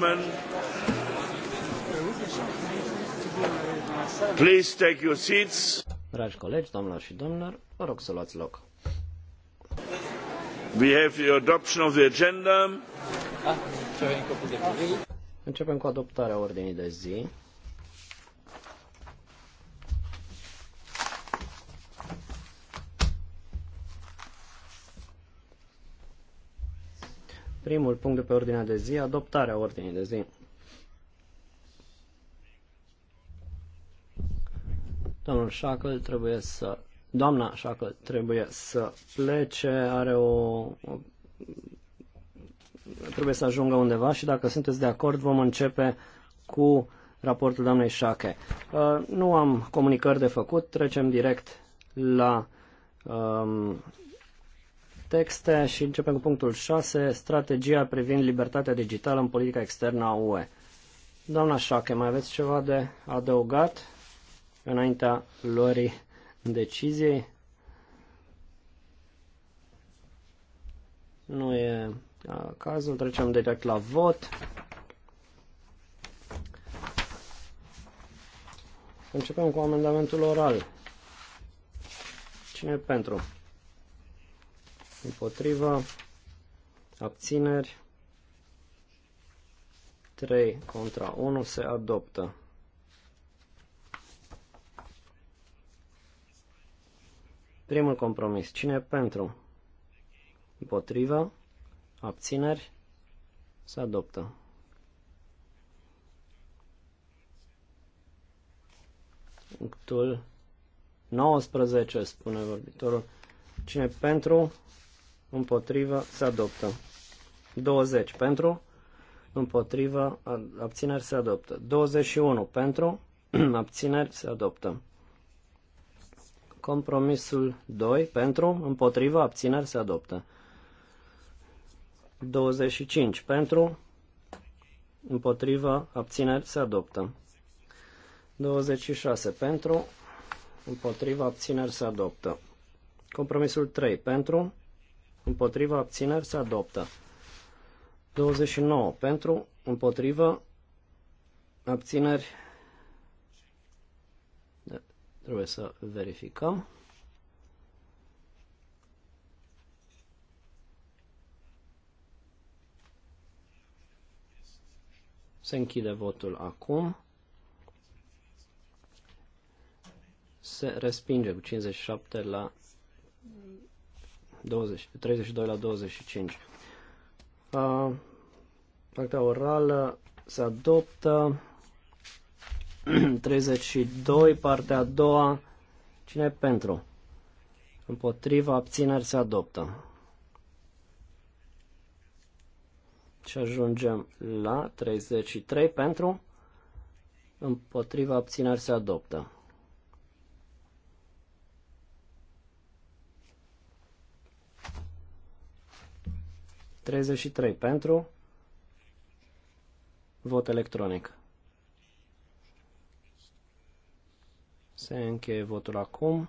gentlemen, please take your seats. Dragi colegi, doamnelor și domnilor, vă rog să luați loc. We have the adoption of the agenda. Începem cu adoptarea ordinii de zi. Primul punct de pe ordinea de zi, adoptarea ordinii de zi. Domnul Shackle trebuie să... Doamna Shackle trebuie să plece, are o, o... trebuie să ajungă undeva și dacă sunteți de acord vom începe cu raportul doamnei Șache. Uh, nu am comunicări de făcut, trecem direct la um, texte și începem cu punctul 6, strategia privind libertatea digitală în politica externă a UE. Doamna Șache, mai aveți ceva de adăugat înaintea luării deciziei? Nu e cazul, trecem direct la vot. Începem cu amendamentul oral. Cine e pentru? împotriva, abțineri, 3 contra 1 se adoptă. Primul compromis. Cine e pentru? Împotriva? Abțineri? Se adoptă. Punctul 19, spune vorbitorul. Cine pentru? împotrivă, se adoptă. 20 pentru, împotrivă, abțineri se adoptă. 21 pentru, abțineri se adoptă. Compromisul 2 pentru, împotrivă, abțineri se adoptă. 25 pentru, împotrivă, abțineri se adoptă. 26 pentru, împotrivă, abțineri se adoptă. Compromisul 3 pentru, împotriva abțineri se adoptă. 29 pentru, împotriva abțineri da, trebuie să verificăm. Se închide votul acum. Se respinge cu 57 la 20, 32 la 25. Uh, acta orală se adoptă. 32, partea a doua. Cine e pentru? Împotriva, abțineri se adoptă. Și ajungem la 33 pentru. Împotriva, abțineri se adoptă. 33 pentru. Vot electronic. Se încheie votul acum.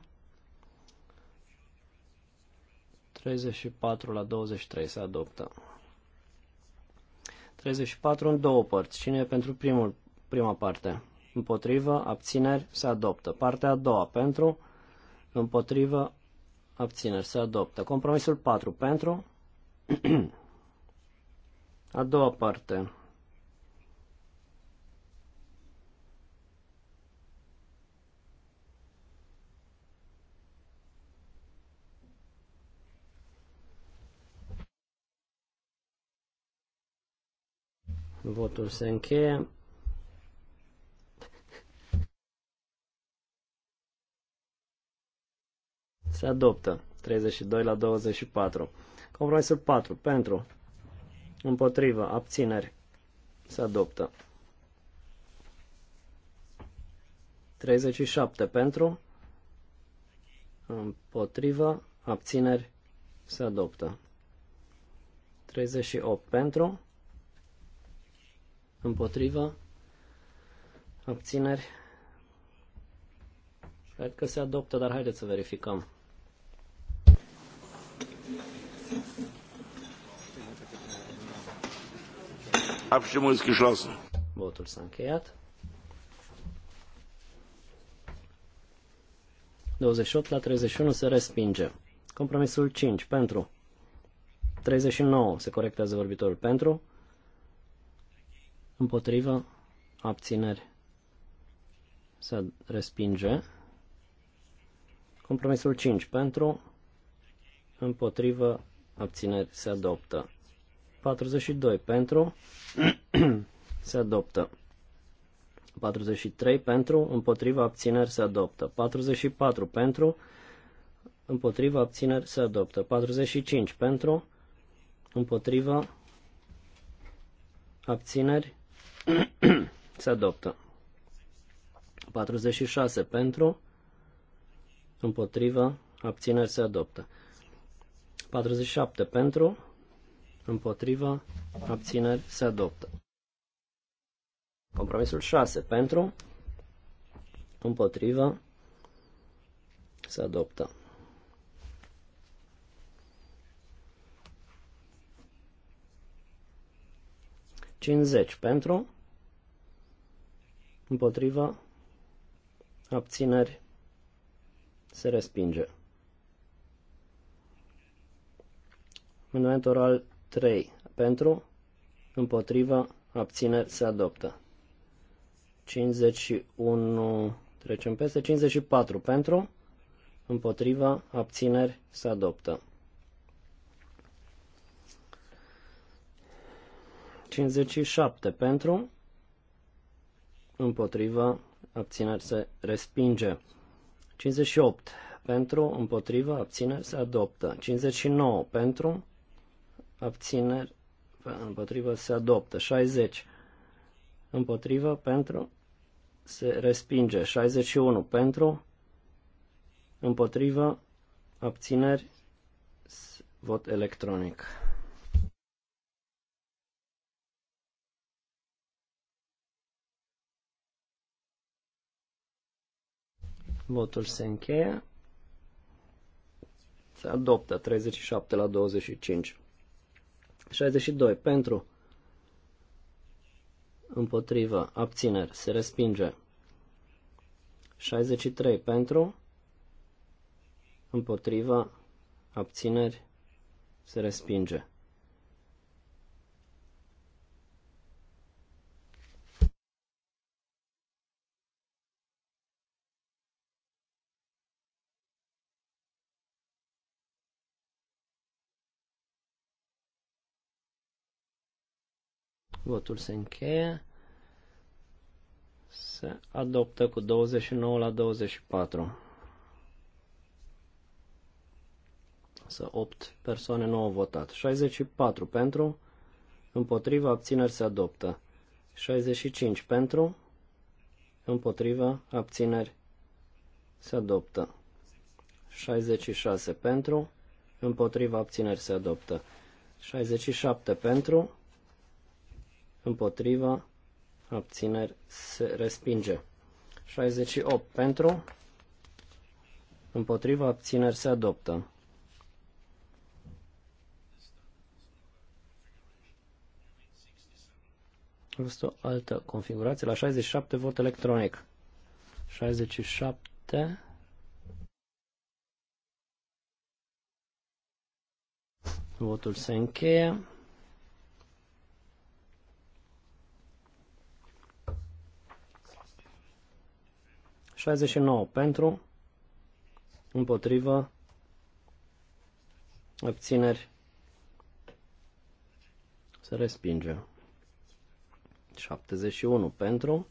34 la 23 se adoptă. 34 în două părți. Cine e pentru primul, prima parte? Împotrivă, abțineri, se adoptă. Partea a doua, pentru, împotrivă, abțineri, se adoptă. Compromisul 4, pentru, A doua parte. Votul se încheie. Se adoptă. 32 la 24. Compromisul 4. Pentru. Împotrivă. Abțineri. Se adoptă. 37 pentru. Împotrivă. Abțineri. Se adoptă. 38 pentru. Împotrivă. Abțineri. Cred că se adoptă, dar haideți să verificăm. Abstimmung ist geschlossen. Votul s-a încheiat. 28 la 31 se respinge. Compromisul 5 pentru. 39 se corectează vorbitorul pentru. Împotrivă. Abțineri. Se respinge. Compromisul 5 pentru. Împotrivă. Abțineri se adoptă. 42 pentru, se adoptă. 43 pentru, împotriva abțineri se adoptă. 44 pentru, împotriva abțineri se adoptă. 45 pentru, împotriva abțineri se adoptă. 46 pentru, împotriva abțineri se adoptă. 47 pentru, împotriva, abțineri, se adoptă. Compromisul 6 pentru, împotriva, se adoptă. Cincizeci pentru, împotriva, abțineri, se respinge. Amendament oral 3 pentru, împotriva, abțineri se adoptă. 51, trecem peste, 54 pentru, împotriva, abțineri se adoptă. 57 pentru, împotriva, abțineri se respinge. 58 pentru, împotriva, abțineri se adoptă. 59 pentru, abțineri, împotrivă, se adoptă. 60 împotrivă, pentru, se respinge. 61 pentru, împotrivă, abțineri, vot electronic. Votul se încheie. Se adoptă 37 la 25. 62. Pentru. Împotrivă. Abțineri. Se respinge. 63. Pentru. Împotrivă. Abțineri. Se respinge. Votul se încheie. Se adoptă cu 29 la 24. Să 8 persoane nu au votat. 64 pentru, împotriva, abțineri se adoptă. 65 pentru, împotriva, abțineri se adoptă. 66 pentru, împotriva abțineri se adoptă. 67 pentru, împotriva, abțineri, se respinge. 68 pentru, împotriva, abțineri, se adoptă. Este o altă configurație. La 67 vot electronic. 67. Votul se încheie. 69 pentru, împotrivă, abțineri, se respinge. 71 pentru,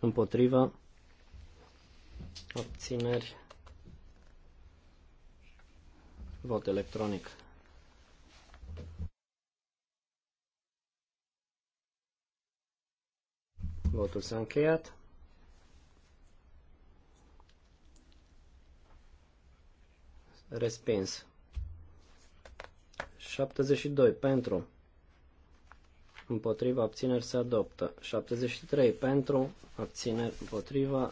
împotrivă, abțineri, vot electronic. Votul s-a încheiat. Respins. 72 pentru. Împotriva abțineri se adoptă. 73 pentru. Abțineri împotriva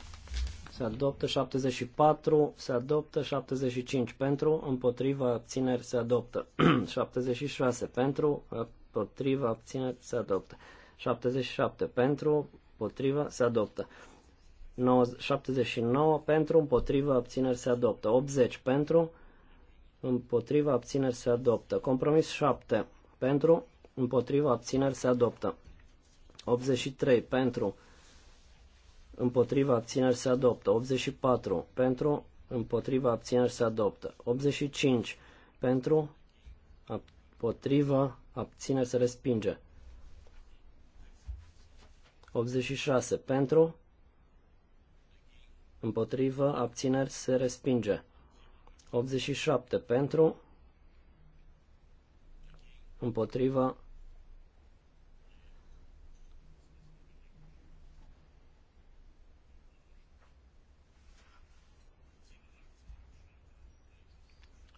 se adoptă. 74 se adoptă. 75 pentru. Împotriva abțineri se adoptă. 76 pentru. Împotriva abțineri se adoptă. 77 pentru. Împotriva se adoptă. 79 pentru, împotriva, abțineri se adoptă. 80 pentru, împotriva abțineri se adoptă. Compromis 7 pentru, împotriva abțineri se adoptă. 83 pentru, împotriva abțineri se adoptă. 84 pentru, împotriva abțineri se adoptă. 85 pentru, împotriva abțineri se respinge. 86 pentru, împotriva abțineri se respinge. 87 pentru, împotriva,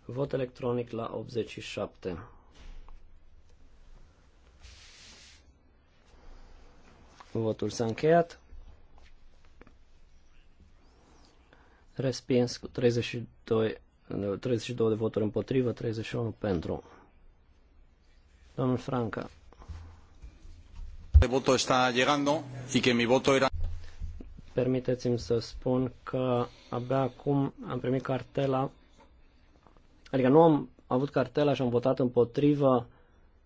Vot electronic la 87. Votul s-a încheiat. Respins cu 32 32 de voturi împotrivă, 31 pentru. Domnul Franca. De está llegando y que mi voto era... Permiteți-mi să spun că abia acum am primit cartela, adică nu am avut cartela și am votat împotrivă,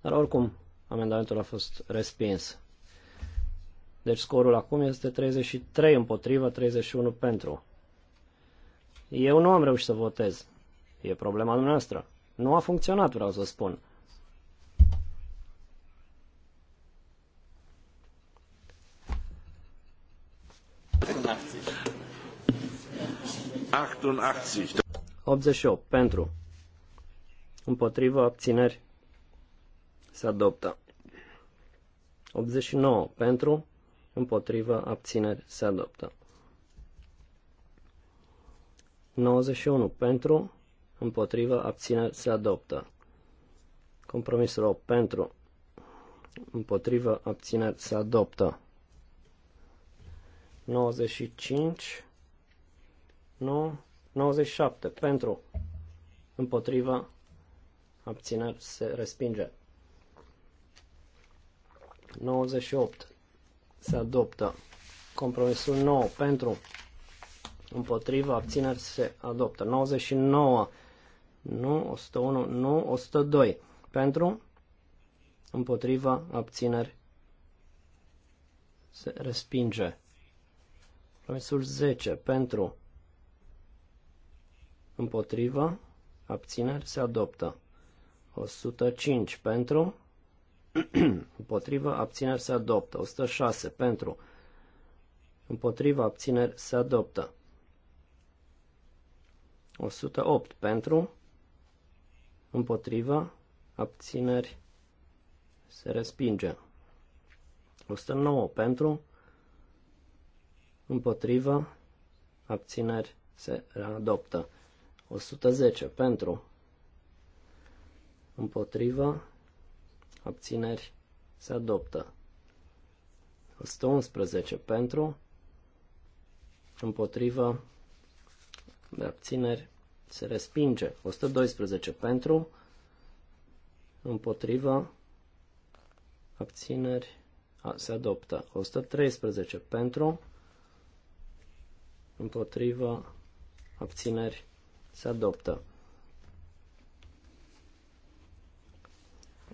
dar oricum amendamentul a fost respins. Deci scorul acum este 33 împotrivă, 31 pentru. Eu nu am reușit să votez. E problema noastră. Nu a funcționat, vreau să spun. Actul 88 pentru împotriva abțineri se adoptă. 89 pentru împotriva abțineri se adoptă. 91 pentru împotrivă, abțineri, se adoptă. Compromisul 8 pentru, împotrivă, abțineri, se adoptă. 95, nu 97 pentru, Împotrivă, abțineri, se respinge. 98 se adoptă. Compromisul 9 pentru, Împotrivă, abțineri, se adoptă. 99 nu, 101, nu, 102. Pentru, împotriva, abțineri, se respinge. Promisul 10, pentru, împotriva, abțineri, se adoptă. 105, pentru, împotriva, abțineri, se adoptă. 106, pentru, împotriva, abțineri, se adoptă. 108, pentru, împotriva, abțineri, se respinge. 109 pentru, împotriva, abțineri, se readoptă. 110 pentru, împotriva, abțineri, se adoptă. 111 pentru, împotriva, de abțineri, se respinge. 112 pentru, împotriva, abțineri, a, se adoptă. 113 pentru, împotriva, abțineri, se adoptă.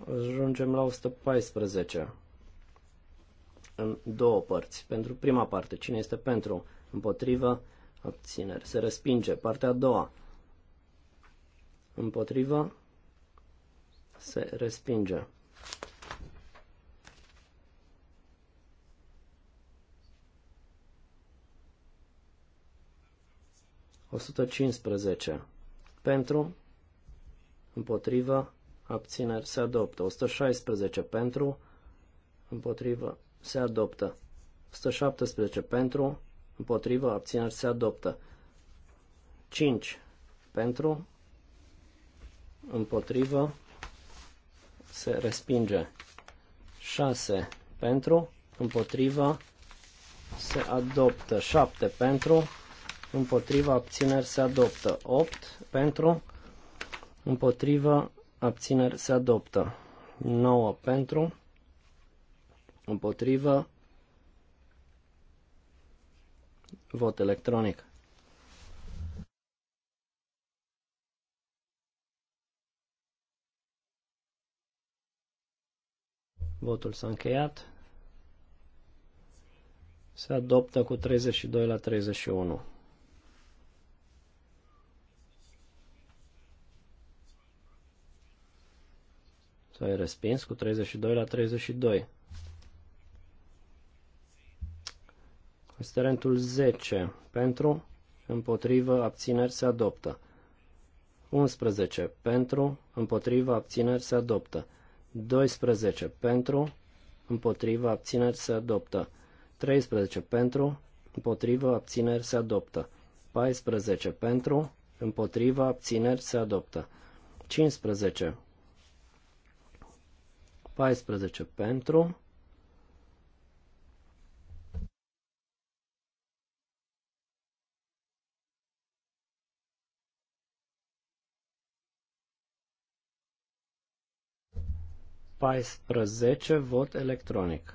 Ajungem la 114 în două părți. Pentru prima parte, cine este pentru, împotrivă, abțineri. Se respinge. Partea a doua, împotriva, se respinge. O 115. Pentru, împotriva, abțineri se adoptă. 116 pentru, împotrivă, se adoptă. 117 pentru, împotrivă, abțineri se adoptă. 5 pentru, împotrivă, se respinge. 6 pentru, împotrivă, se adoptă. 7 pentru, împotrivă, abțineri, se adoptă. 8 pentru, împotrivă, abțineri, se adoptă. 9 pentru, împotrivă, vot electronic. Votul s-a încheiat. Se adoptă cu 32 la 31. S-a respins cu 32 la 32. Considerentul 10. Pentru, împotrivă, abțineri se adoptă. 11. Pentru, împotrivă, abțineri se adoptă. 12 pentru, împotrivă, abțineri se adoptă. 13 pentru, împotrivă, abțineri se adoptă. 14 pentru, împotrivă, abțineri se adoptă. 15 14 pentru, 14, vot electronic.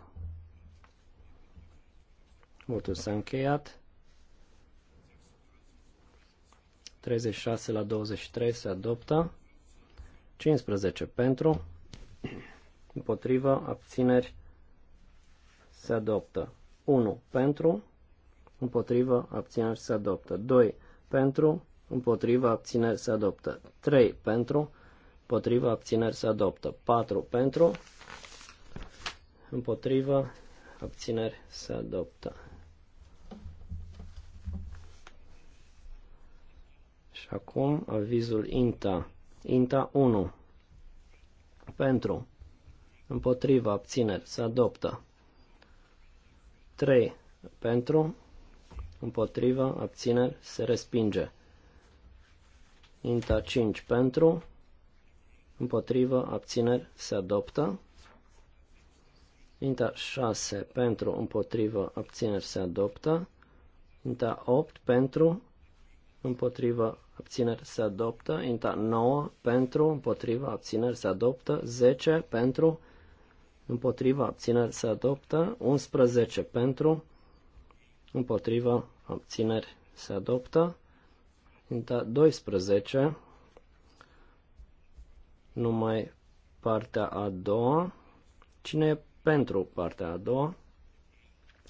Votul s-a încheiat. 36 la 23 se adoptă. 15 pentru. Împotrivă, abțineri, se adoptă. 1 pentru, împotrivă, abțineri, se adoptă. 2 pentru, împotrivă, abțineri, se adoptă. 3 pentru, împotriva abțineri se adoptă. 4 pentru, împotriva abțineri se adoptă. Și acum avizul INTA. INTA 1 pentru, împotriva abțineri se adoptă. 3 pentru, împotriva abțineri se respinge. INTA 5 pentru, împotrivă, abțineri, se adoptă. Inta 6 pentru, împotrivă, abțineri, se adoptă. Inta 8 pentru, împotrivă, abțineri, se adoptă. Inta 9 pentru, împotrivă, abțineri, se adoptă. 10 pentru, împotrivă, abțineri, se adoptă. 11 pentru, împotrivă, abțineri, se adoptă. Inta 12 numai partea a doua. Cine e pentru partea a doua?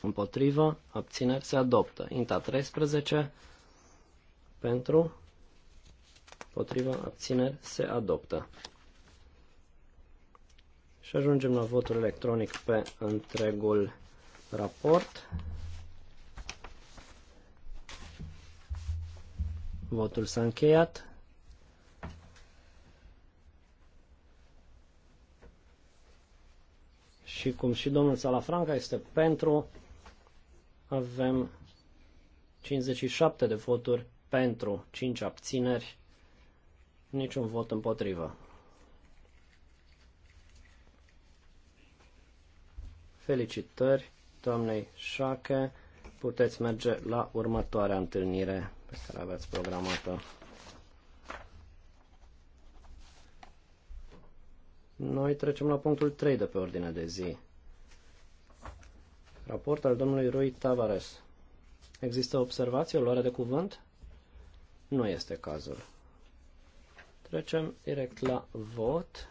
Împotrivă, abțineri se adoptă. Inta 13, pentru, împotrivă, abțineri se adoptă. Și ajungem la votul electronic pe întregul raport. Votul s-a încheiat. și cum și domnul Salafranca este pentru, avem 57 de voturi pentru, 5 abțineri, niciun vot împotrivă. Felicitări doamnei Șache, puteți merge la următoarea întâlnire pe care aveți programată. Noi trecem la punctul 3 de pe ordinea de zi. Raport al domnului Rui Tavares. Există observație, o luare de cuvânt? Nu este cazul. Trecem direct la vot.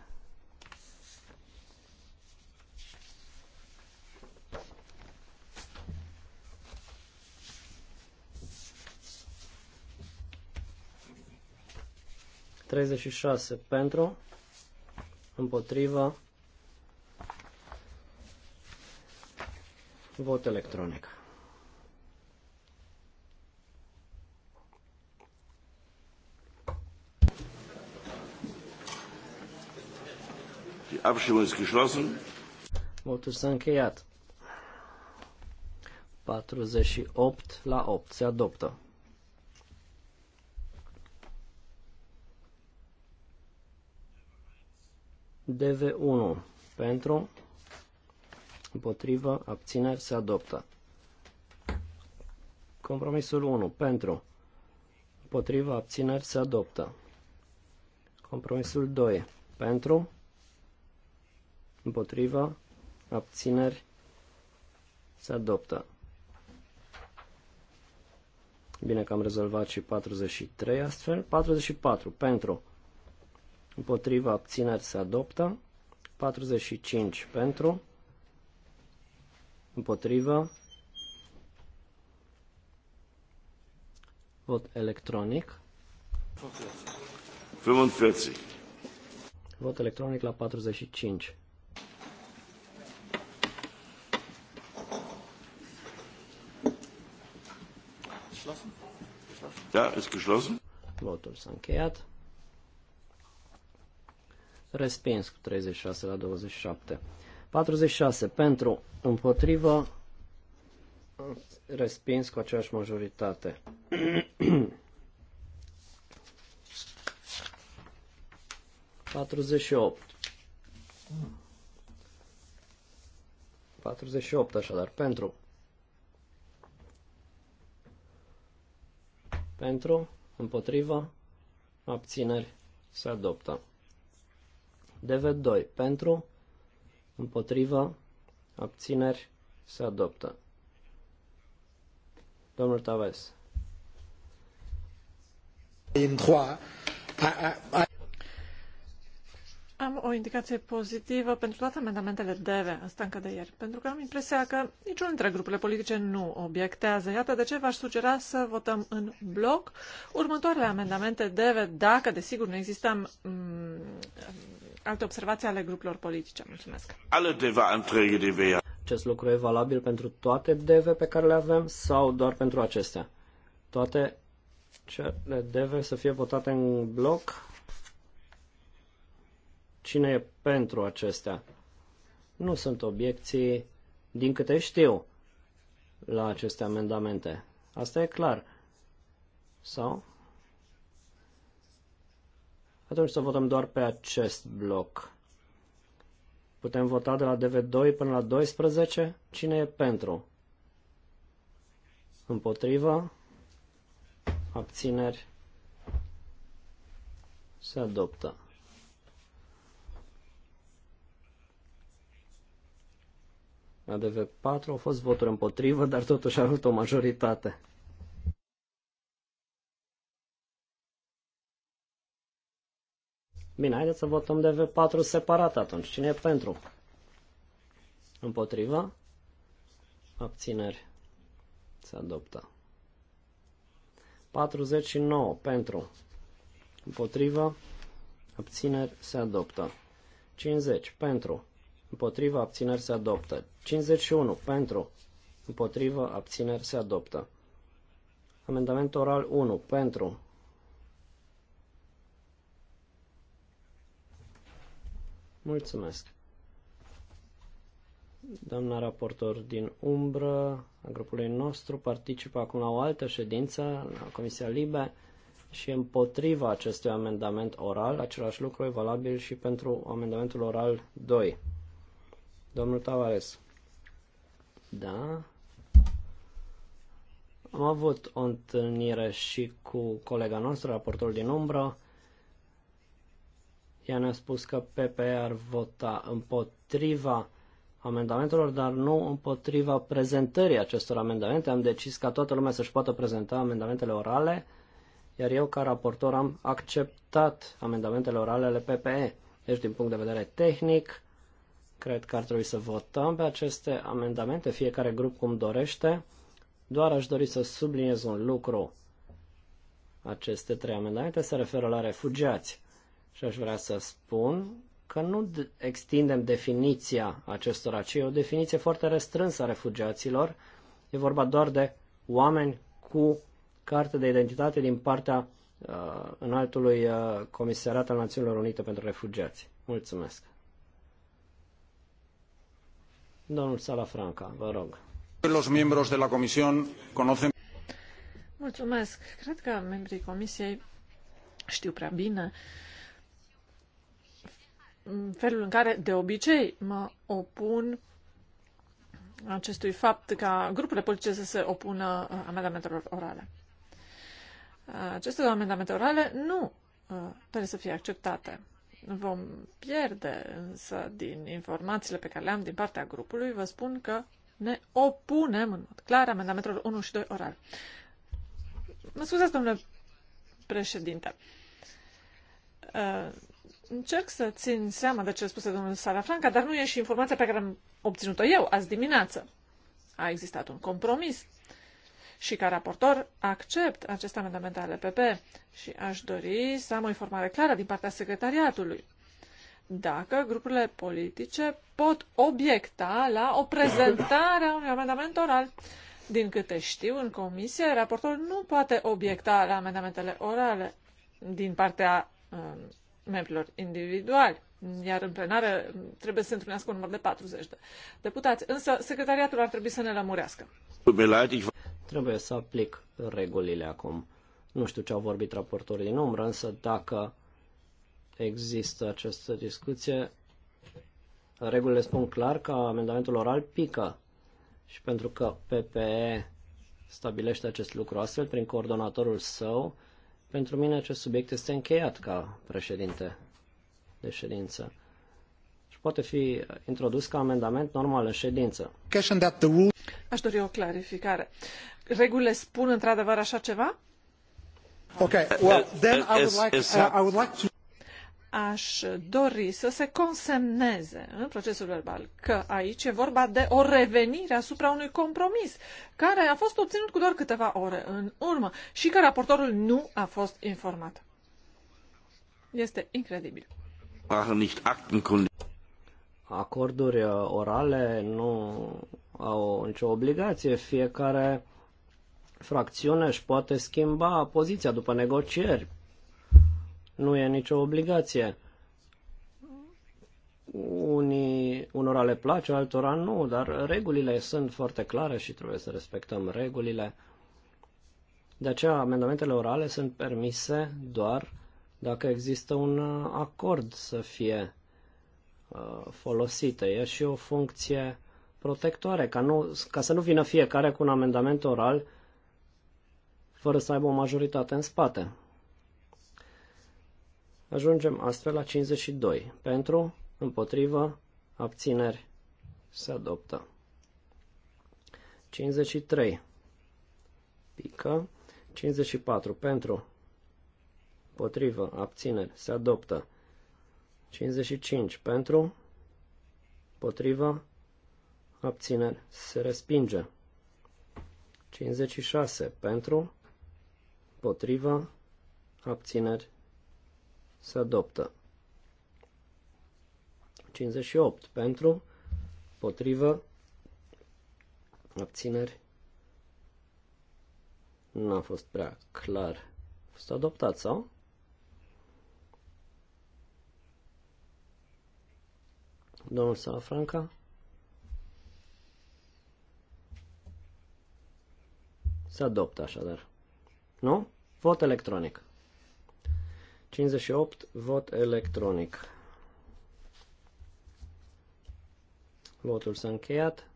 Treizeci și șase pentru, împotrivă, vot electronic. Abstimmung ist geschlossen. Votul s-a încheiat. 48 la 8 se adoptă. DV1 pentru, împotrivă, abțineri, se adoptă. Compromisul 1 pentru, împotrivă, abțineri, se adoptă. Compromisul 2 pentru, împotrivă, abțineri, se adoptă. Bine că am rezolvat și 43 astfel. 44 pentru, împotriva abțineri se adoptă, 45 pentru, împotriva, vot electronic. 45. Vot electronic la 45. Da, ist geschlossen. Votul s-a încheiat. Respins cu 36 la 27. 46 pentru, împotrivă, respins cu aceeași majoritate. 48. 48 așadar, pentru pentru, împotriva, abțineri, se adoptă. DV2 pentru, împotrivă, abțineri, se adoptă. Domnul Taves. Am o indicație pozitivă pentru toate amendamentele DV, asta încă de ieri, pentru că am impresia că niciunul dintre grupurile politice nu obiectează. Iată de ce v-aș sugera să votăm în bloc următoarele amendamente DV, dacă, desigur, nu există mm, alte observații ale grupurilor politice. Mulțumesc. Acest lucru e valabil pentru toate DV pe care le avem sau doar pentru acestea? Toate cele DV să fie votate în bloc? Cine e pentru acestea? Nu sunt obiecții, din câte știu, la aceste amendamente. Asta e clar. Sau? Atunci să votăm doar pe acest bloc. Putem vota de la DV2 până la 12. Cine e pentru? Împotrivă? Abțineri? Se adoptă. La DV4 au fost voturi împotrivă, dar totuși a avut o majoritate. Bine, haideți să votăm v 4 separat atunci. Cine e pentru? Împotriva? Abțineri. Se adoptă. 49 pentru. Împotriva? Abțineri. Se adoptă. 50 pentru. Împotriva abțineri se adoptă. 51 pentru. Împotriva abțineri se adoptă. Amendament oral 1 pentru. Mulțumesc. Doamna raportor din umbră a grupului nostru participă acum la o altă ședință, la Comisia Libe, și împotriva acestui amendament oral, același lucru e valabil și pentru amendamentul oral 2. Domnul Tavares. Da. Am avut o întâlnire și cu colega noastră, raportorul din umbră, ea ne-a spus că PPE ar vota împotriva amendamentelor, dar nu împotriva prezentării acestor amendamente. Am decis ca toată lumea să-și poată prezenta amendamentele orale, iar eu ca raportor am acceptat amendamentele orale ale PPE. Deci, din punct de vedere tehnic, cred că ar trebui să votăm pe aceste amendamente, fiecare grup cum dorește. Doar aș dori să subliniez un lucru. Aceste trei amendamente se referă la refugiați. Și aș vrea să spun că nu extindem definiția acestora, ci e o definiție foarte restrânsă a refugiaților. E vorba doar de oameni cu carte de identitate din partea uh, înaltului uh, comisariat al Națiunilor Unite pentru Refugiați. Mulțumesc. Domnul Salafranca, vă rog. Los miembros de la comisión conocen... Mulțumesc. Cred că membrii comisiei știu prea bine uh, felul în care de obicei mă opun acestui fapt ca grupurile politice să se opună uh, amendamentelor orale. Uh, aceste amendamente orale nu uh, trebuie să fie acceptate. Vom pierde însă din informațiile pe care le am din partea grupului, vă spun că ne opunem în mod clar amendamentelor 1 și 2 orale. Mă scuzați, domnule președinte Încerc să țin seama de ce spuse domnul Franca, dar nu e și informația pe care am obținut-o eu azi dimineață. A existat un compromis și ca raportor accept aceste amendamente ale PP și aș dori să am o informare clară din partea secretariatului dacă grupurile politice pot obiecta la o prezentare a unui amendament oral. Din câte știu, în comisie, raportorul nu poate obiecta la amendamentele orale din partea um, membrilor individuali, iar în plenară trebuie să se întrunească un număr de 40 de deputați. Însă secretariatul ar trebui să ne lămurească. Trebuie să aplic regulile acum. Nu știu ce au vorbit raportorii din umbră, însă dacă există această discuție, regulile spun clar că amendamentul oral pică. Și pentru că PPE stabilește acest lucru astfel, prin coordonatorul său, pentru mine acest subiect este încheiat ca președinte de ședință și poate fi introdus ca amendament normal în ședință. Aș dori o clarificare. Regulile spun într-adevăr așa ceva? Ok, well, then I would like, uh, I would like to aș dori să se consemneze în procesul verbal că aici e vorba de o revenire asupra unui compromis care a fost obținut cu doar câteva ore în urmă și că raportorul nu a fost informat. Este incredibil. Acorduri uh, orale nu au nicio obligație. Fiecare fracțiune își poate schimba poziția după negocieri nu e nicio obligație. Unii, unora le place, altora nu, dar regulile sunt foarte clare și trebuie să respectăm regulile. De aceea, amendamentele orale sunt permise doar dacă există un acord să fie uh, folosite. E și o funcție protectoare, ca, nu, ca să nu vină fiecare cu un amendament oral fără să aibă o majoritate în spate. Ajungem astfel la 52. Pentru, împotrivă, abțineri, se adoptă. 53. Pică. 54. Pentru, împotrivă, abțineri, se adoptă. 55. Pentru, împotrivă, abțineri, se respinge. 56. Pentru, împotrivă, abțineri, se adoptă. 58 pentru, potrivă, abțineri, nu a fost prea clar. A fost adoptat sau? Domnul Salafranca? Se adoptă așadar. Nu? Vot electronic. 58, vot electronic. Votul s-a încheiat.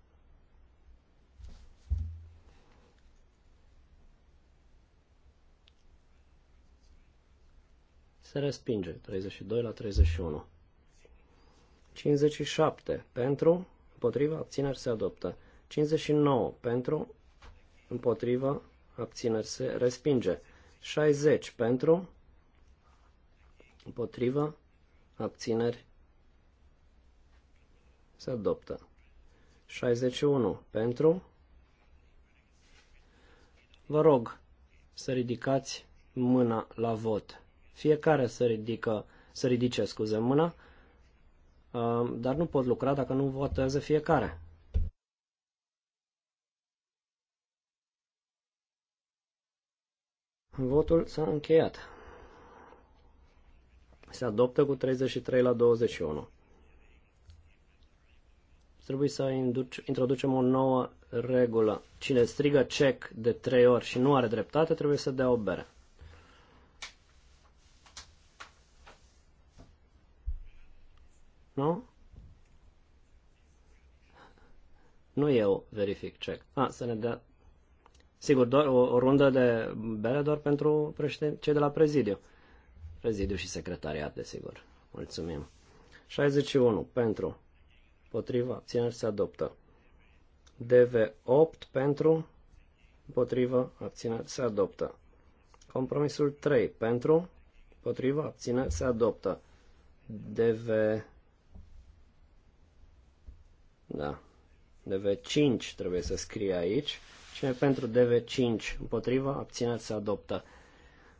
Se respinge 32 la 31. 57 pentru, împotriva, abțineri se adoptă. 59 pentru, împotriva, abțineri se respinge. 60 pentru, Împotrivă. Abțineri. Se adoptă. 61. Pentru. Vă rog să ridicați mâna la vot. Fiecare să, ridică, să ridice, scuze, mâna, uh, dar nu pot lucra dacă nu votează fiecare. Votul s-a încheiat. Se adoptă cu 33 la 21. Trebuie să introducem o nouă regulă. Cine strigă check de 3 ori și nu are dreptate, trebuie să dea o bere. Nu? Nu eu verific check. A, să ne dea... Sigur, doar o, o rundă de bere doar pentru președin... cei de la prezidiu. Prezidiu și secretariat, desigur. Mulțumim. 61. Pentru. Potriva. Abțineri se adoptă. DV8 pentru. Potriva. Abțineri se adoptă. Compromisul 3. Pentru. Potriva. Abțineri se adoptă. DV... Da. DV5 trebuie să scrie aici. Cine pentru DV5 împotriva, abțineri se adoptă.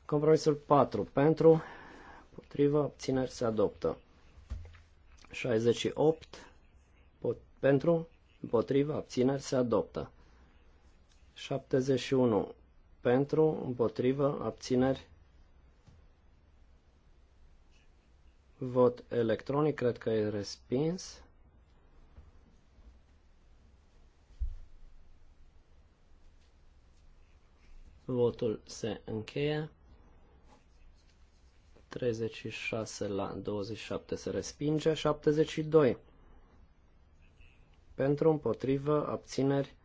Compromisul 4 pentru, potrivă, obțineri se adoptă. 68 pot, pentru, împotriva, abțineri se adoptă. 71 pentru, împotrivă, abțineri Vot electronic, cred că e respins. Votul se încheie. 36 la 27 se respinge, 72 pentru, împotrivă, abțineri,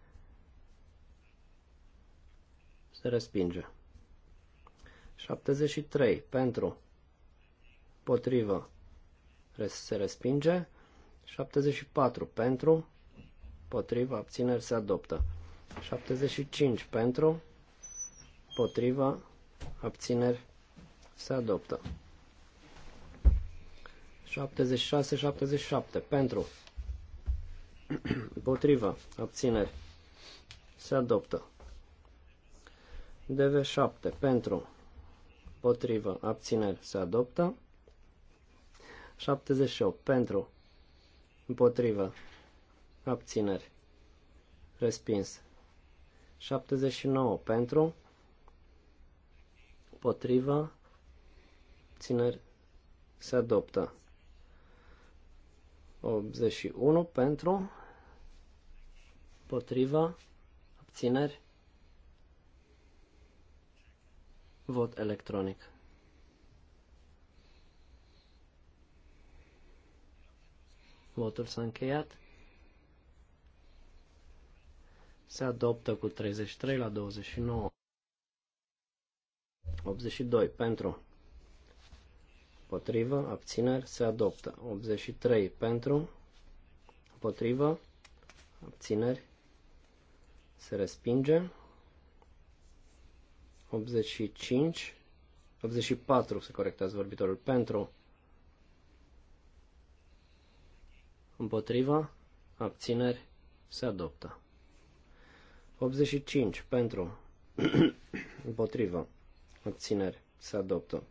se respinge. 73 pentru, împotrivă, se respinge. 74 pentru, împotrivă, abțineri, se adoptă. 75 pentru, împotrivă, abțineri, se adoptă. 76-77 pentru împotriva abțineri se adoptă DV7 pentru împotriva abțineri se adoptă 78 pentru împotriva abțineri respins 79 pentru împotriva abțineri se adoptă 81 pentru, potriva, abțineri, vot electronic. Votul s-a încheiat. Se adoptă cu 33 la 29. 82 pentru Împotrivă, abțineri, se adoptă. 83 pentru, împotrivă, abțineri, se respinge. 85, 84 se corectează vorbitorul, pentru, Împotrivă. abțineri, se adoptă. 85 pentru, împotrivă. abțineri, se adoptă.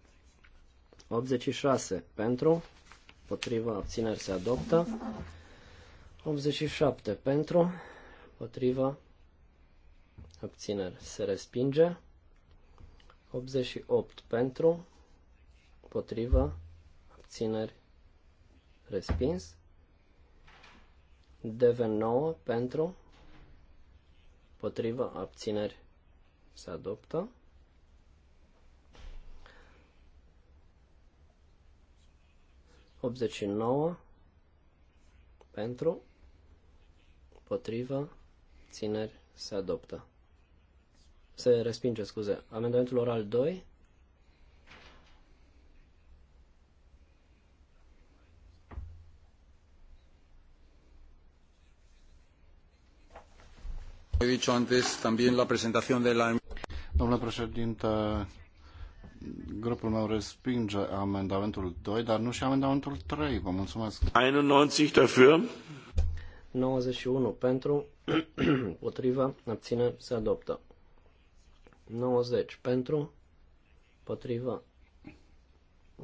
86 pentru, potriva abțineri se adoptă. 87 pentru, potriva abțineri se respinge. 88 pentru, potriva abțineri respins. DV9 pentru, potriva abțineri se adoptă. 89 pentru, potrivă, țineri, se adoptă. Se respinge, scuze. Amendamentul oral 2. Domnule președinte, grupul meu respinge amendamentul 2, dar nu și amendamentul 3. Vă mulțumesc. 91 dafür. 91 pentru, potriva, abțineri, se adoptă. 90 pentru, potriva,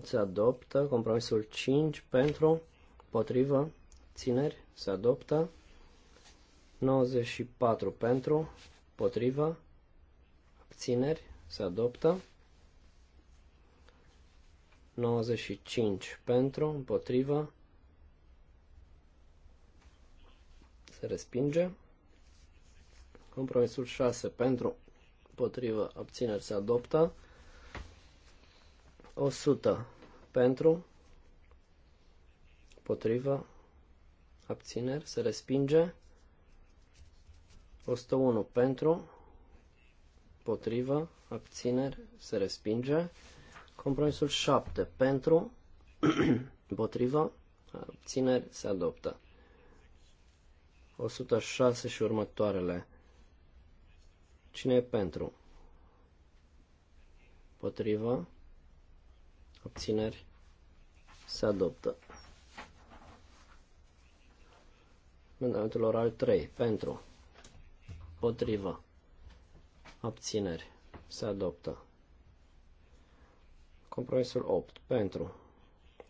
se adoptă. Compromisul 5 pentru, potriva, țineri, se adoptă. 94 pentru, potriva, abțineri, se adoptă. 95 pentru, împotrivă, se respinge. Compromisul 6 pentru, împotrivă, abțineri se adoptă. 100 pentru, împotrivă, abțineri se respinge. 101 pentru, împotrivă, abțineri se respinge. Compromisul 7. Pentru, împotriva, abțineri, se adoptă. 106 și următoarele. Cine e pentru? Potriva. Obțineri. Se adoptă. Amendamentul oral 3. Pentru. Potriva. Obțineri. Se adoptă. Compromisul 8. Pentru.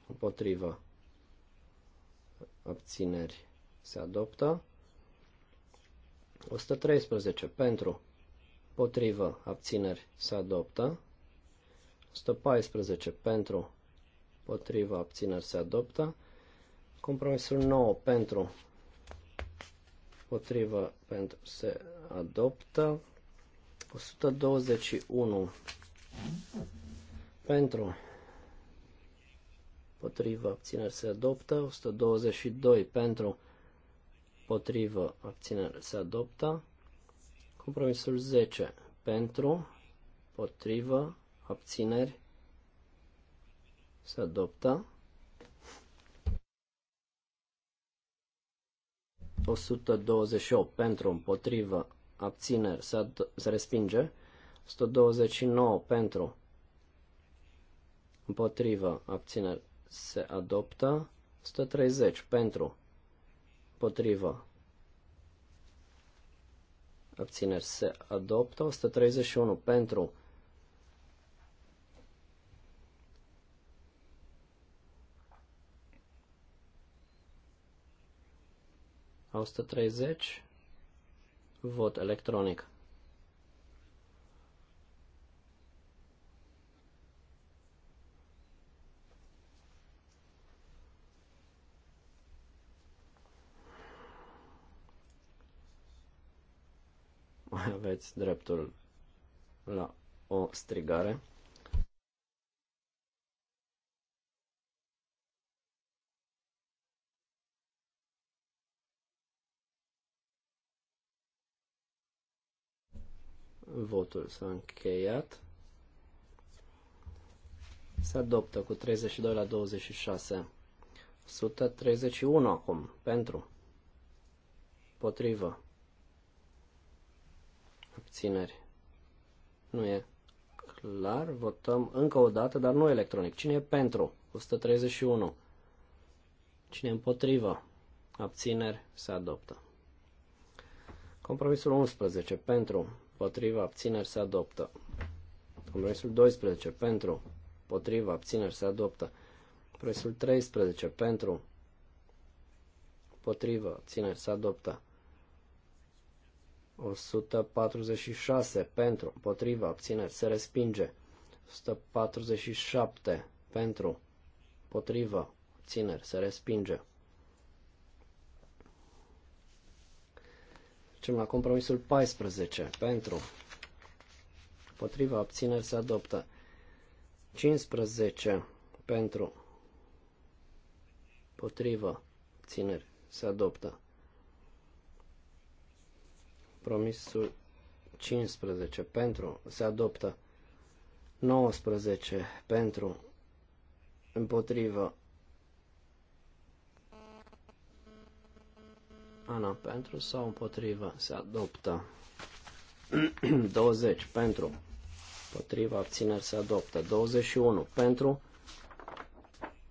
Împotrivă. Abțineri. Se adoptă. 113. Pentru. Potrivă. Abțineri. Se adoptă. 114. Pentru. Potrivă. Abțineri. Se adoptă. Compromisul 9. Pentru. Potrivă. Pentru. Se adoptă. 121. Pentru. Potrivă abțineri se adoptă. 122 pentru. Potrivă abțineri se adoptă. Compromisul 10 pentru. Potrivă abțineri se adoptă. 128 pentru împotrivă abțineri se, se respinge. 129 pentru împotrivă, abțineri, se adoptă. 130 pentru, împotrivă, abțineri, se adoptă. 131 pentru, A 130 vot electronic. aveți dreptul la o strigare. Votul s-a încheiat. Se adoptă cu 32 la 26. 131 acum, pentru, potrivă, abțineri. Nu e clar. Votăm încă o dată, dar nu electronic. Cine e pentru? 131. Cine e împotrivă? Abțineri se adoptă. Compromisul 11 pentru, Potrivă. abțineri se adoptă. Compromisul 12 pentru, Potrivă. abțineri se adoptă. Compromisul 13 pentru, Potrivă. abțineri se adoptă. 146 pentru, împotriva, abțineri, se respinge. 147 pentru, împotriva, abțineri, se respinge. Facem la compromisul 14 pentru, împotriva, abțineri, se adoptă. 15 pentru, împotriva, abțineri, se adoptă. Compromisul 15 pentru se adoptă. 19 pentru împotrivă. Ana pentru sau împotrivă se adoptă. 20 pentru împotrivă abțineri se adoptă. 21 pentru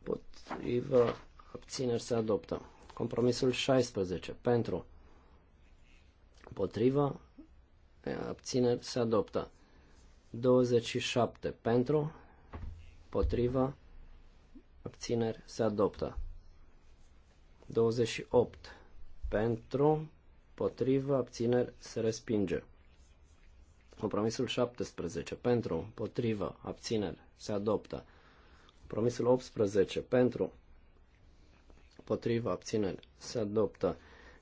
împotrivă abțineri se adoptă. Compromisul 16 pentru Împotrivă. abține, Se adoptă. 27 pentru. potriva, Abțineri. Se adoptă. 28 pentru. potriva, Abțineri. Se respinge. Compromisul 17 pentru, potriva, abțineri, se adoptă. Compromisul 18 pentru, potriva, abțineri, se adoptă.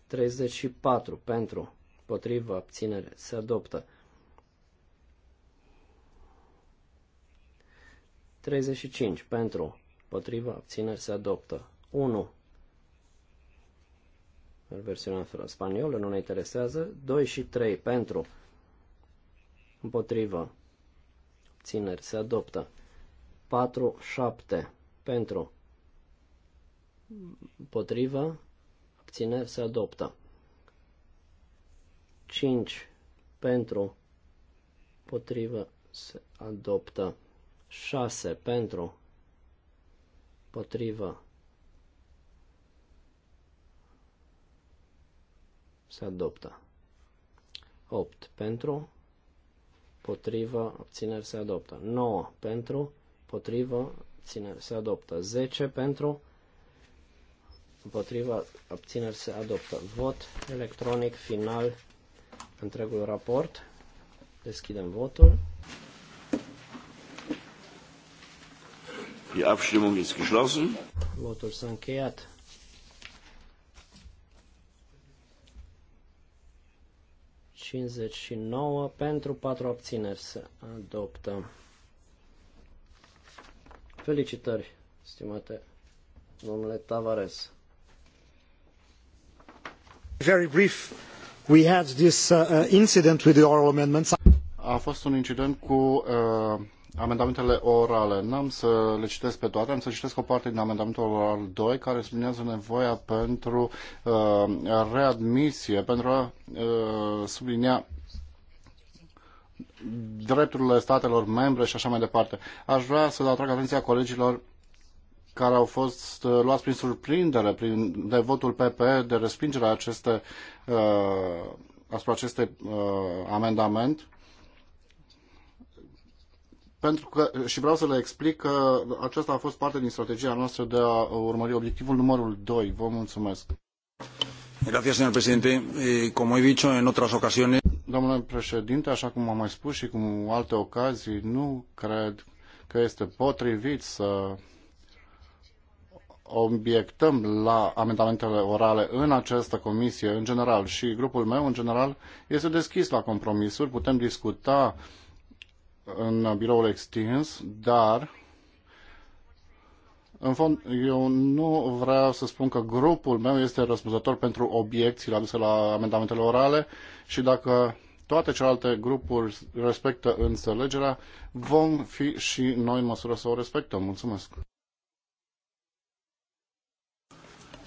34 pentru, Potrivă abținere, se adoptă. 35. Pentru, Potrivă abținere se adoptă. 1. Versiunea În felul spaniolă nu ne interesează. 2 și 3. Pentru, împotrivă, abțineri, se adoptă. 4, 7. Pentru, împotrivă, abțineri, se adoptă. 5 pentru, potrivă, se adoptă. 6 pentru, potrivă, se adoptă. 8 pentru, potrivă, obțineri se adoptă. 9 pentru, potrivă, obțineri se adoptă. 10 pentru, împotriva, abțineri se adoptă. Vot electronic final întregul raport. Deschidem votul. Die Abstimmung ist geschlossen. Votul s-a încheiat. și pentru 4 obțineri să adoptăm. Felicitări, stimate domnule Tavares. Very brief a fost un incident cu uh, amendamentele orale. N-am să le citesc pe toate, am să citesc o parte din amendamentul oral 2 care sublinează nevoia pentru uh, readmisie, pentru a uh, sublinia drepturile statelor membre și așa mai departe. Aș vrea să atrag atenția colegilor care au fost uh, luați prin surprindere prin, de votul PPE, de respingerea aceste, uh, asupra acestui uh, amendament. Pentru că, și vreau să le explic că aceasta a fost parte din strategia noastră de a urmări obiectivul numărul 2. Vă mulțumesc. Gracias, señor presidente. Eh, como he dicho en otras ocasiones... Domnule președinte, așa cum am mai spus și cu alte ocazii, nu cred că este potrivit să obiectăm la amendamentele orale în această comisie în general și grupul meu în general este deschis la compromisuri, putem discuta în biroul extins, dar în fond, eu nu vreau să spun că grupul meu este răspunzător pentru obiecțiile aduse la amendamentele orale și dacă toate celelalte grupuri respectă înțelegerea, vom fi și noi în măsură să o respectăm. Mulțumesc!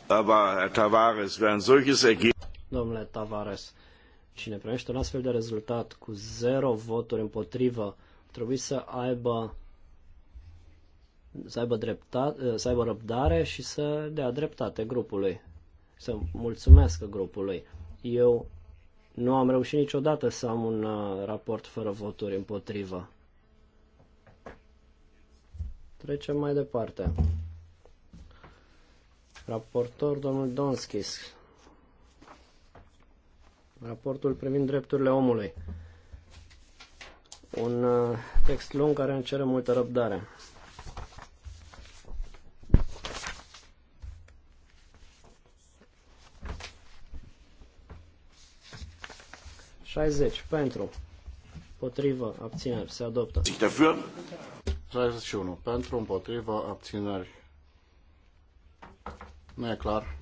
Aber, Herr Tavares, wer ein solches Ergebnis... Domnule Tavares, cine primește un astfel de rezultat cu zero voturi împotrivă, trebuie să aibă să aibă, dreptate, să aibă răbdare și să dea dreptate grupului, să mulțumească grupului. Eu nu am reușit niciodată să am un uh, raport fără voturi împotrivă. Trecem mai departe. Raportor, domnul Donskis. Raportul privind drepturile omului. Un uh, text lung care îmi cere multă răbdare. Pentru. Potrivă. Abțineri. Se adoptă. 61. Pentru. Împotrivă. Abțineri nu e clar.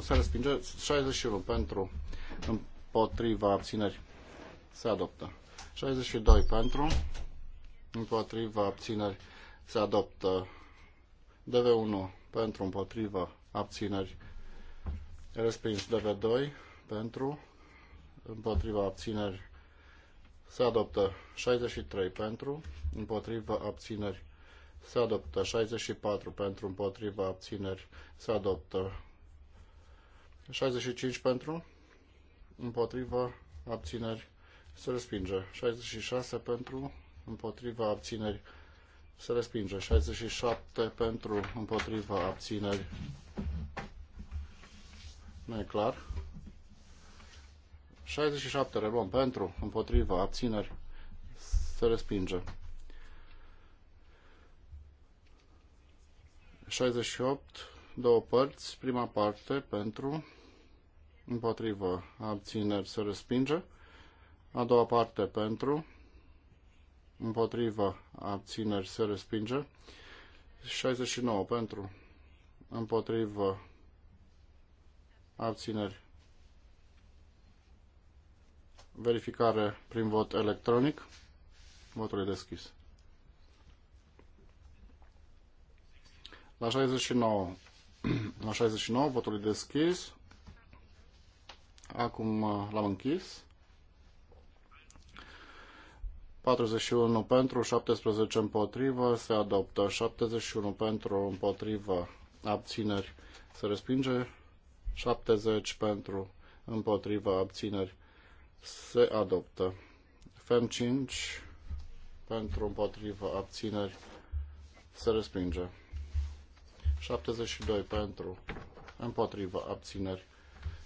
Se respinge 61 pentru împotriva abțineri. Se adoptă. 62 pentru împotriva abțineri. Se adoptă. DV1 pentru împotriva abțineri. Respins DV2 pentru împotriva abțineri. Se adoptă 63 pentru împotriva abțineri se adoptă. 64 pentru împotriva abțineri se adoptă. 65 pentru împotriva abțineri se respinge. 66 pentru împotriva abțineri se respinge. 67 pentru împotriva abțineri nu e clar. 67 reluăm pentru împotriva abțineri se respinge. 68, două părți, prima parte pentru, împotrivă, abțineri, se respinge. A doua parte pentru, împotrivă, abțineri, se respinge. 69 pentru, împotrivă, abțineri. Verificare prin vot electronic. Votul e deschis. La 69. La 69, votul e deschis. Acum uh, l-am închis. 41 pentru, 17 împotrivă, se adoptă. 71 pentru, împotrivă, abțineri, se respinge. 70 pentru, împotrivă, abțineri, se adoptă. FEM 5 pentru, împotrivă, abțineri, se respinge. 72 pentru, împotrivă, abțineri,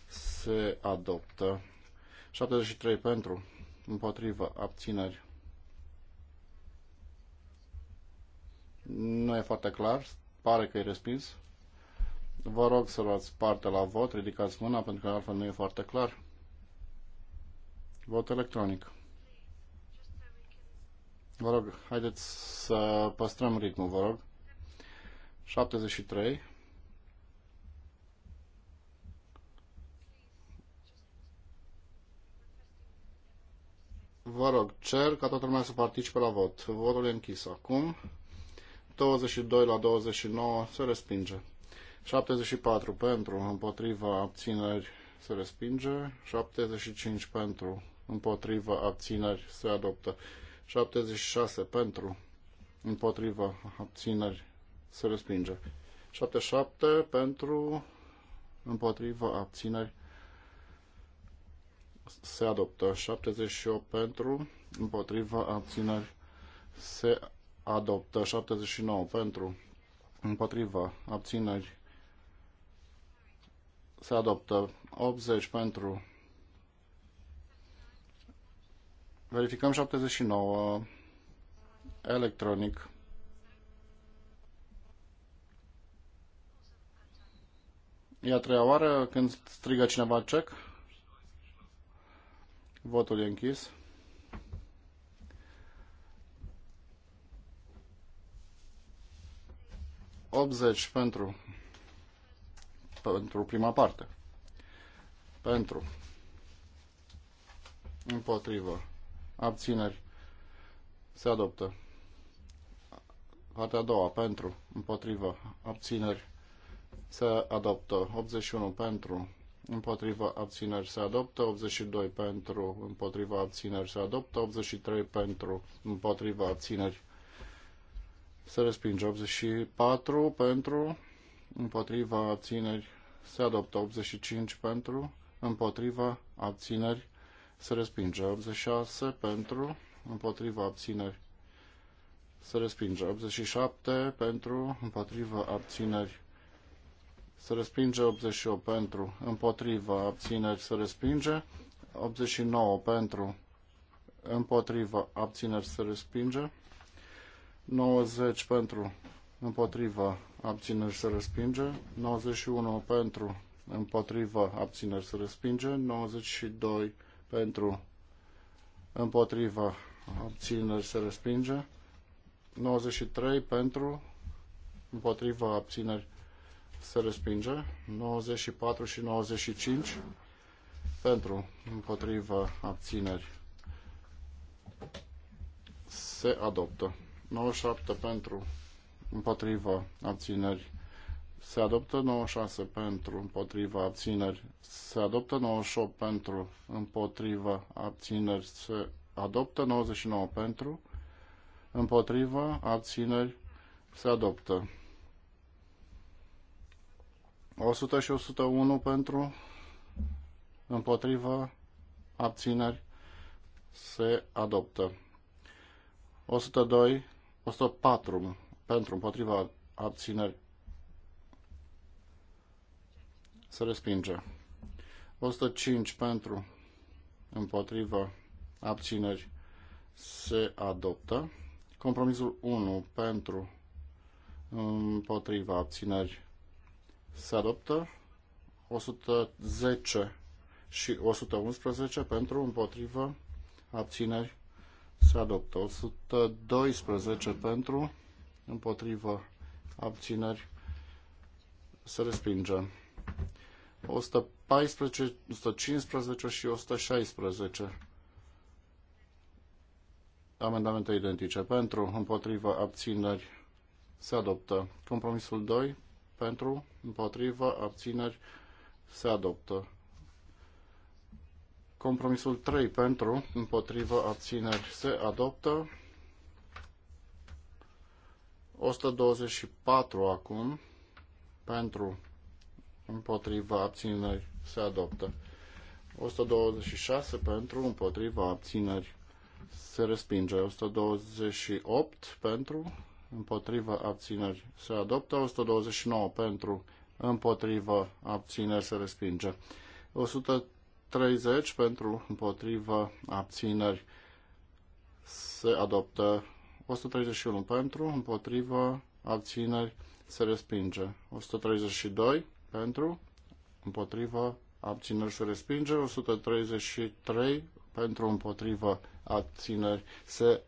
se adoptă. 73 pentru, împotrivă, abțineri. Nu e foarte clar, pare că e respins. Vă rog să luați parte la vot, ridicați mâna pentru că altfel nu e foarte clar. Vot electronic. Vă rog, haideți să păstrăm ritmul, vă rog. 73. Vă rog, cer ca toată lumea să participe la vot. Votul e închis acum. 22 la 29 se respinge. 74 pentru, împotriva abțineri se respinge. 75 pentru, împotriva abțineri se adoptă. 76 pentru, împotriva abțineri se respinge. 77 pentru împotriva abțineri se adoptă. 78 pentru împotriva abțineri se adoptă. 79 pentru împotriva abțineri se adoptă. 80 pentru verificăm 79 electronic E a treia oară când strigă cineva cec. Votul e închis. Optzeci pentru pentru prima parte. Pentru. Împotrivă. Abțineri. Se adoptă. Partea a doua. Pentru. Împotrivă. Abțineri se adoptă 81 pentru, împotriva abțineri se adoptă 82 pentru, împotriva abțineri se adoptă 83 pentru, împotriva abțineri se respinge 84 pentru, împotriva abțineri se adoptă 85 pentru, împotriva abțineri se respinge 86 pentru, împotriva abțineri se respinge 87 pentru, împotriva abțineri se respinge 88 pentru, împotriva abțineri se respinge 89 pentru, împotriva abțineri se respinge 90 pentru, împotriva abțineri se respinge 91 pentru, împotriva abțineri se respinge 92 pentru, împotriva abțineri se respinge 93 pentru, împotriva abțineri se respinge. 94 și 95 pentru, împotrivă, abțineri se adoptă. 97 pentru, împotrivă, abțineri se adoptă. 96 pentru, împotrivă, abțineri se adoptă. 98 pentru, împotrivă, abțineri se adoptă. 99 pentru, împotrivă, abțineri se adoptă. 100 și 101 pentru, împotrivă, abțineri, se adoptă. 102, 104 pentru, împotriva, abțineri, se respinge. 105 pentru, împotriva, abțineri, se adoptă. Compromisul 1 pentru, împotriva, abțineri, se adoptă 110 și 111 pentru împotrivă abțineri se adoptă 112 pentru împotrivă abțineri se respinge 114, 115 și 116 amendamente identice pentru împotrivă abțineri se adoptă compromisul 2 pentru, împotrivă, abțineri, se adoptă. Compromisul 3 pentru, împotrivă, abțineri, se adoptă. 124 acum, pentru, împotrivă, abțineri, se adoptă. 126 pentru, împotriva abțineri se respinge. 128 pentru, împotrivă, abțineri se adoptă, 129 pentru, împotrivă, abțineri se respinge, 130 pentru, împotrivă, abțineri se adoptă, 131 pentru, împotrivă, abțineri se respinge, 132 pentru, împotrivă, abțineri se respinge, 133 pentru împotrivă abțineri se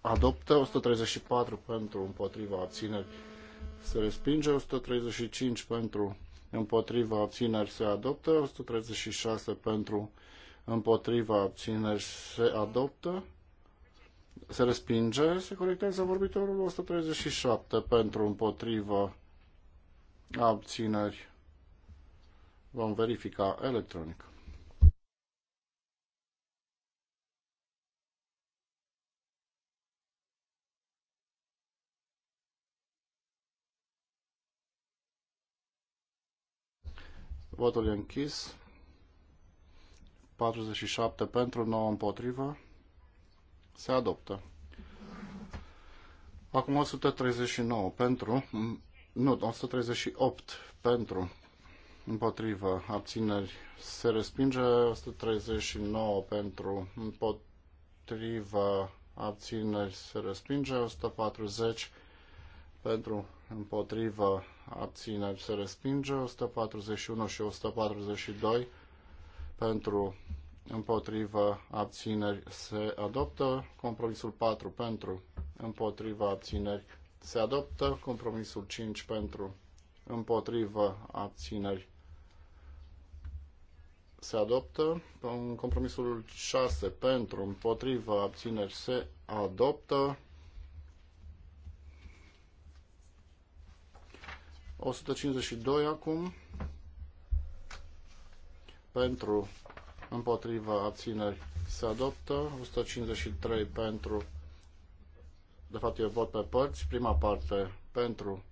adoptă, 134 pentru împotriva abțineri se respinge, 135 pentru împotriva abțineri se adoptă, 136 pentru împotriva abțineri se adoptă, se respinge, se corectează vorbitorul 137 pentru împotriva abțineri. Vom verifica electronic. Votul e închis. 47 pentru, 9 împotrivă. Se adoptă. Acum 139 pentru, nu, 138 pentru, împotrivă, abțineri, se respinge, 139 pentru, împotrivă, abțineri, se respinge, 140 pentru, împotrivă, abțineri se respinge, 141 și 142 pentru, împotrivă, abțineri se adoptă, compromisul 4 pentru, împotrivă, abțineri se adoptă, compromisul 5 pentru, împotrivă, abțineri se adoptă, compromisul 6 pentru, împotrivă, abțineri se adoptă, 152 acum. Pentru, împotriva, abțineri se adoptă. 153 pentru, de fapt eu vot pe părți. Prima parte pentru,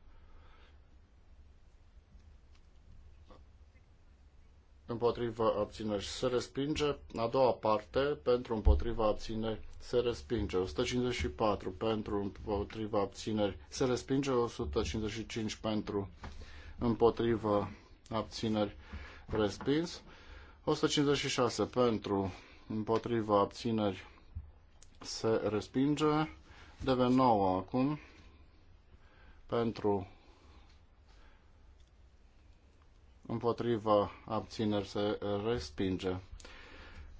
împotriva abțineri se respinge, a doua parte pentru împotriva abțineri se respinge, 154 pentru împotriva abțineri se respinge, 155 pentru împotriva abțineri respins, 156 pentru împotriva abțineri se respinge, DV9 acum pentru împotrivă, abțineri se respinge.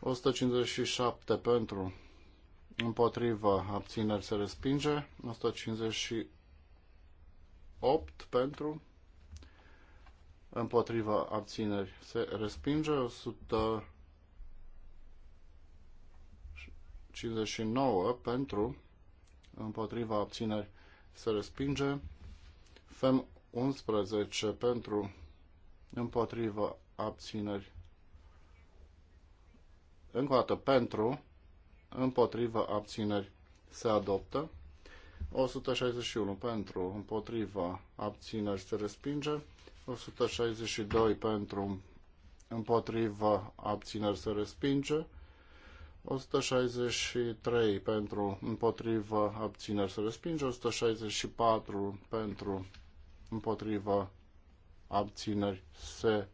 157 pentru împotrivă, abțineri se respinge. 158 pentru împotrivă, abțineri se respinge. 159 pentru împotriva abțineri se respinge. FEM 11 pentru împotrivă, abțineri. Încă o dată, pentru, împotrivă, abțineri, se adoptă. 161 pentru, împotriva, abțineri, se respinge. 162 pentru, împotriva, abțineri, se respinge. 163 pentru, împotriva, abțineri, se respinge. 164 pentru, împotriva, abțineri se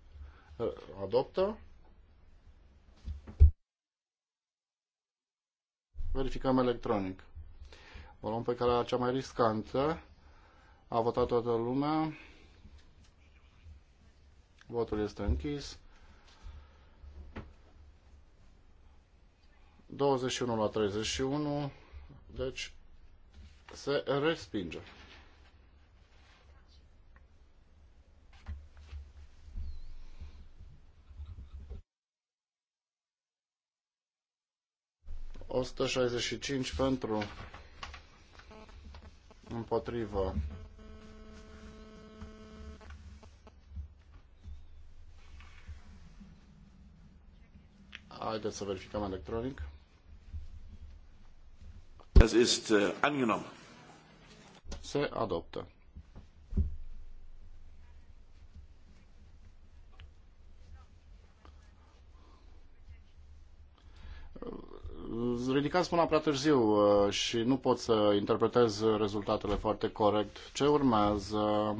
uh, adoptă. Verificăm electronic. O luăm pe calea cea mai riscantă. A votat toată lumea. Votul este închis. 21 la 31, deci se respinge. 165 pentru împotrivă. Haideți să verificăm electronic. Das ist uh, angenommen. Se adoptă. ridicați până prea târziu uh, și nu pot să interpretez rezultatele foarte corect. Ce urmează?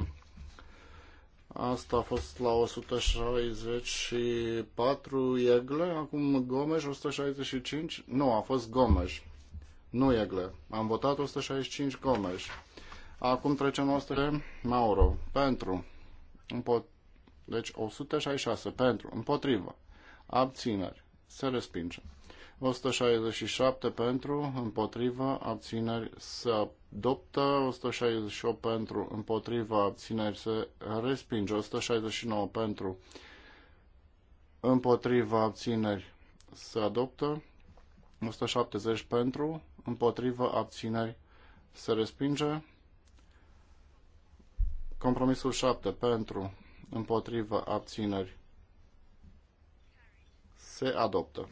Asta a fost la 164 Iegle, acum Gomes 165. Nu, a fost Gomes. Nu Iegle. Am votat 165 Gomes. Acum trecem la 100 Mauro. Pentru. Împot... Deci 166 pentru. Împotrivă. Abțineri. Se respinge. 167 pentru, împotrivă, abțineri se adoptă, 168 pentru, împotrivă, abțineri se respinge, 169 pentru, împotrivă, abțineri se adoptă, 170 pentru, împotrivă, abțineri se respinge, compromisul 7 pentru, împotrivă, abțineri se adoptă.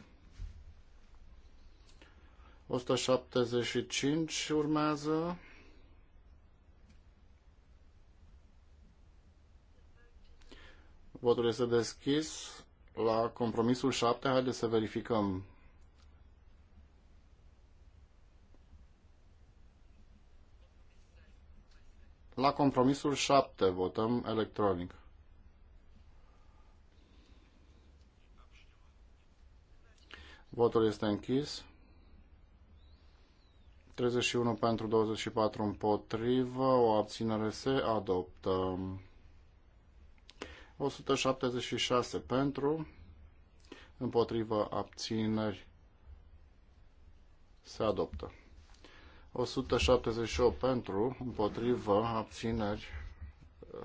175 urmează. Votul este deschis. La compromisul 7, haideți să verificăm. La compromisul 7 votăm electronic. Votul este închis. 31 pentru 24 împotrivă, o abținere se adoptă. 176 pentru, împotrivă abțineri se adoptă. 178 pentru, împotrivă abțineri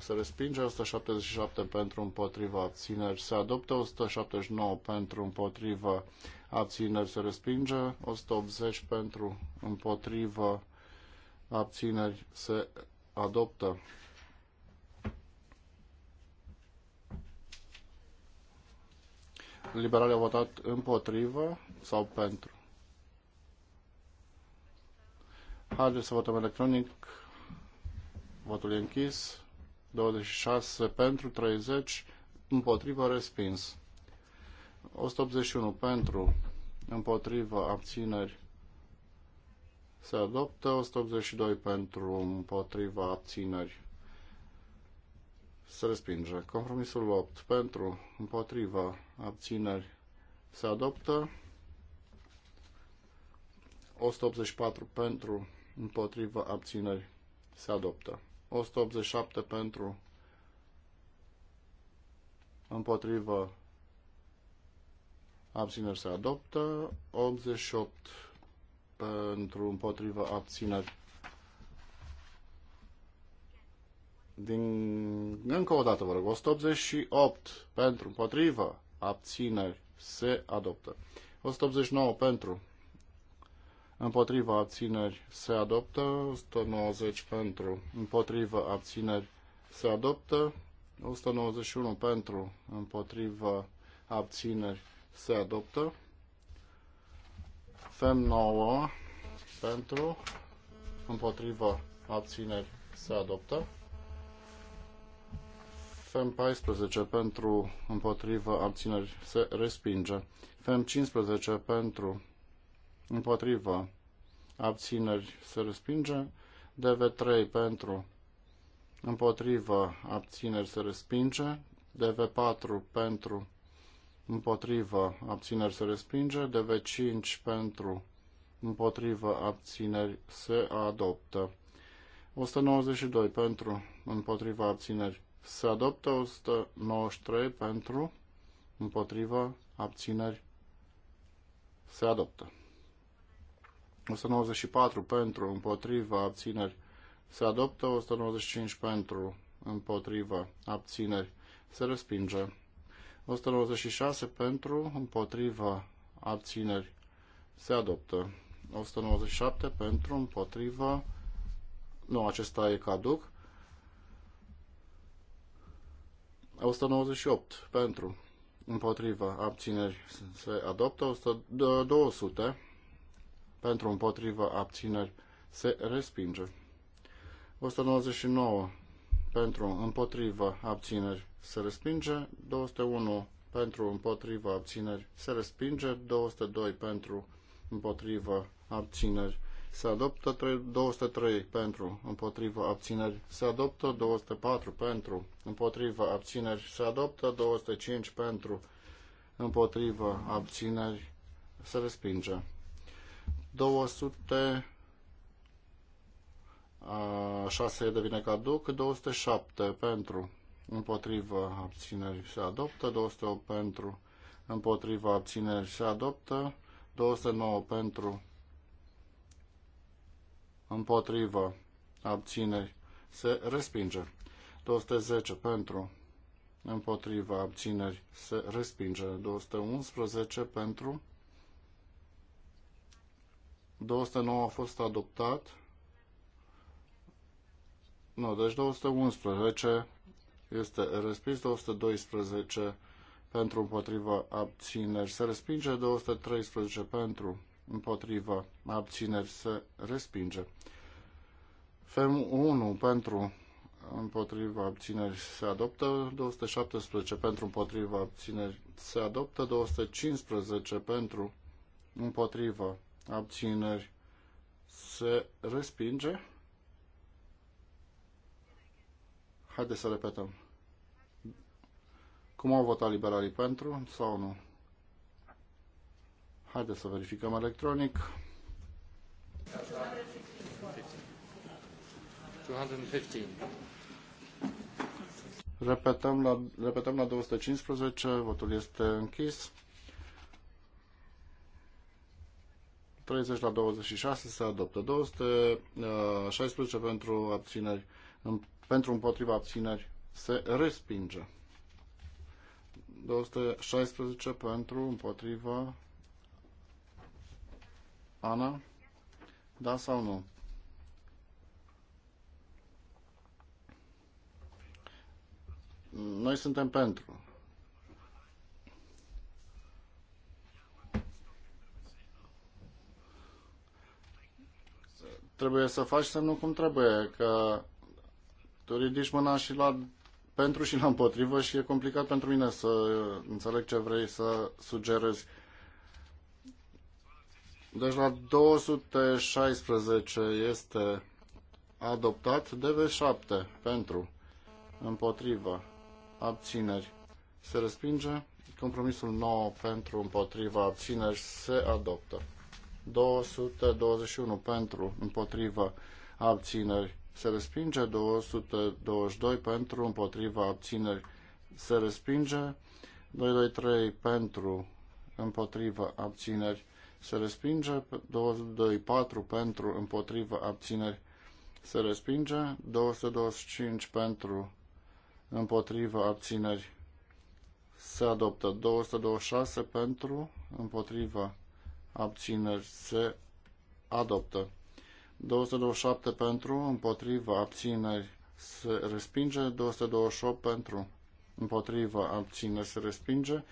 se respinge 177 pentru împotriva abțineri, se adoptă 179 pentru împotriva abțineri, se respinge 180 pentru împotriva abțineri, se adoptă. Liberalii au votat împotrivă sau pentru? Haideți să votăm electronic. Votul e închis. 26 pentru, 30 împotrivă, respins. 181 pentru, împotrivă, abțineri, se adoptă. 182 pentru, împotrivă, abțineri, se respinge. Compromisul 8 pentru, împotrivă, abțineri, se adoptă. 184 pentru, împotrivă, abțineri, se adoptă. 187 pentru împotrivă abțineri se adoptă, 88 pentru împotrivă abțineri din încă o dată vă rog, 188 pentru împotrivă abțineri se adoptă, 189 pentru împotriva abțineri se adoptă, 190 pentru, împotriva abțineri se adoptă, 191 pentru, împotriva abțineri se adoptă, FEM 9 pentru, împotriva abțineri se adoptă, FEM 14 pentru, împotriva abțineri se respinge, FEM 15 pentru, împotrivă, abțineri se respinge, DV3 pentru, împotrivă, abțineri se respinge, DV4 pentru, împotrivă, abțineri se respinge, DV5 pentru, împotrivă, abțineri se adoptă. 192 pentru, împotriva abțineri se adoptă, 193 pentru, împotriva abțineri se adoptă. 194 pentru, împotriva, abțineri se adoptă, 195 pentru, împotriva, abțineri se respinge, 196 pentru, împotriva, abțineri se adoptă, 197 pentru, împotriva, nu, acesta e caduc, 198 pentru, împotriva, abțineri se adoptă, 200 pentru împotrivă abțineri se respinge. 199 pentru împotrivă abțineri se respinge, 201 pentru împotrivă abțineri se respinge, 202 pentru împotrivă abțineri se adoptă 203 pentru împotrivă abțineri se adoptă 204 pentru împotrivă abțineri se adoptă 205 pentru împotrivă abțineri se respinge. 206 devine caduc, 207 pentru, împotriva abțineri se adoptă, 208 pentru, împotriva abțineri se adoptă, 209 pentru, împotriva abțineri se respinge, 210 pentru, împotriva abțineri se respinge, 211 pentru, 209 a fost adoptat. Nu, deci 211 este respins, 212 pentru împotriva abțineri se respinge, 213 pentru împotriva abțineri se respinge. FEM 1 pentru împotriva abțineri se adoptă, 217 pentru împotriva abțineri se adoptă, 215 pentru împotriva abțineri, se respinge. Haideți să repetăm. Cum au votat liberalii pentru sau nu? Haideți să verificăm electronic. 215. Repetăm la, repetăm la 215, votul este închis. 30 la 26 se adoptă. 216 pentru abțineri, pentru împotriva abțineri se respinge. 216 pentru împotriva Ana? Da sau nu? Noi suntem pentru. trebuie să faci semnul cum trebuie, că tu ridici mâna și la pentru și la împotrivă și e complicat pentru mine să înțeleg ce vrei să sugerezi. Deci la 216 este adoptat DV7 pentru împotrivă, abțineri se respinge compromisul 9 pentru împotriva abțineri se adoptă 221 pentru, împotriva, abțineri, se respinge. 222 pentru, împotriva, abțineri, se respinge. 223 pentru, împotriva, abțineri, se respinge. 224 pentru, împotriva, abțineri, se respinge. 225 pentru, împotriva, abțineri, se adoptă 226 pentru, împotriva abțineri se adoptă. 227 pentru, împotriva, abțineri se respinge. 228 pentru, împotriva, abțineri se respinge.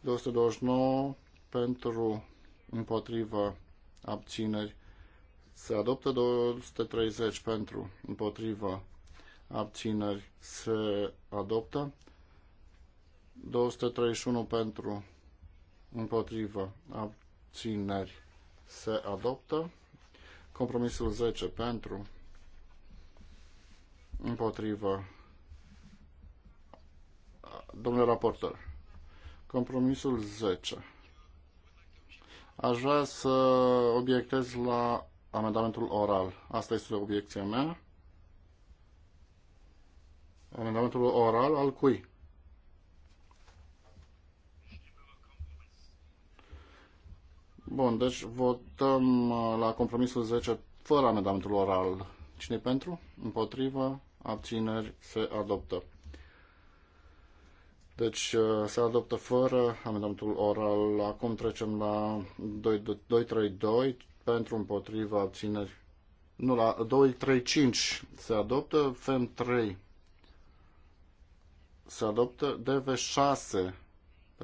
229 pentru, împotriva, abțineri se adoptă. 230 pentru, împotriva, abțineri se adoptă. 231 pentru, împotriva, ab, abțineri se adoptă. Compromisul 10 pentru, împotrivă, domnule raportor, compromisul 10. Aș vrea să obiectez la amendamentul oral. Asta este obiecția mea. Amendamentul oral al cui? Bun, deci votăm uh, la compromisul 10 fără amendamentul oral. cine pentru? Împotrivă? Abțineri? Se adoptă. Deci uh, se adoptă fără amendamentul oral. Acum trecem la 232 pentru împotrivă abțineri. Nu, la 235 se adoptă, FEM 3 se adoptă, DV6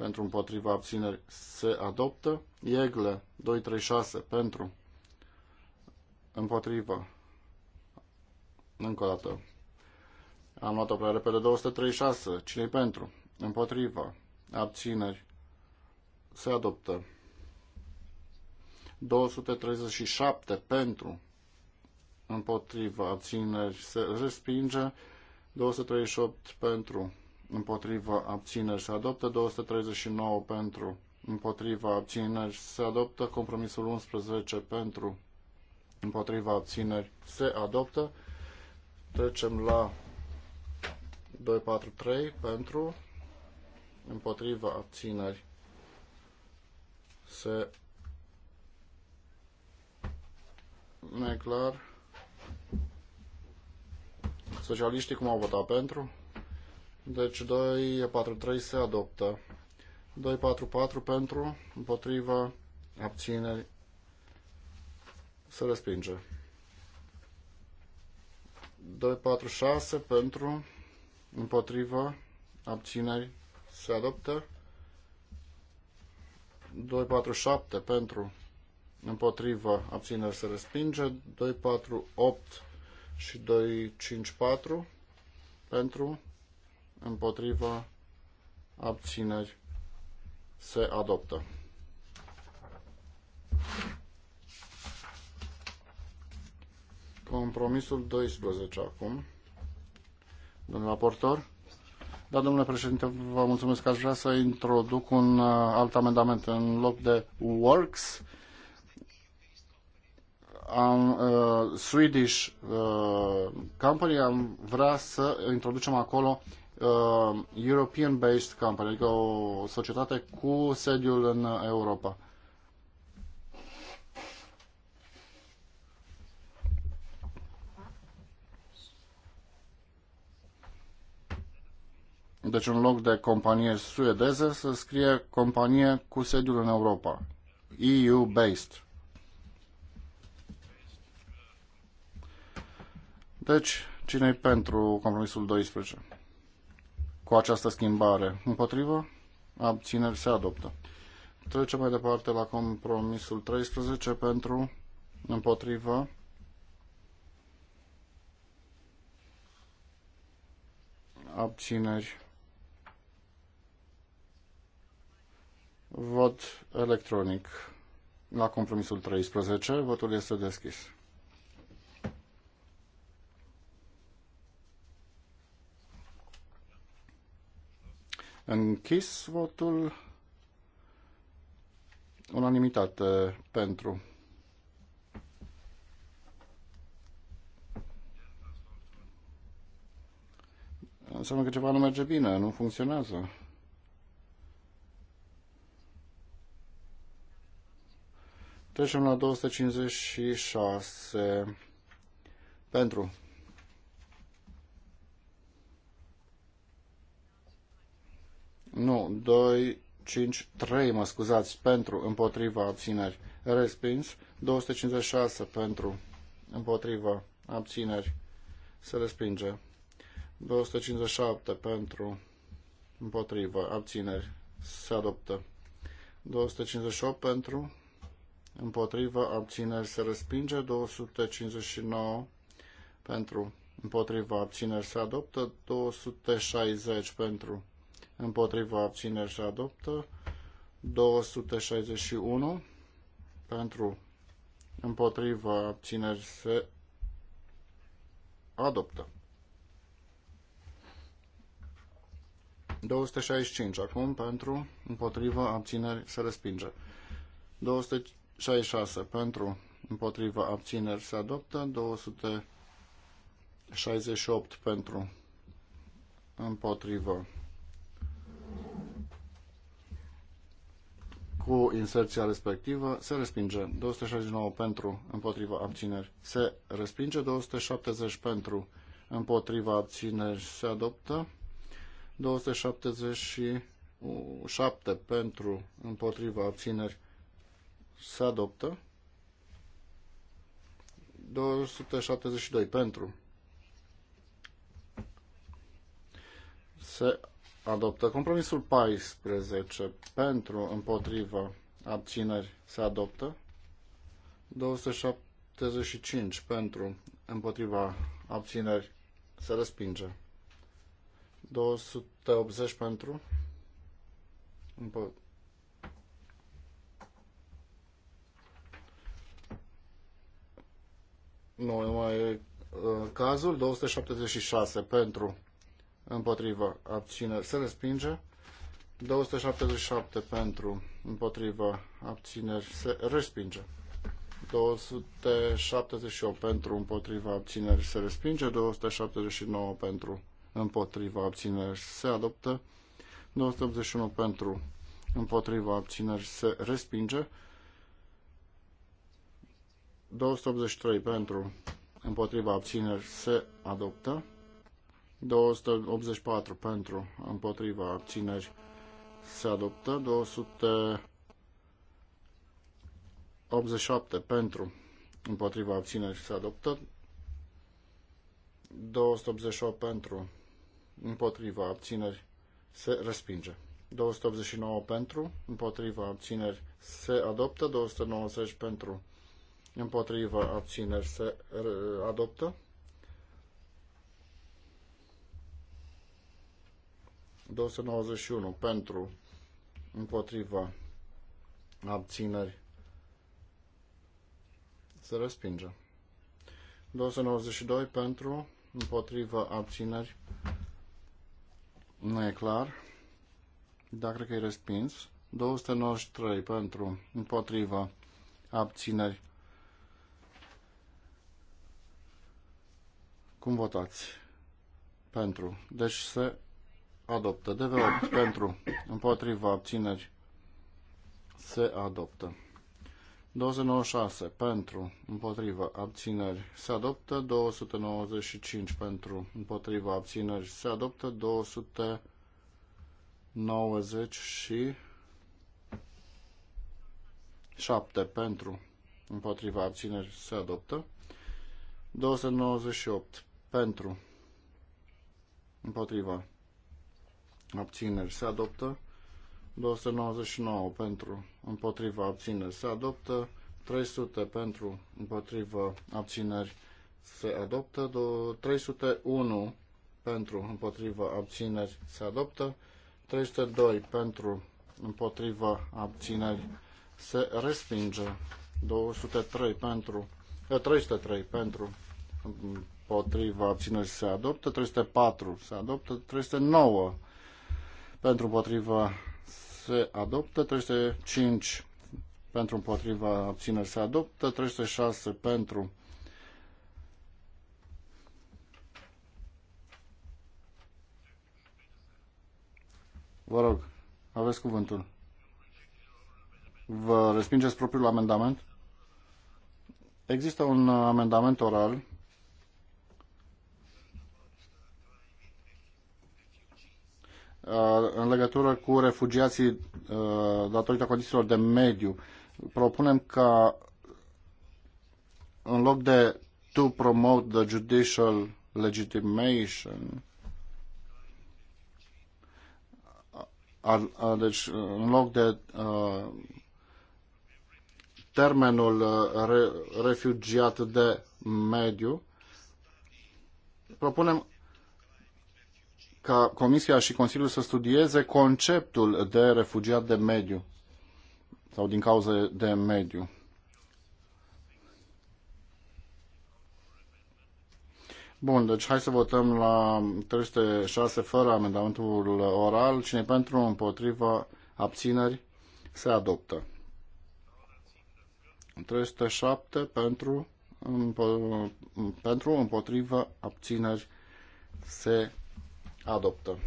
pentru împotriva abțineri se adoptă. Iegle 236 pentru împotriva. Încă o dată. Am luat-o prea repede. 236. cine pentru? Împotriva. Abțineri. Se adoptă. 237 pentru. Împotriva. Abțineri. Se respinge. 238 pentru împotrivă abțineri se adoptă, 239 pentru împotriva abțineri se adoptă, compromisul 11 pentru împotriva abțineri se adoptă. Trecem la 243 pentru împotriva abțineri se neclar. Socialiștii cum au votat pentru? Deci 3 se adoptă. 4 pentru, împotriva, abțineri, se respinge. 6 pentru, împotriva, abțineri, se adoptă. 7 pentru, împotriva, abțineri, se respinge. 8 și 4 pentru, împotriva, abțineri, se adoptă. Compromisul 12 acum. Domnul raportor? Da, domnule președinte, vă mulțumesc că aș vrea să introduc un uh, alt amendament. În loc de works, am, uh, Swedish uh, company, am vrea să introducem acolo uh, European-based company, adică o societate cu sediul în Europa. Deci în loc de companie suedeză să scrie companie cu sediul în Europa. EU-based. Deci, cine e pentru compromisul 12? cu această schimbare. Împotrivă? Abțineri se adoptă. Trecem mai departe la compromisul 13 pentru împotrivă. Abțineri. Vot electronic la compromisul 13. Votul este deschis. Închis votul. Unanimitate pentru. Înseamnă că ceva nu merge bine, nu funcționează. Trecem la 256 pentru nu, 2, 5, 3, mă scuzați, pentru, împotriva, abțineri, respins, 256 pentru, împotriva, abțineri, se respinge, 257 pentru, împotriva, abțineri, se adoptă, 258 pentru, împotriva, abțineri, se respinge, 259 pentru, împotriva, abțineri, se adoptă, 260 pentru, împotriva abțineri se adoptă, 261 pentru împotriva abțineri se adoptă. 265 acum pentru împotriva abțineri se respinge. 266 pentru împotriva abțineri se adoptă, 268 pentru împotriva cu inserția respectivă se respinge. 269 pentru, împotriva abțineri se respinge. 270 pentru, împotriva abțineri se adoptă. 277 pentru, împotriva abțineri se adoptă. 272 pentru se adoptă. Compromisul 14 pentru, împotrivă, abțineri se adoptă. 275 pentru, împotriva, abțineri se respinge. 280 pentru, împo- Nu, mai e uh, cazul 276 pentru împotriva abțineri se respinge. 277 pentru împotriva abțineri se respinge. 278 pentru împotriva abțineri se respinge, 279 pentru împotriva abțineri se adoptă, 281 pentru împotriva abțineri se respinge, 283 pentru împotriva abțineri se adoptă, 284 pentru, împotriva, abțineri, se adoptă. 287 pentru, împotriva, abțineri, se adoptă. 288 pentru, împotriva, abțineri, se respinge. 289 pentru, împotriva, abțineri, se adoptă. 290 pentru, împotriva, abțineri, se adoptă. 291 pentru, împotriva, abțineri, se respinge. 292 pentru, împotriva, abțineri, nu e clar, dar cred că e respins. 293 pentru, împotriva, abțineri. Cum votați? Pentru. Deci se adoptă. DV8 pentru, împotriva abțineri se adoptă. 296 pentru, împotriva abțineri se adoptă. 295 pentru, împotriva abțineri se adoptă. 297 pentru, împotriva abțineri se adoptă. 298 pentru, împotriva abțineri se adoptă, 299 pentru, împotriva abțineri se adoptă, 300 pentru, împotriva abțineri se adoptă, 301 pentru, împotriva abțineri se adoptă, 302 pentru, împotriva abțineri se respinge, 203 pentru, 303 eh, pentru, împotriva abțineri se adoptă, 304 se adoptă, 309 pentru împotriva se adoptă, 305 pentru împotriva abțineri se adoptă, 306 pentru Vă rog, aveți cuvântul. Vă respingeți propriul amendament? Există un amendament oral Uh, în legătură cu refugiații uh, datorită condițiilor de mediu. Propunem ca în loc de to promote the judicial legitimation deci în loc de uh, termenul refugiat de mediu propunem ca Comisia și Consiliul să studieze conceptul de refugiat de mediu sau din cauze de mediu. Bun, deci hai să votăm la 306 fără amendamentul oral. Cine pentru, împotriva, abțineri, se adoptă. 307 pentru, pentru împotriva, abțineri, se adoptă adoptă.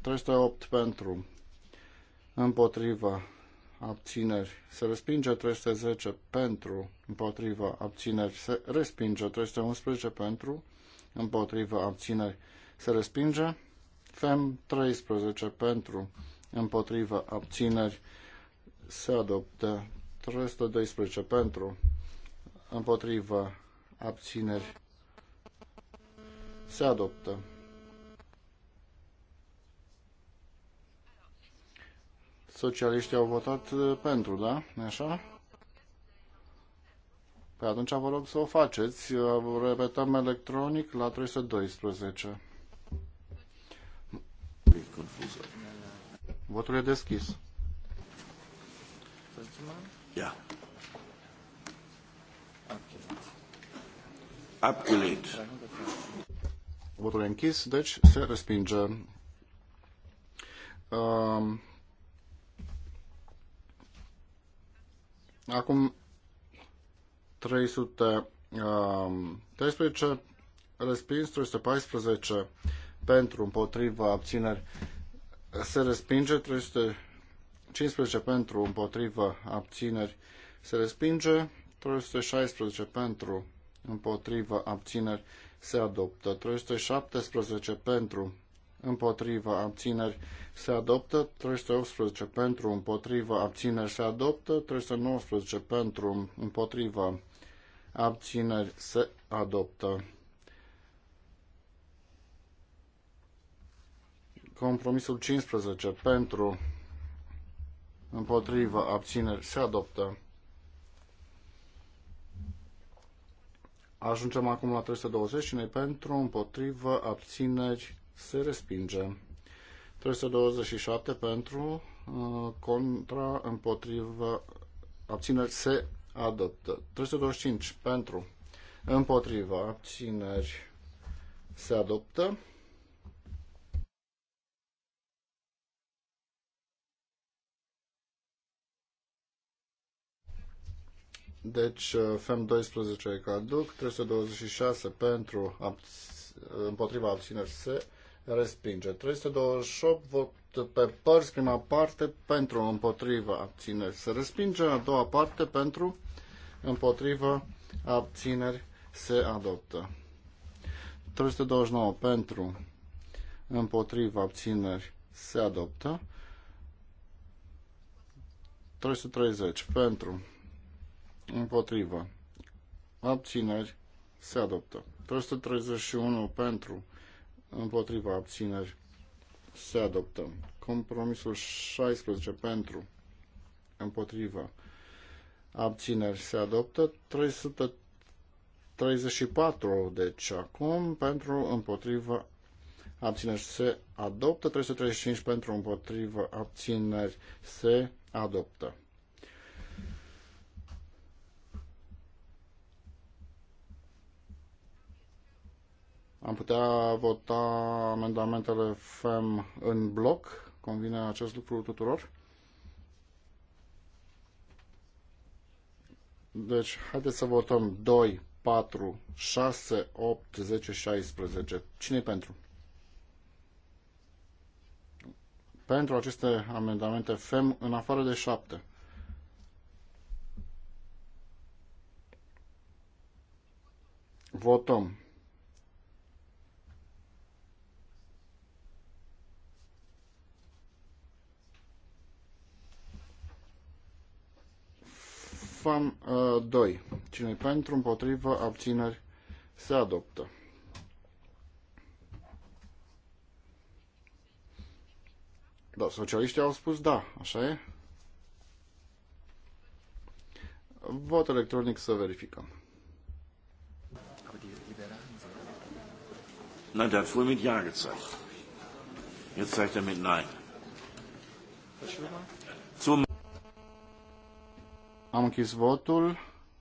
308 pentru, împotriva, abțineri, se respinge 310 pentru, împotriva, abțineri, se respinge 311 pentru, împotriva, abțineri, se respinge FEM 13 pentru, împotriva, abțineri, se adoptă 312 pentru, împotriva, abțineri, se adoptă. Socialiștii au votat pentru, da? Așa? Păi atunci vă rog să o faceți. Repetăm electronic la 312. Votul e deschis. Ja. Abgelehnt. Votul e închis, deci se respinge. Um, Acum 313 respins, 314 pentru, împotriva, abțineri se respinge, 315 pentru, împotriva, abțineri se respinge, 316 pentru, împotriva, abțineri se adoptă, 317 pentru, împotrivă, abțineri se adoptă, 318 pentru, împotrivă, abțineri se adoptă, 319 pentru, împotrivă, abțineri se adoptă. Compromisul 15 pentru, împotrivă, abțineri se adoptă. Ajungem acum la 320, noi pentru, împotrivă, abțineri, se respinge. 327 pentru, uh, contra, împotrivă, abțineri se adoptă. 325 pentru, împotrivă, abțineri se adoptă. Deci uh, FEM 12 e caduc, 326 pentru abț- împotriva abțineri se respinge. 328 vot pe părți, prima parte pentru, împotriva, abțineri se respinge, a doua parte pentru, împotriva, abțineri se adoptă. 329 pentru, împotriva, abțineri se adoptă. 330 pentru, împotriva, abțineri se adoptă. 331 pentru, împotriva abțineri se adoptă. Compromisul 16 pentru împotriva abțineri se adoptă. 334 deci acum pentru împotriva abțineri se adoptă. 335 pentru împotriva abțineri se adoptă. Am putea vota amendamentele FEM în bloc. Convine acest lucru tuturor? Deci, haideți să votăm 2, 4, 6, 8, 10, 16. Cine-i pentru? Pentru aceste amendamente FEM în afară de 7. Votăm. FAM 2. Uh, cine pentru, împotrivă, abțineri, se adoptă. Da, socialiștii au spus da, așa e? Vot electronic să verificăm. Nein, der hat vorher mit Ja gezeigt. Jetzt zeigt er mit Nein. Herr am închis votul.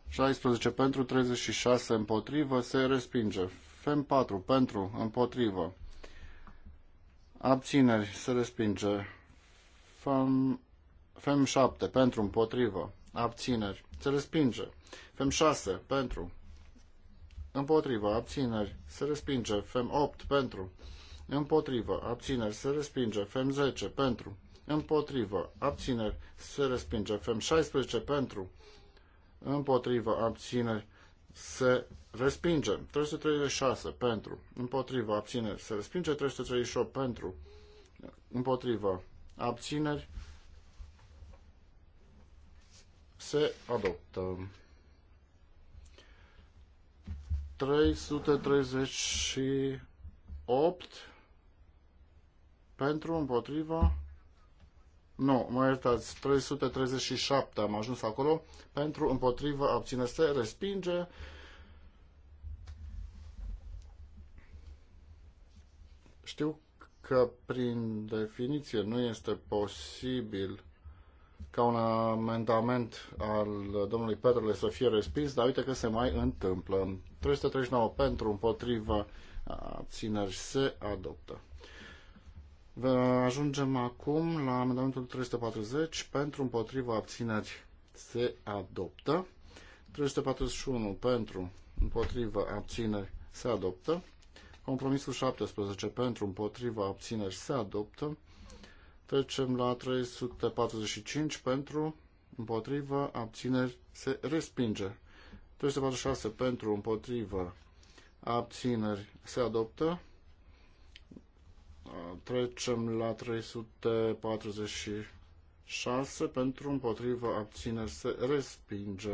16 pentru, 36 împotrivă, se respinge. FEM 4 pentru, împotrivă. Abțineri, se respinge. FEM, FEM 7 pentru, împotrivă. Abțineri, se respinge. FEM 6 pentru, împotrivă. Abțineri, se respinge. FEM 8 pentru, împotrivă. Abțineri, se respinge. FEM 10 pentru, împotrivă, abțineri, se respinge. FM 16 pentru, împotrivă, abțineri, se respinge. 336 pentru, împotrivă, abțineri, se respinge. 338 pentru, împotrivă, abțineri, se adoptă. 338 pentru împotriva nu, mă iertați, 337 am ajuns acolo. Pentru, împotrivă, abține, se respinge. Știu că prin definiție nu este posibil ca un amendament al domnului Petrele să fie respins, dar uite că se mai întâmplă. 339 pentru, împotrivă, abțineri se adoptă. Ajungem acum la amendamentul 340. Pentru, împotriva, abțineri se adoptă. 341 pentru, împotriva, abțineri se adoptă. Compromisul 17 pentru, împotriva, abțineri se adoptă. Trecem la 345 pentru, împotriva, abțineri se respinge. 346 pentru, împotriva, abțineri se adoptă. Trecem la 346 pentru împotrivă abține se respinge.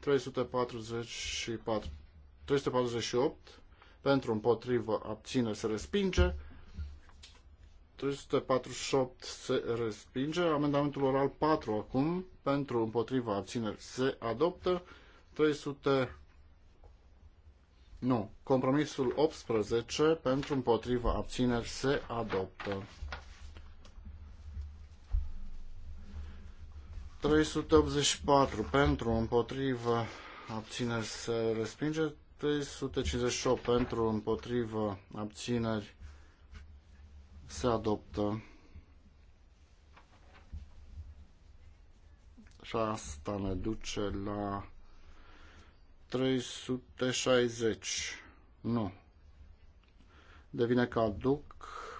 344, 348 pentru împotrivă abține se respinge. 348 se respinge. Amendamentul oral 4 acum pentru împotriva abțineri se adoptă. 300 nu. Compromisul 18 pentru împotriva abțineri se adoptă. 384 pentru împotriva abțineri se respinge. 358 pentru împotriva abțineri se adoptă. Și asta ne duce la 360. Nu. Devine caduc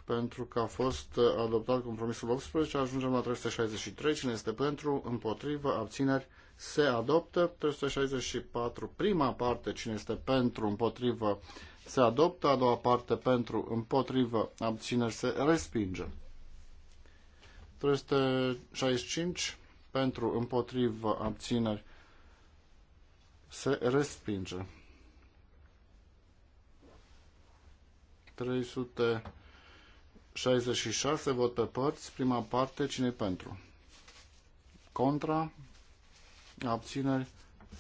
pentru că a fost adoptat compromisul 18. Ajungem la 363. Cine este pentru? Împotrivă? Abțineri? Se adoptă. 364. Prima parte. Cine este pentru? Împotrivă? Se adoptă. A doua parte. Pentru? Împotrivă? Abțineri? Se respinge. 365. Pentru? Împotrivă? Abțineri? se respinge. 366 vot pe părți, prima parte, cine pentru? Contra, abțineri,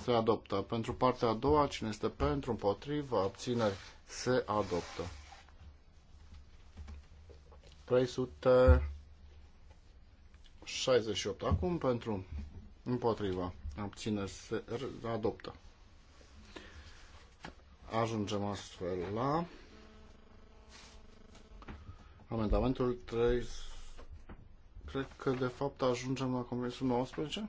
se adoptă. Pentru partea a doua, cine este pentru, Împotrivă. abțineri, se adoptă. 368 acum pentru împotriva abțineri se adoptă. Ajungem astfel la amendamentul 3. Cred că de fapt ajungem la compromisul 19.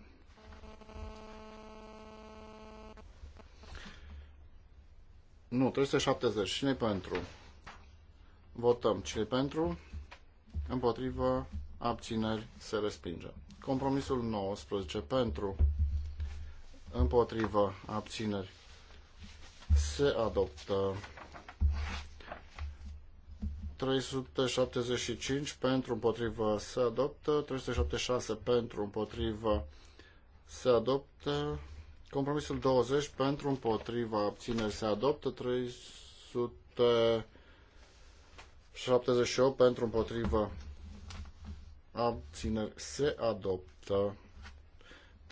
Nu, 370. cine pentru? Votăm. cine pentru? Împotrivă. Abțineri. Se respinge. Compromisul 19 pentru împotrivă, abțineri, se adoptă. 375 pentru împotrivă se adoptă, 376 pentru împotrivă se adoptă, compromisul 20 pentru împotriva abțineri se adoptă, 378 pentru împotrivă abțineri se adoptă.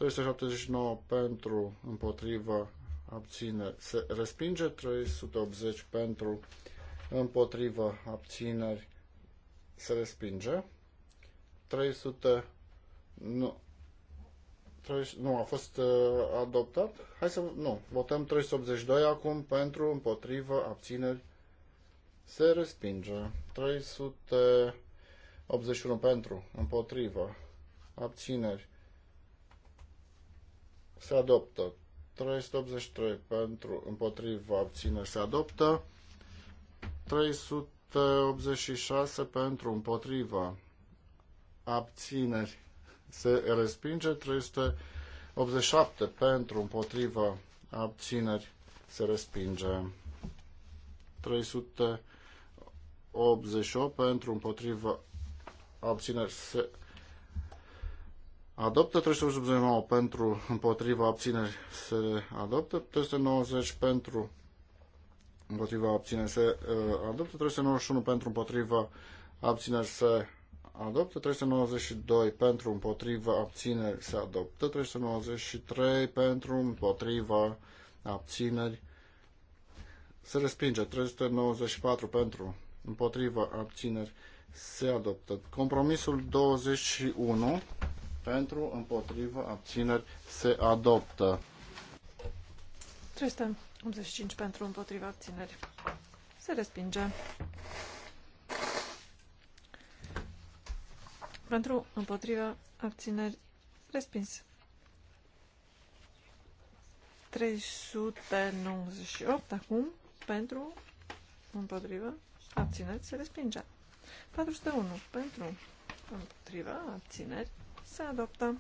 379 pentru, împotrivă, abțineri, se respinge. 380 pentru, împotrivă, abțineri, se respinge. 300 nu, 30, nu a fost uh, adoptat. Hai să nu, votăm 382 acum pentru împotrivă abțineri se respinge. 381 pentru împotrivă abțineri se adoptă. 383 pentru, împotriva, abțineri, se adoptă. 386 pentru, împotriva, abțineri, se respinge. 387 pentru, împotriva, abțineri, se respinge. 388 pentru, împotriva, abțineri, se adoptă, 389 pentru, împotriva abțineri se adoptă, 390 pentru, împotriva abțineri se uh, adoptă, 391 pentru, împotriva abțineri se adoptă, 392 pentru, împotriva abțineri se adoptă, 393 pentru, împotriva abțineri se respinge, 394 pentru, împotriva abțineri se adoptă. Compromisul 21 pentru, împotrivă, abțineri, se adoptă. 385 pentru, împotrivă, abțineri. Se respinge. Pentru, împotrivă, abțineri, respins. 398 acum, pentru, împotrivă, abțineri, se respinge. 401 pentru, împotrivă, abțineri, se adoptă.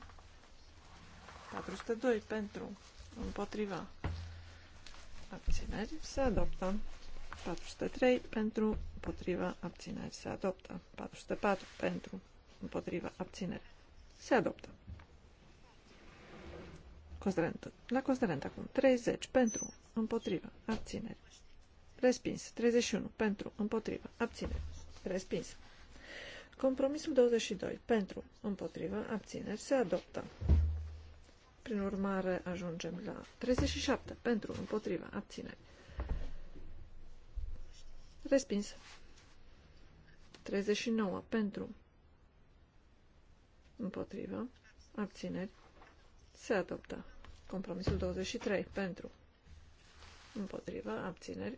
402 pentru. Împotriva. Abțineri. Se adoptă. 403 pentru. Împotriva. Abțineri. Se adoptă. 404 pentru. Împotriva. Abțineri. Se adoptă. Considerent. La considerent acum. 30 pentru. Împotriva. Abțineri. Respins. 31 pentru. Împotriva. Abțineri. Respins. Compromisul 22. Pentru, împotrivă, abțineri, se adoptă. Prin urmare, ajungem la 37. Pentru, împotrivă, abțineri. Respins. 39. Pentru, împotrivă, abțineri, se adoptă. Compromisul 23. Pentru, împotrivă, abțineri,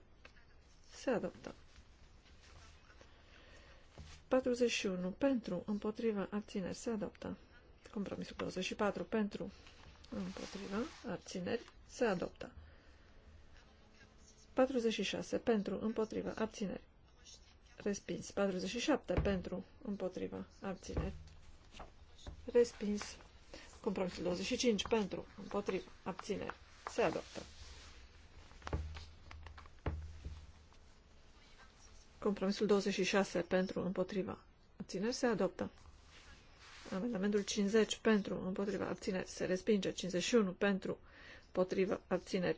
se adoptă. 41 pentru, împotriva, abțineri se adoptă. Compromisul 24 pentru, împotriva, abțineri se adoptă. 46 pentru, împotriva, abțineri respins. 47 pentru, împotriva, abțineri respins. Compromisul 25 pentru, împotriva, abțineri se adoptă. Compromisul 26 pentru împotriva abțineri se adoptă. Amendamentul 50 pentru împotriva abțineri se respinge. 51 pentru împotriva abțineri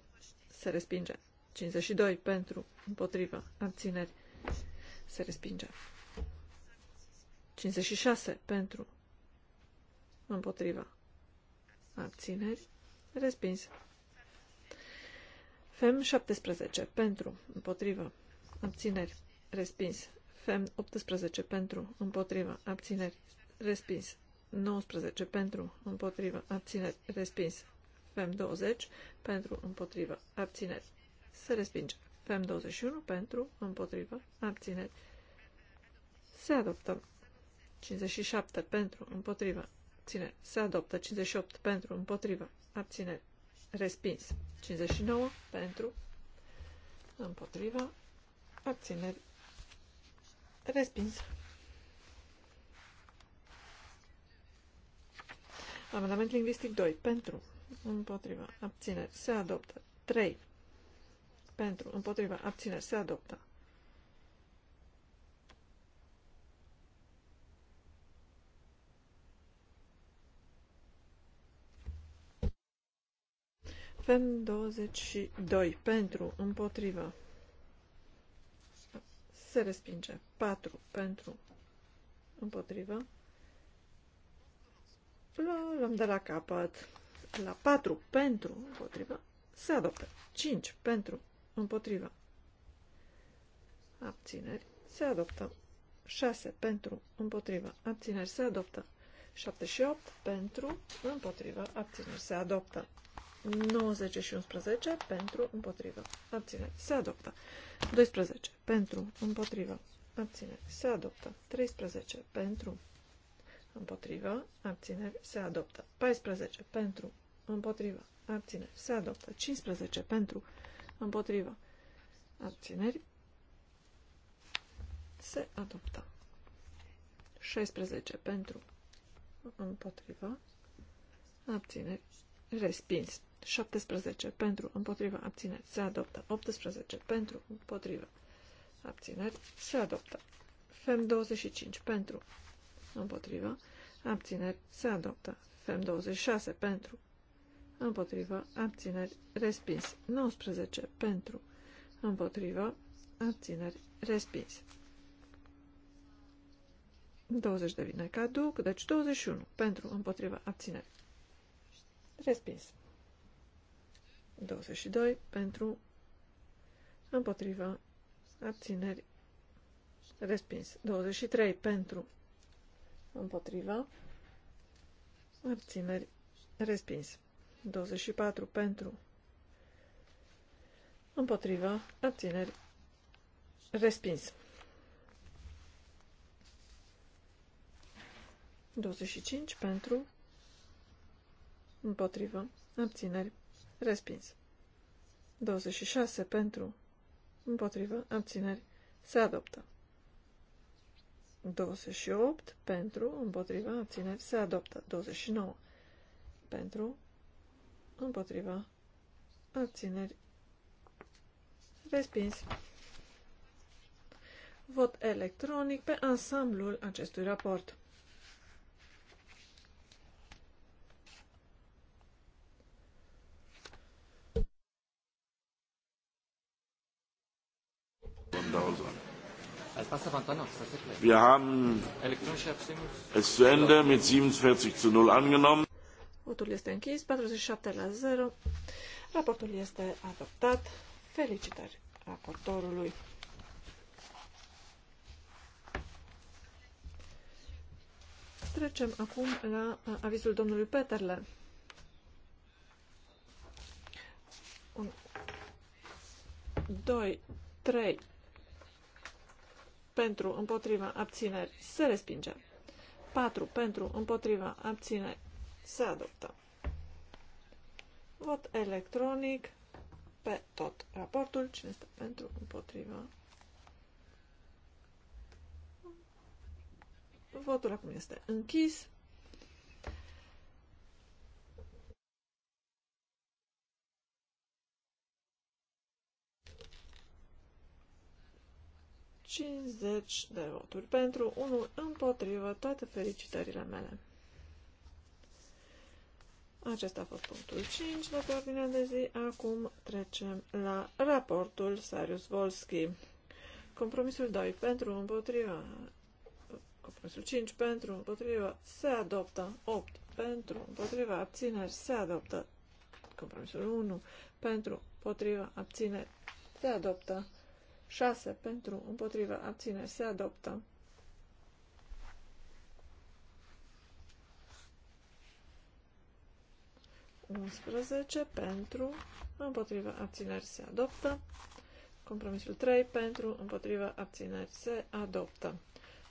se respinge. 52 pentru împotriva abțineri se respinge. 56 pentru împotriva abțineri respins. FEM 17 pentru împotriva abțineri respins. Fem 18 pentru, împotriva, abțineri, respins. 19 pentru, împotriva, abțineri, respins. Fem 20 pentru, împotriva, abțineri, se respinge. Fem 21 pentru, împotriva, abțineri, se adoptă. 57 pentru, împotriva, abțineri, se adoptă. 58 pentru, împotriva, abțineri, respins. 59 pentru, împotriva, abțineri, Respins. Amendament lingvistic 2. Pentru. Împotriva. Abțineri. Se adoptă. 3. Pentru. Împotriva. Abțineri. Se adoptă. FEM 22. Pentru. Împotriva se respinge. 4 pentru împotrivă. Luăm de la capăt. La 4 pentru împotrivă se adoptă. 5 pentru împotrivă. Abțineri se adoptă. 6 pentru împotrivă. Abțineri se adoptă. 7 și 8 pentru împotrivă. Abțineri se adoptă. 90 și 11 pentru împotrivă. Abțineri se adoptă. 12. Pentru. Împotrivă. Abțineri. Se adoptă. 13. Pentru. Împotrivă. Abțineri. Se adoptă. 14. Pentru. Împotrivă. Abțineri. Se adoptă. 15. Pentru. Împotrivă. Abțineri. Se adoptă. 16. Pentru. Împotrivă. Abțineri. Respins. 17 pentru, împotriva, abțineri, se adoptă. 18 pentru, împotriva, abțineri, se adoptă. FEM 25 pentru, împotriva, abțineri, se adoptă. FEM 26 pentru, împotriva, abțineri, respins. 19 pentru, împotriva, abțineri, respins. 20 devine caduc, deci 21 pentru, împotriva, abțineri, respins. 22 pentru împotriva abțineri respins. 23 pentru împotriva abțineri respins. 24 pentru împotriva abțineri respins. 25 pentru împotriva abțineri respins. Respins. 26 pentru, împotrivă, abțineri, se adoptă. 28 pentru, împotrivă, abțineri, se adoptă. 29 pentru, împotrivă, abțineri, respins. Vot electronic pe ansamblul acestui raport. Wir haben es zu Ende mit 47 zu 0 angenommen. Votul este închis, 47 la 0. Raportul este adoptat. Felicitări raportorului. Trecem acum la uh, avizul domnului Peterle. Un, doi, trei, pentru, împotriva, abțineri, se respinge. 4 pentru, împotriva, abțineri, se adoptă. Vot electronic pe tot raportul. Cine este pentru, împotriva? Votul acum este închis. 50 de voturi pentru, 1 împotrivă, toate felicitările mele. Acesta a fost punctul 5 de pe ordinea de zi. Acum trecem la raportul Sarius Volski. Compromisul 2 pentru împotriva. Compromisul 5 pentru împotriva se adoptă. 8 pentru împotriva abțineri se adoptă. Compromisul 1 pentru împotriva abțineri se adoptă. 6 pentru, împotrivă, abțineri, se adoptă. Unsprezece pentru, împotrivă, abțineri, se adoptă. Compromisul 3 pentru, împotrivă, abțineri, se adoptă.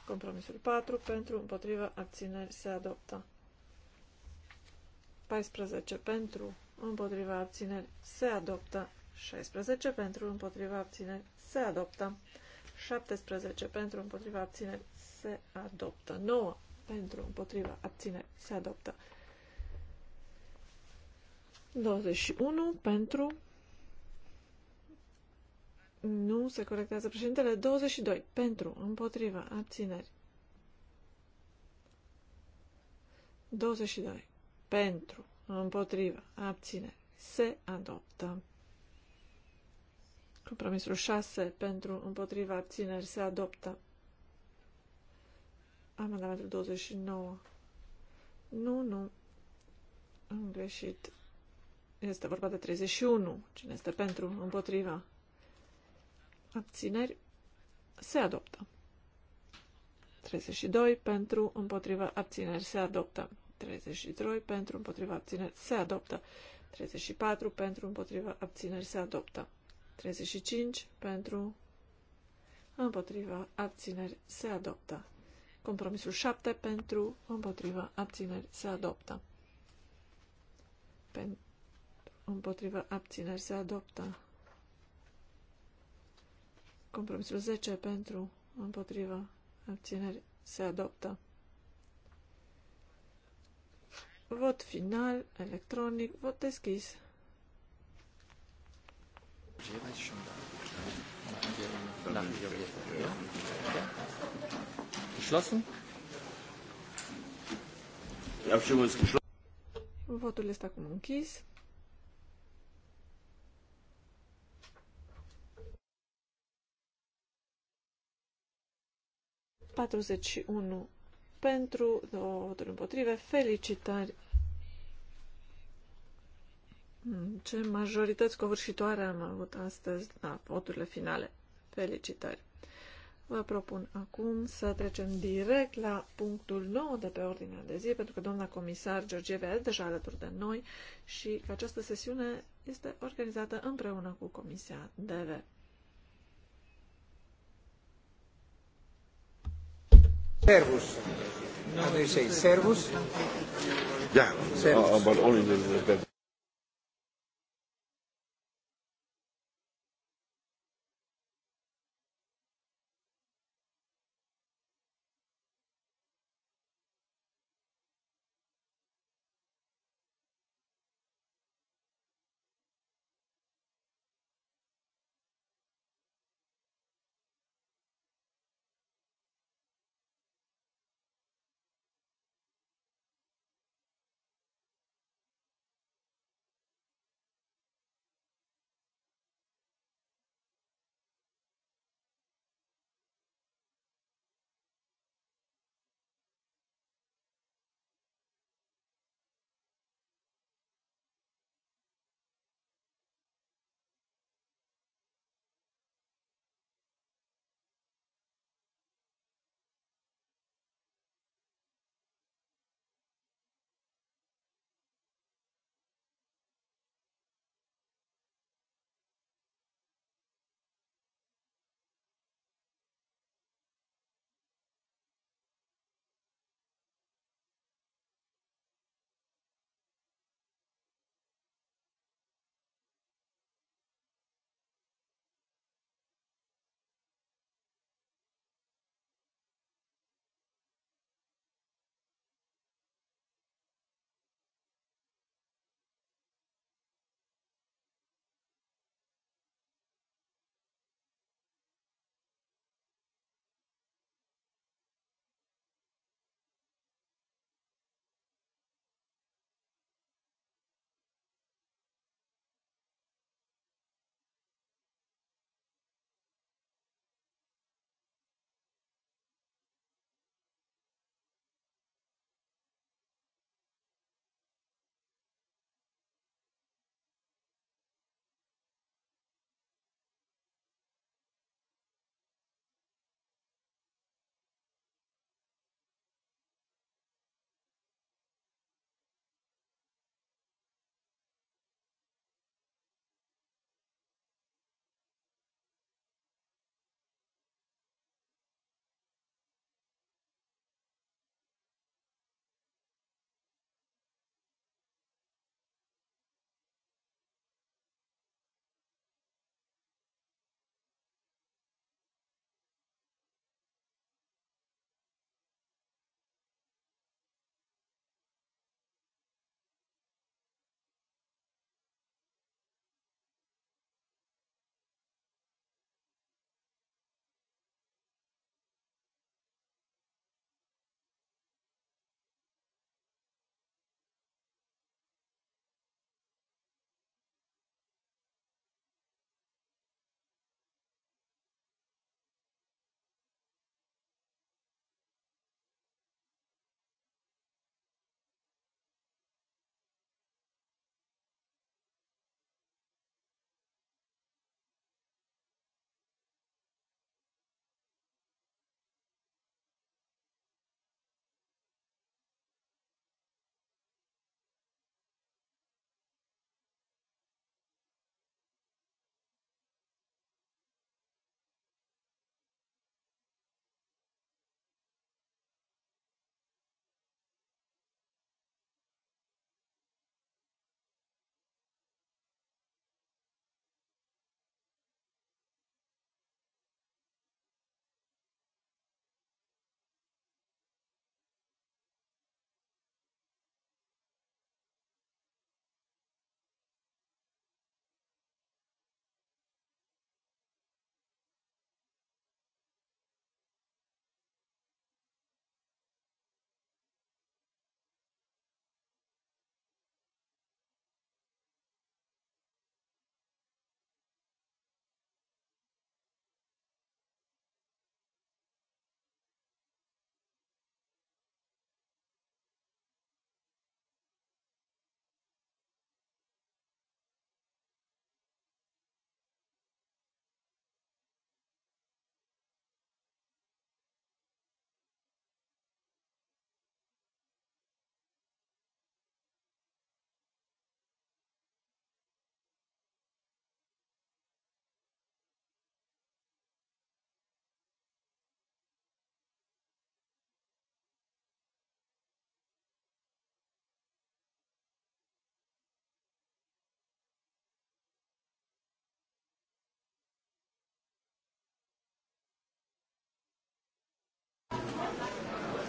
Compromisul 4 pentru, împotrivă, abțineri, se adoptă. 14 pentru, împotriva abțineri, se adoptă 16 pentru împotriva abțineri se adoptă. 17 pentru împotriva abțineri se adoptă. 9 pentru împotriva abțineri se adoptă. 21 pentru nu se corectează președintele 22 pentru împotriva abțineri 22 pentru împotriva abțineri se adoptă Compromisul 6 pentru împotriva abțineri se adoptă. Amendamentul 29. Nu, nu. Am greșit. Este vorba de 31. Cine este pentru împotriva abțineri se adoptă. 32 pentru împotriva abțineri se adoptă. 33 pentru împotriva abțineri se adoptă. 34 pentru împotriva abțineri se adoptă. 35 pentru împotriva abțineri se adoptă. Compromisul 7 pentru împotriva abțineri se adoptă. Pentru împotriva abțineri se adoptă. Compromisul 10 pentru împotriva abțineri se adoptă. Vot final electronic, vot deschis. Geschlossen? Die Abstimmung ist geschlossen. Votul este acum închis. Patruzeci și unu pentru, două voturi împotrive. Felicitări ce majorități covârșitoare am avut astăzi la voturile finale. Felicitări! Vă propun acum să trecem direct la punctul 9 de pe ordinea de zi, pentru că doamna comisar Georgieva este deja alături de noi și că această sesiune este organizată împreună cu Comisia DV. Servus. Nu do Servus? Yeah, Servus. Uh, but only the, the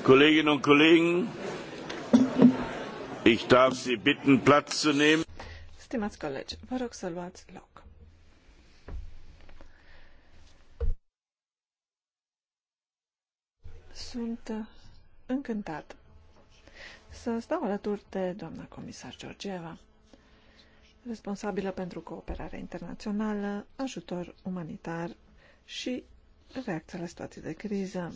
Kolleginnen und Kollegen, ich darf Sie bitten, Platz zu nehmen. Stimați colegi, vă rog să luați loc. Sunt uh, încântat să stau alături de doamna comisar Georgieva, responsabilă pentru cooperare internațională, ajutor umanitar și reacția la situații de criză.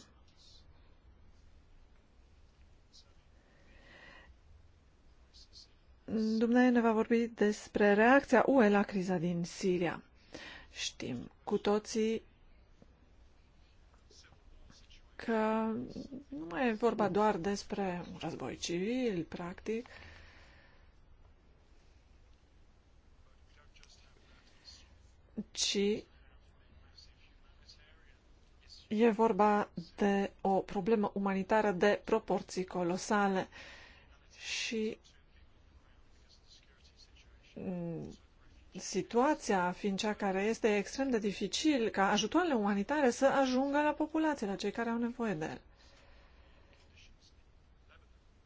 Dumnezeu ne va vorbi despre reacția UE la criza din Siria. Știm cu toții că nu mai e vorba doar despre un război civil, practic, ci e vorba de o problemă umanitară de proporții colosale și Mm, situația fiind cea care este extrem de dificil ca ajutoarele umanitare să ajungă la populație, la cei care au nevoie de ele.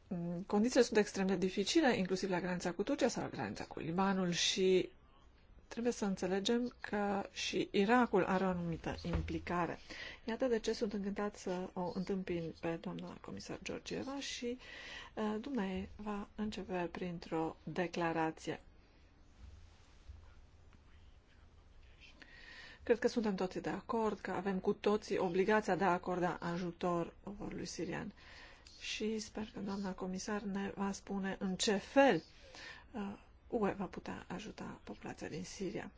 Mm, condițiile sunt extrem de dificile, inclusiv la granița cu Turcia sau la granița cu Libanul și trebuie să înțelegem că și Irakul are o anumită implicare. Iată de ce sunt încântat să o întâmpin pe doamna comisar Georgieva și uh, dumneavoastră va începe printr-o declarație. Cred că suntem toți de acord că avem cu toții obligația de a acorda ajutor poporului sirian. Și sper că doamna comisar ne va spune în ce fel uh, UE va putea ajuta populația din Siria.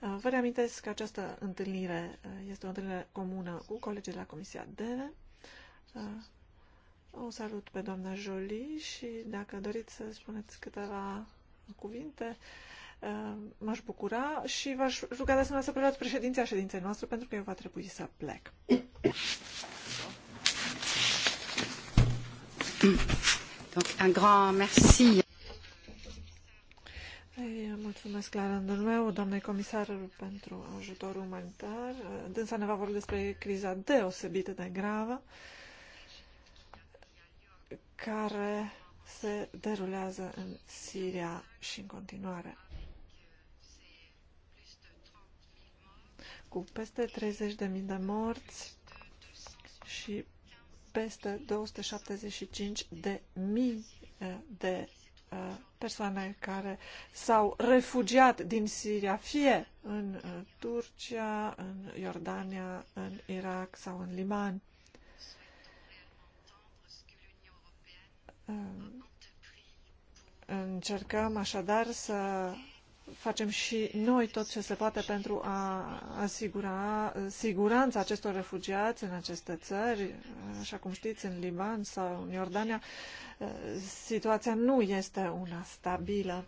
Uh, vă reamintesc că această întâlnire uh, este o întâlnire comună cu colegii de la Comisia DEVE. O salut pe doamna Jolie și dacă doriți să spuneți câteva cuvinte, Eh, m-aș bucura și v-aș ruga de asemenea să preluați președinția ședinței noastre pentru că eu va trebui să plec. Donc, un grand merci. Ei, mulțumesc la rândul meu, doamnei comisar, pentru ajutorul umanitar. Dânsa ne va vorbi despre criza deosebită de gravă care se derulează în Siria și în continuare. cu peste 30.000 de morți și peste 275 de mii eh, de eh, persoane care s-au refugiat din Siria, fie în eh, Turcia, în Iordania, în Irak sau în Liman. Încercăm așadar să facem și noi tot ce se poate pentru a asigura uh, siguranța acestor refugiați în aceste țări. Așa cum știți, în Liban sau în Iordania, uh, situația nu este una stabilă.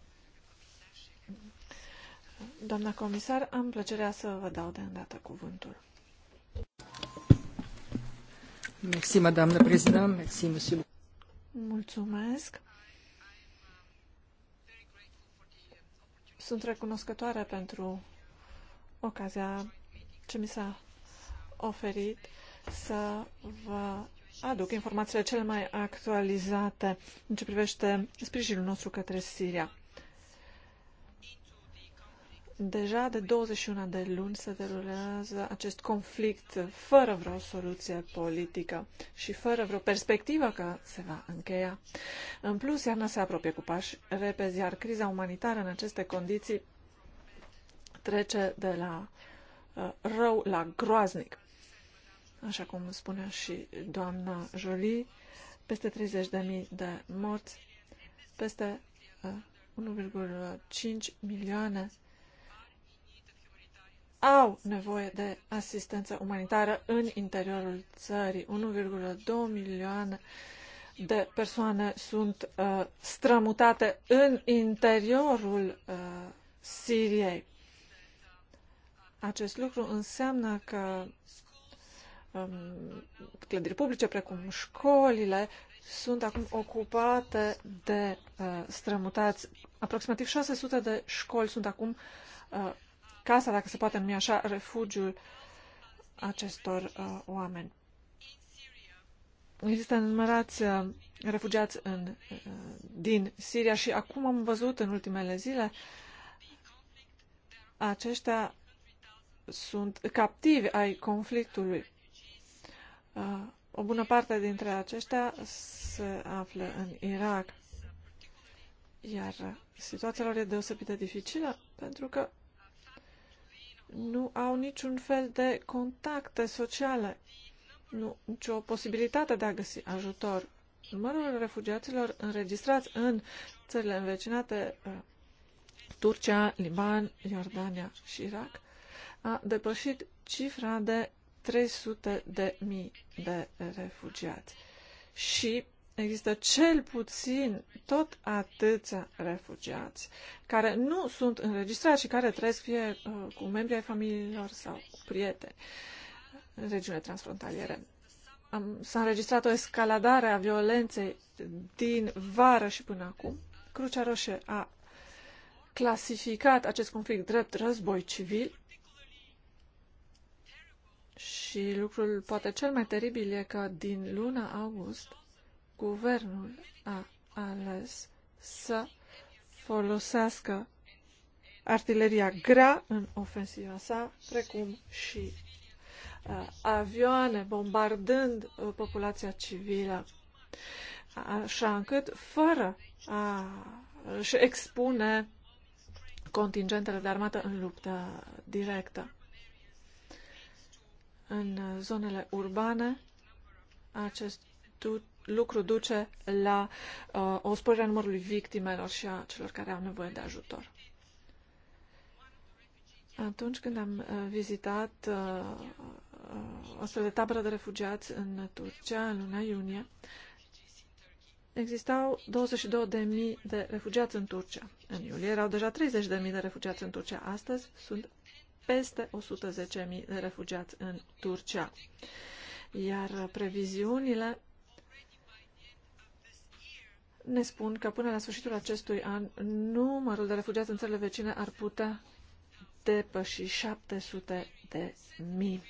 Doamna comisar, am plăcerea să vă dau de îndată cuvântul. monsieur. Mulțumesc. Sunt recunoscătoare pentru ocazia ce mi s-a oferit să vă aduc informațiile cele mai actualizate în ce privește sprijinul nostru către Siria. Deja de 21 de luni se derulează acest conflict fără vreo soluție politică și fără vreo perspectivă că se va încheia. În plus, iarna se apropie cu pași repezi, iar criza umanitară în aceste condiții trece de la uh, rău la groaznic. Așa cum spunea și doamna Jolie, peste 30.000 de morți, peste uh, 1,5 milioane au nevoie de asistență umanitară în interiorul țării. 1,2 milioane de persoane sunt uh, strămutate în interiorul uh, Siriei. Acest lucru înseamnă că um, clădiri publice, precum școlile, sunt acum ocupate de uh, strămutați. Aproximativ 600 de școli sunt acum uh, casa, dacă se poate numi așa, refugiul acestor uh, oameni. Există numărați uh, refugiați în, uh, din Siria și acum am văzut în ultimele zile aceștia sunt captivi ai conflictului. Uh, o bună parte dintre aceștia se află în Irak. Iar situația lor e deosebit de dificilă pentru că nu au niciun fel de contacte sociale, nu, nicio posibilitate de a găsi ajutor. Numărul refugiaților înregistrați în țările învecinate, uh, Turcia, Liban, Iordania și Irak, a depășit cifra de 300 de mii de refugiați. Și există cel puțin tot atâția refugiați care nu sunt înregistrați și care trăiesc fie uh, cu membrii ai familiilor sau cu prieteni în regiune transfrontaliere. s-a înregistrat o escaladare a violenței din vară și până acum. Crucea Roșie a clasificat acest conflict drept război civil și lucrul poate cel mai teribil e că din luna august guvernul a ales să folosească artileria grea în ofensiva sa, precum și uh, avioane bombardând uh, populația civilă, așa încât, fără a își expune contingentele de armată în luptă directă. În zonele urbane, acest lucru duce la uh, o sporire a numărului victimelor și a celor care au nevoie de ajutor. Atunci când am uh, vizitat uh, o uh, astfel de tabără de refugiați în Turcia în luna iunie, existau 22.000 de refugiați în Turcia. În iulie erau deja 30.000 de refugiați în Turcia. Astăzi sunt peste 110.000 de refugiați în Turcia. Iar previziunile ne spun că până la sfârșitul acestui an numărul de refugiați în țările vecine ar putea depăși 700 de mii.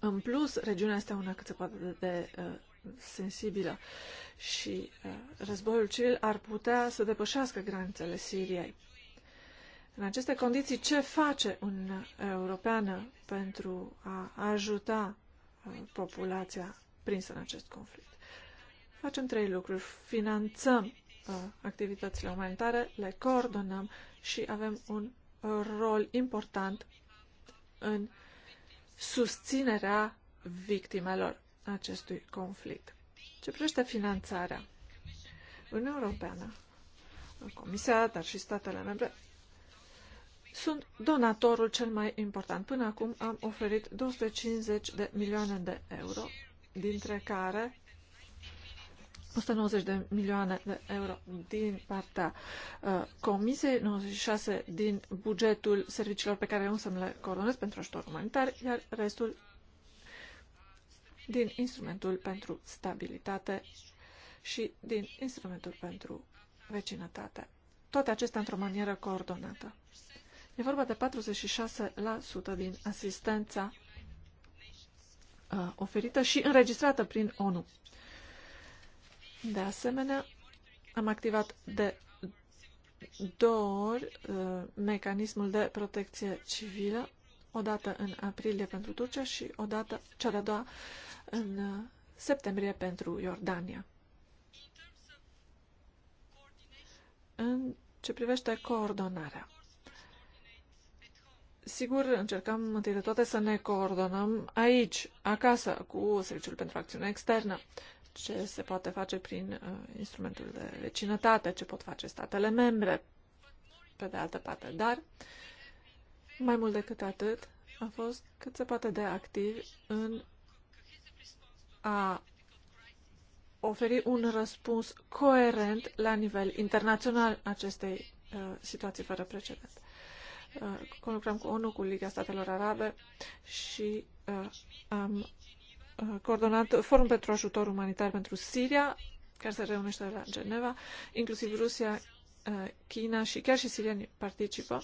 În plus, regiunea este una cât se poate de, de uh, sensibilă și uh, războiul civil ar putea să depășească granițele Siriei. În aceste condiții, ce face Uniunea Europeană pentru a ajuta uh, populația prinsă în acest conflict? Facem trei lucruri. Finanțăm uh, activitățile umanitare, le coordonăm și avem un uh, rol important în susținerea victimelor acestui conflict. Ce privește finanțarea, Uniunea Europeană, Comisia, dar și statele membre, sunt donatorul cel mai important. Până acum am oferit 250 de milioane de euro, dintre care 190 de milioane de euro din partea uh, Comisiei, 96 din bugetul serviciilor pe care eu să le coronez pentru ajutor umanitar, iar restul din instrumentul pentru stabilitate și din instrumentul pentru vecinătate. Toate acestea într-o manieră coordonată. E vorba de 46% din asistența uh, oferită și înregistrată prin ONU. De asemenea, am activat de două ori uh, mecanismul de protecție civilă, o dată în aprilie pentru Turcia și o dată, cea de-a doua, în uh, septembrie pentru Iordania. În ce privește coordonarea, sigur, încercăm întâi de toate să ne coordonăm aici, acasă, cu Serviciul pentru Acțiune Externă, ce se poate face prin uh, instrumentul de vecinătate, ce pot face statele membre, pe de altă parte. Dar, mai mult decât atât, a fost cât se poate de activ în a oferi un răspuns coerent la nivel internațional acestei uh, situații fără precedent. Uh, lucrăm cu ONU, cu Liga Statelor Arabe și uh, am coordonat Forum pentru Ajutor Umanitar pentru Siria, care se reunește la Geneva, inclusiv Rusia, China și chiar și sirieni participă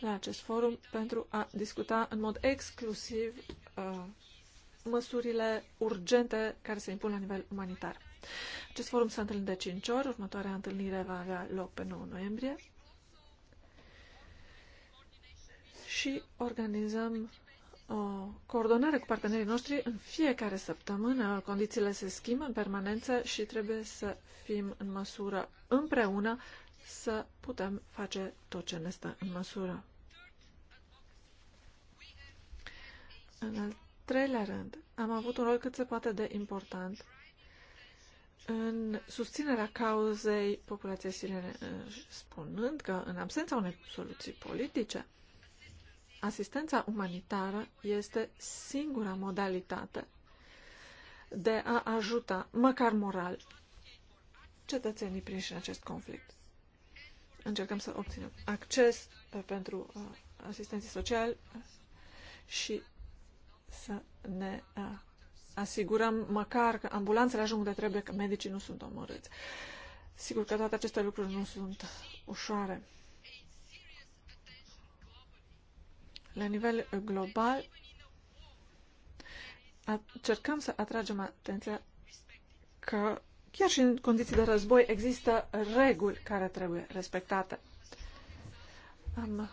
la acest forum pentru a discuta în mod exclusiv măsurile urgente care se impun la nivel umanitar. Acest forum se întâlnește de 5 ori, următoarea întâlnire va avea loc pe 9 noiembrie și organizăm o coordonare cu partenerii noștri în fiecare săptămână. Condițiile se schimbă în permanență și trebuie să fim în măsură împreună să putem face tot ce ne stă în măsură. În al treilea rând, am avut un rol cât se poate de important în susținerea cauzei populației siriene, spunând că în absența unei soluții politice, Asistența umanitară este singura modalitate de a ajuta, măcar moral, cetățenii prinși în acest conflict. Încercăm să obținem acces uh, pentru uh, asistenții sociali și să ne uh, asigurăm măcar că ambulanțele ajung de trebuie, că medicii nu sunt omorâți. Sigur că toate aceste lucruri nu sunt ușoare. La nivel global, încercăm să atragem atenția că chiar și în condiții de război există reguli care trebuie respectate. Am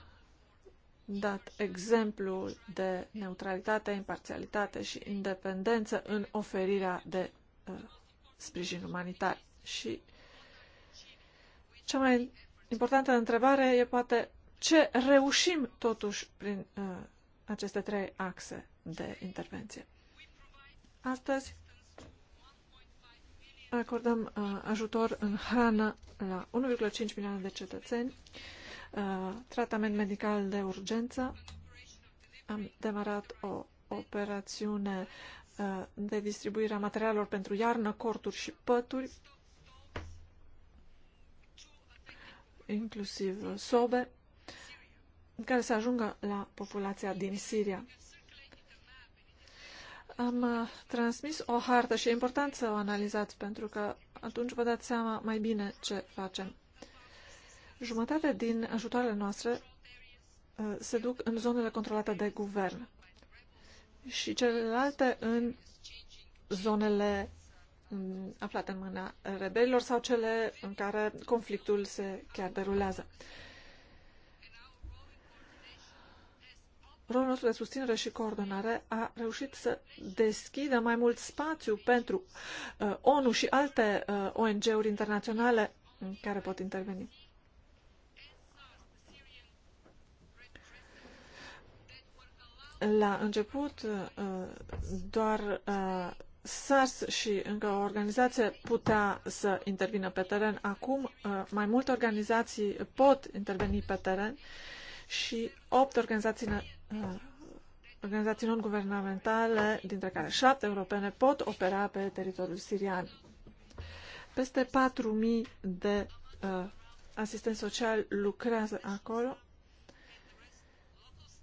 dat exemplul de neutralitate, imparțialitate și independență în oferirea de uh, sprijin umanitar. Și cea mai importantă întrebare e poate ce reușim totuși prin uh, aceste trei axe de intervenție. Astăzi acordăm uh, ajutor în hrană la 1,5 milioane de cetățeni, uh, tratament medical de urgență. Am demarat o operațiune uh, de distribuire a materialelor pentru iarnă, corturi și pături, inclusiv sobe care să ajungă la populația din Siria. Am uh, transmis o hartă și e important să o analizați pentru că atunci vă dați seama mai bine ce facem. Jumătate din ajutoarele noastre uh, se duc în zonele controlate de guvern și celelalte în zonele mm, aflate în mâna rebelilor sau cele în care conflictul se chiar derulează. rolul nostru de susținere și coordonare a reușit să deschidă mai mult spațiu pentru uh, ONU și alte uh, ONG-uri internaționale care pot interveni. La început, uh, doar uh, SARS și încă o organizație putea să intervină pe teren. Acum, uh, mai multe organizații pot interveni pe teren și opt organizații organizații non-guvernamentale, dintre care șapte europene, pot opera pe teritoriul sirian. Peste 4.000 de uh, asistenți sociali lucrează acolo.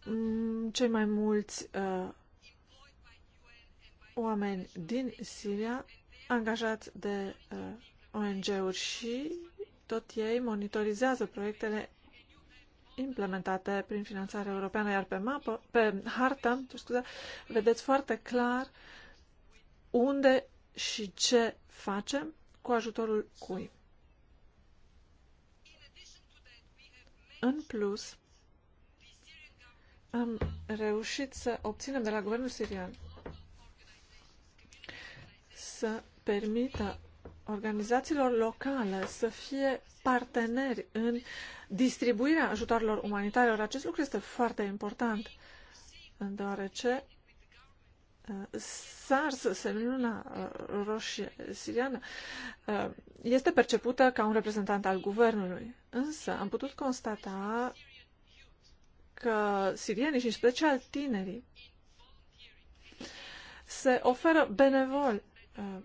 Mm, cei mai mulți uh, oameni din Siria angajați de uh, ONG-uri și tot ei monitorizează proiectele implementate prin finanțare europeană, iar pe, mapă, pe hartă scuze, vedeți foarte clar unde și ce facem cu ajutorul cui. În plus, am reușit să obținem de la guvernul sirian să permită organizațiilor locale să fie parteneri în distribuirea ajutoarelor umanitare. Or, acest lucru este foarte important, deoarece uh, SARS, semnuna roșie siriană, uh, este percepută ca un reprezentant al guvernului. Însă am putut constata că sirienii și în special tinerii se oferă benevol uh,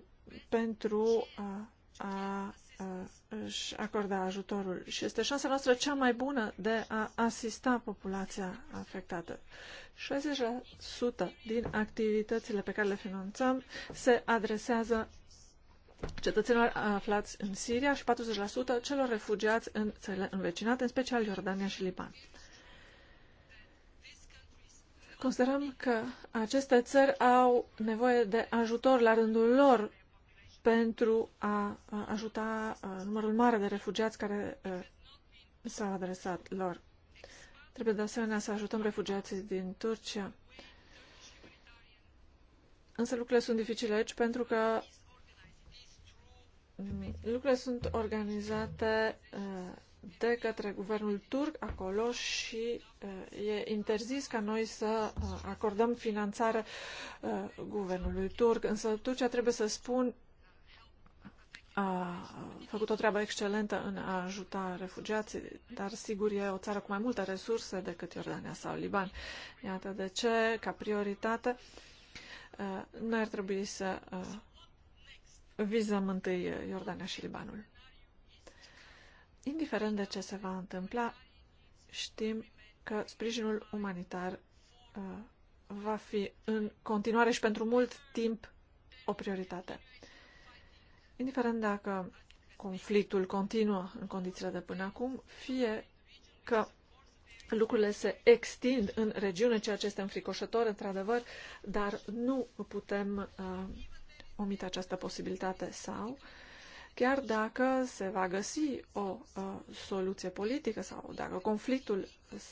pentru a, a, a își acorda ajutorul și este șansa noastră cea mai bună de a asista populația afectată. 60% din activitățile pe care le finanțăm se adresează cetățenilor aflați în Siria și 40% celor refugiați în țările învecinate, în special Iordania și Liban. Considerăm că aceste țări au nevoie de ajutor la rândul lor pentru a ajuta numărul mare de refugiați care s-au adresat lor. Trebuie de asemenea să ajutăm refugiații din Turcia. Însă lucrurile sunt dificile aici pentru că mm, lucrurile sunt organizate de către guvernul turc acolo și e interzis ca noi să acordăm finanțare guvernului turc. Însă Turcia trebuie să spun a făcut o treabă excelentă în a ajuta refugiații, dar sigur e o țară cu mai multe resurse decât Iordania sau Liban. Iată de ce, ca prioritate, nu ar trebui să vizăm întâi Iordania și Libanul. Indiferent de ce se va întâmpla, știm că sprijinul umanitar va fi în continuare și pentru mult timp o prioritate indiferent dacă conflictul continuă în condițiile de până acum, fie că lucrurile se extind în regiune, ceea ce este înfricoșător, într-adevăr, dar nu putem uh, omite această posibilitate sau chiar dacă se va găsi o uh, soluție politică sau dacă conflictul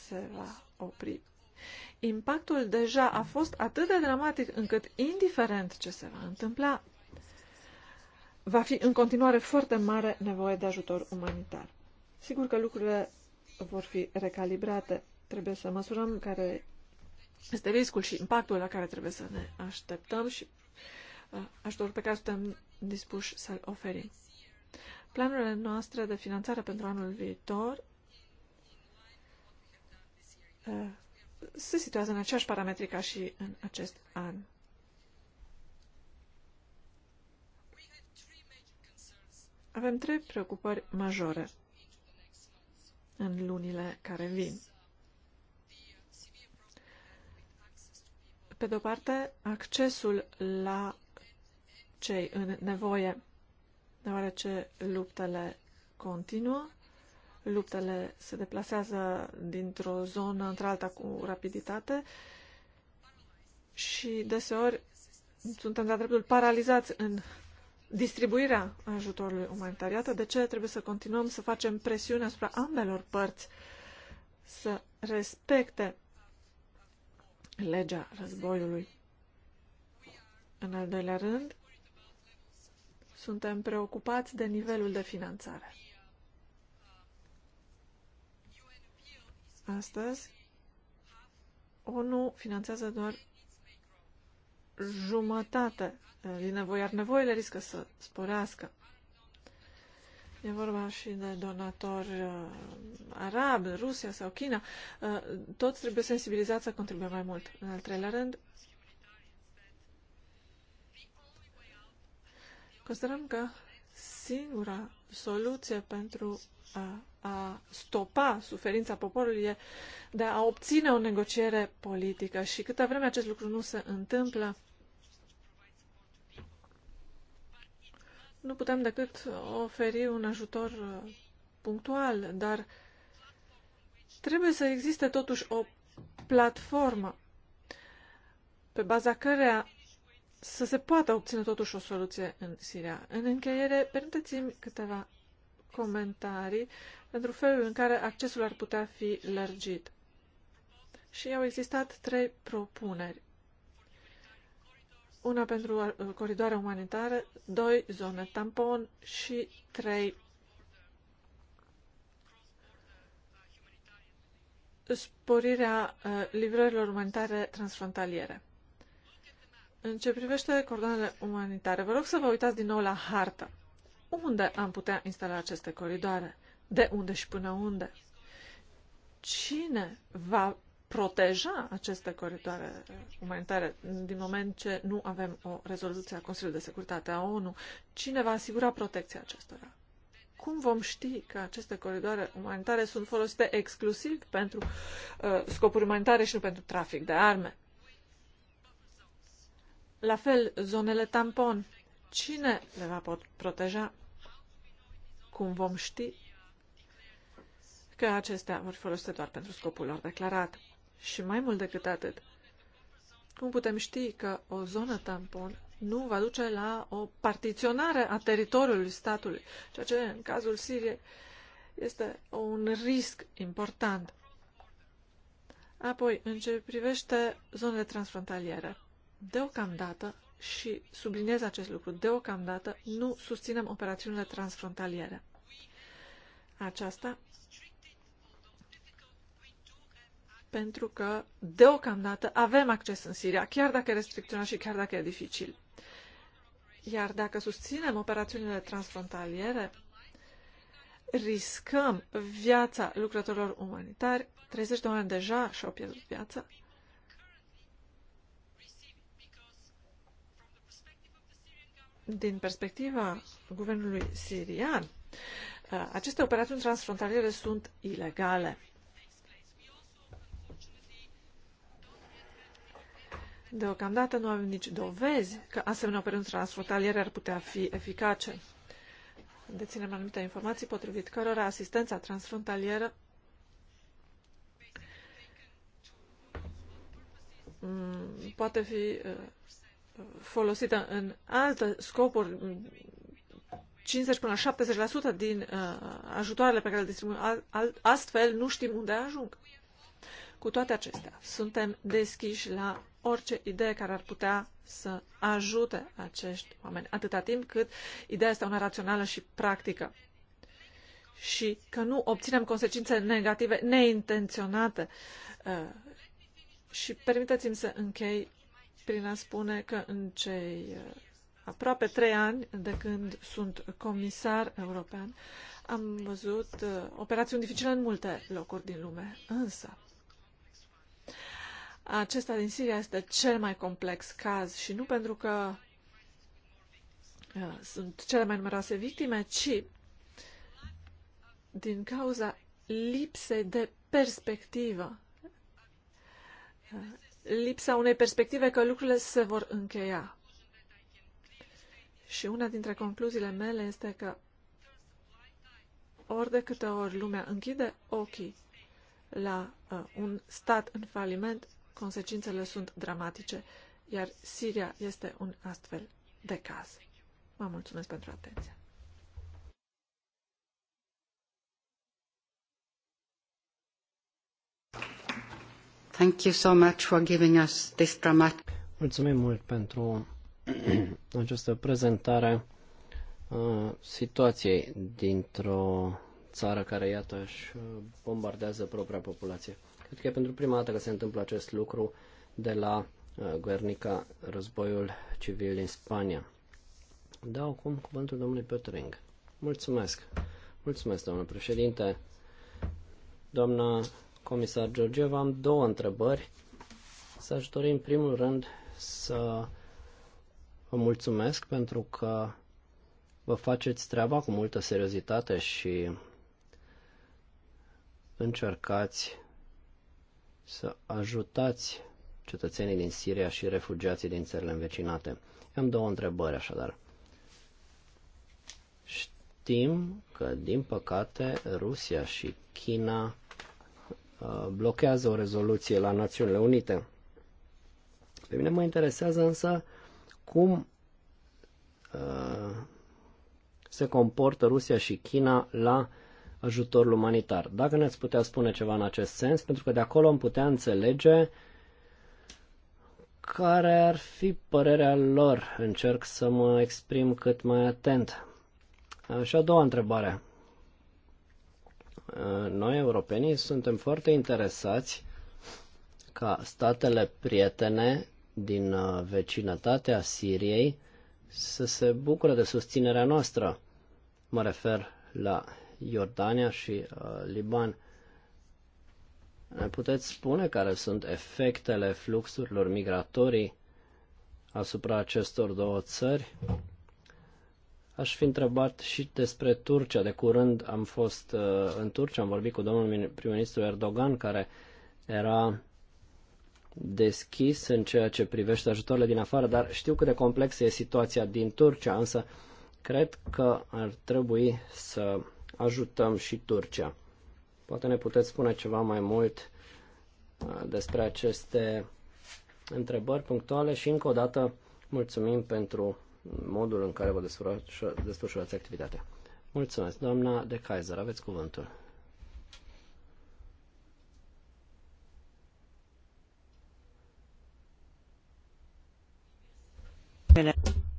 se va opri. Impactul deja a fost atât de dramatic încât, indiferent ce se va întâmpla, va fi în continuare foarte mare nevoie de ajutor umanitar. Sigur că lucrurile vor fi recalibrate. Trebuie să măsurăm care este riscul și impactul la care trebuie să ne așteptăm și uh, ajutorul pe care suntem dispuși să-l oferim. Planurile noastre de finanțare pentru anul viitor uh, se situează în aceeași parametri ca și în acest an. Avem trei preocupări majore în lunile care vin. Pe de-o parte, accesul la cei în nevoie, deoarece luptele continuă, luptele se deplasează dintr-o zonă într-alta cu rapiditate și deseori suntem de-a dreptul paralizați în distribuirea ajutorului umanitar. Iată de ce trebuie să continuăm să facem presiune asupra ambelor părți să respecte legea războiului. În al doilea rând, suntem preocupați de nivelul de finanțare. Astăzi, ONU finanțează doar jumătate din nevoi, iar nevoile riscă să sporească. E vorba și de donatori uh, arabi, Rusia sau China. Uh, toți trebuie sensibilizați să contribuie mai mult. În al treilea rând, considerăm că singura soluție pentru a, a stopa suferința poporului e de a obține o negociere politică și câtă vreme acest lucru nu se întâmplă, nu putem decât oferi un ajutor uh, punctual, dar trebuie să existe totuși o platformă pe baza căreia să se poată obține totuși o soluție în Siria. În încheiere, permiteți-mi câteva comentarii pentru felul în care accesul ar putea fi lărgit. Și au existat trei propuneri una pentru uh, coridoare umanitară, doi zone tampon și trei sporirea uh, livrărilor umanitare transfrontaliere. În ce privește coridoarele umanitare, vă rog să vă uitați din nou la hartă. Unde am putea instala aceste coridoare? De unde și până unde? Cine va proteja aceste coridoare eh, umanitare din moment ce nu avem o rezoluție a Consiliului de Securitate a ONU? Cine va asigura protecția acestora? Cum vom ști că aceste coridoare umanitare sunt folosite exclusiv pentru uh, scopuri umanitare și nu pentru trafic de arme? La fel, zonele tampon. Cine le va proteja? Cum vom ști că acestea vor fi folosite doar pentru scopul lor declarat? Și mai mult decât atât, cum putem ști că o zonă tampon nu va duce la o partiționare a teritoriului statului, ceea ce în cazul Siriei este un risc important. Apoi, în ce privește zonele transfrontaliere, deocamdată, și subliniez acest lucru, deocamdată nu susținem operațiunile transfrontaliere. Aceasta pentru că deocamdată avem acces în Siria, chiar dacă e restricționat și chiar dacă e dificil. Iar dacă susținem operațiunile transfrontaliere, riscăm viața lucrătorilor umanitari, 30 de oameni deja și-au pierdut viața, din perspectiva guvernului sirian, uh, aceste operațiuni transfrontaliere sunt ilegale. Deocamdată nu avem nici dovezi că asemenea operațiuni transfrontaliere ar putea fi eficace. Deținem anumite informații potrivit cărora asistența transfrontalieră mm, poate fi uh, folosită în alte scopuri. 50 până la 70% din uh, ajutoarele pe care le distribuim astfel nu știm unde ajung. Cu toate acestea, suntem deschiși la orice idee care ar putea să ajute acești oameni, atâta timp cât ideea este una rațională și practică și că nu obținem consecințe negative neintenționate. Uh, și permiteți-mi să închei prin a spune că în cei uh, aproape trei ani de când sunt comisar european, am văzut uh, operațiuni dificile în multe locuri din lume. Însă, acesta din Siria este cel mai complex caz și nu pentru că uh, sunt cele mai numeroase victime, ci din cauza lipsei de perspectivă. Uh, lipsa unei perspective că lucrurile se vor încheia. Și una dintre concluziile mele este că ori de câte ori lumea închide ochii la uh, un stat în faliment, Consecințele sunt dramatice, iar Siria este un astfel de caz. Vă mulțumesc pentru atenție. Thank you so much for giving us this dramatic... Mulțumim mult pentru această prezentare a situației dintr-o țară care, iată, își bombardează propria populație. Cred că e pentru prima dată că se întâmplă acest lucru de la uh, Guernica, războiul civil în Spania. Dau acum cuvântul domnului Petring. Mulțumesc. Mulțumesc, domnule președinte. Doamna comisar Georgieva, am două întrebări. S-aș dori în primul rând să vă mulțumesc pentru că vă faceți treaba cu multă seriozitate și încercați să ajutați cetățenii din Siria și refugiații din țările învecinate. Am două întrebări așadar. Știm că, din păcate, Rusia și China uh, blochează o rezoluție la Națiunile Unite. Pe mine mă interesează însă cum uh, se comportă Rusia și China la uh, ajutorul umanitar. Dacă ne-ați putea spune ceva în acest sens, pentru că de acolo am putea înțelege care ar fi părerea lor. Încerc să mă exprim cât mai atent. Și a doua întrebare. Noi, europenii, suntem foarte interesați ca statele prietene din uh, vecinătatea Siriei să se bucure de susținerea noastră. Mă refer la Iordania și uh, Liban. Ne puteți spune care sunt efectele fluxurilor migratorii asupra acestor două țări? Aș fi întrebat și despre Turcia. De curând am fost uh, în Turcia, am vorbit cu domnul prim-ministru Erdogan, care era deschis în ceea ce privește ajutorile din afară, dar știu cât de complexă e situația din Turcia, însă cred că ar trebui să ajutăm și Turcia. Poate ne puteți spune ceva mai mult uh, despre aceste întrebări punctuale și încă o dată mulțumim pentru modul în care vă desfășurați activitatea. Mulțumesc. Doamna de Kaiser, aveți cuvântul.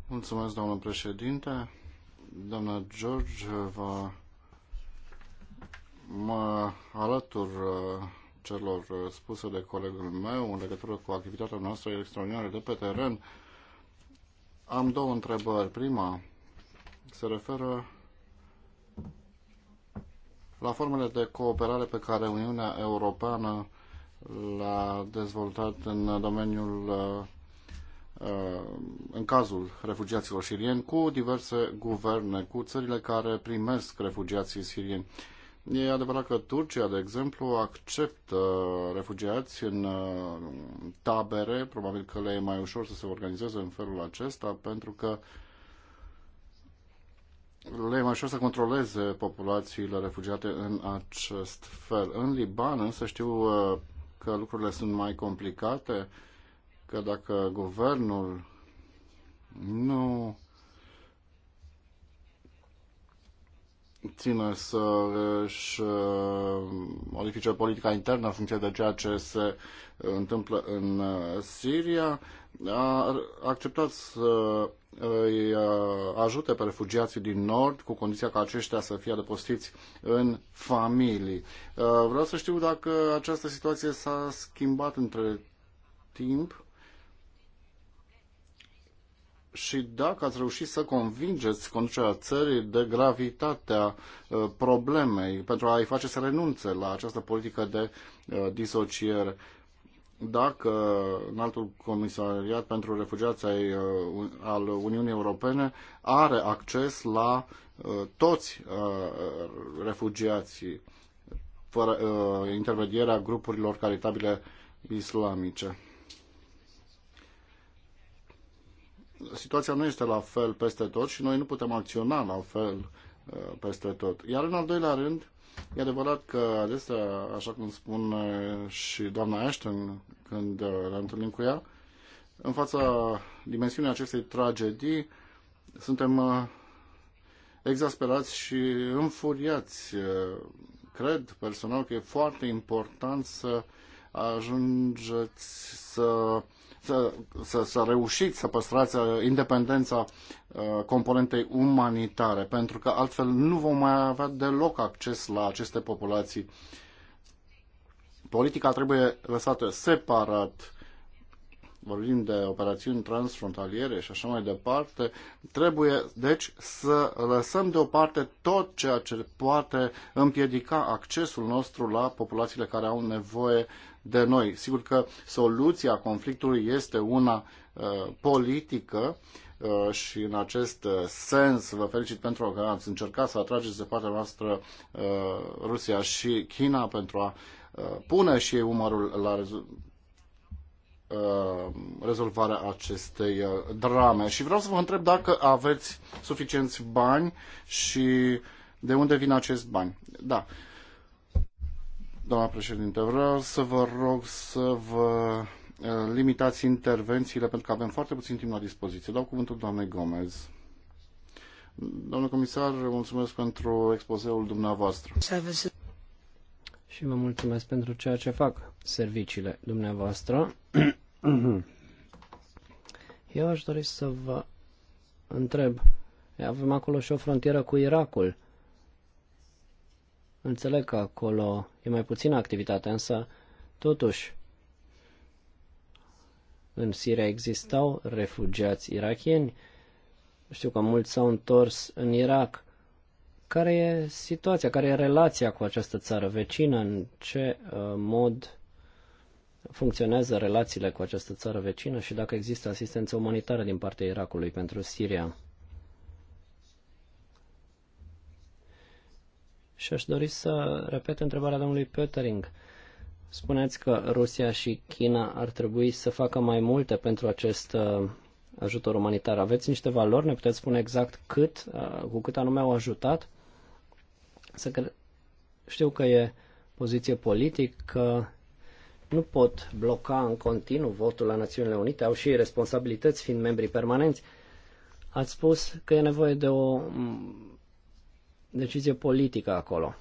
Mulțumesc, doamnă președinte. Doamna George va mă alătur uh, celor uh, spuse de colegul meu în legătură cu activitatea noastră extraordinară de pe teren. Am două întrebări. Prima se referă la formele de cooperare pe care Uniunea Europeană l-a dezvoltat în domeniul uh, în cazul refugiaților sirieni cu diverse guverne, cu țările care primesc refugiații sirieni. E adevărat că Turcia, de exemplu, acceptă refugiați în uh, tabere, probabil că le e mai ușor să se organizeze în felul acesta, pentru că le e mai ușor să controleze populațiile refugiate în acest fel. În Liban, însă, știu uh, că lucrurile sunt mai complicate, că dacă guvernul nu ține să își uh, modifice politica internă în funcție de ceea ce se întâmplă în uh, Siria, a acceptat să uh, îi ajute pe refugiații din Nord cu condiția ca aceștia să fie adăpostiți în familii. Vreau să știu dacă această situație s-a schimbat între timp și dacă ați reușit să convingeți conducerea țării de gravitatea uh, problemei pentru a-i face să renunțe la această politică de uh, disociere. Dacă în altul comisariat pentru refugiați uh, al Uniunii Europene are acces la toți refugiații fără intermedierea grupurilor caritabile islamice. situația nu este la fel peste tot și noi nu putem acționa la fel uh, peste tot. Iar în al doilea rând, e adevărat că adesea, așa cum spun și doamna Ashton când uh, ne întâlnim cu ea, în fața dimensiunii acestei tragedii, suntem uh, exasperați și înfuriați. Cred personal că e foarte important să ajungeți să să, să, să reușiți să păstrați uh, independența uh, componentei umanitare, pentru că altfel nu vom mai avea deloc acces la aceste populații. Politica trebuie lăsată separat vorbim de operațiuni transfrontaliere și așa mai departe, trebuie, deci, să lăsăm deoparte tot ceea ce poate împiedica accesul nostru la populațiile care au nevoie de noi. Sigur că soluția conflictului este una uh, politică uh, și în acest uh, sens vă felicit pentru că ați încercat să atrageți de partea noastră Rusia și China pentru a pune și ei umărul la rezolvarea acestei drame. Și vreau să vă întreb dacă aveți suficienți bani și de unde vin acești bani. Da. Doamna președinte, vreau să vă rog să vă eh, limitați intervențiile pentru că avem foarte puțin timp la dispoziție. Dau cuvântul doamnei Gomez. Domnule comisar, mulțumesc pentru expozeul dumneavoastră. Și vă mulțumesc pentru ceea ce fac serviciile dumneavoastră. Eu aș dori să vă întreb. Avem acolo și o frontieră cu Irakul. Înțeleg că acolo e mai puțină activitate, însă totuși în Siria existau refugiați irachieni. Știu că mulți s-au întors în Irak. Care e situația, care e relația cu această țară vecină? În ce uh, mod funcționează relațiile cu această țară vecină și dacă există asistență umanitară din partea Irakului pentru Siria? Și aș dori să repet întrebarea domnului Pöttering. Spuneți că Rusia și China ar trebui să facă mai multe pentru acest uh, ajutor umanitar. Aveți niște valori? Ne puteți spune exact cât, uh, cu cât anume au ajutat? Să cre... Știu că e poziție politică, nu pot bloca în continuu votul la Națiunile Unite, au și responsabilități fiind membrii permanenți. Ați spus că e nevoie de o decizie politică acolo.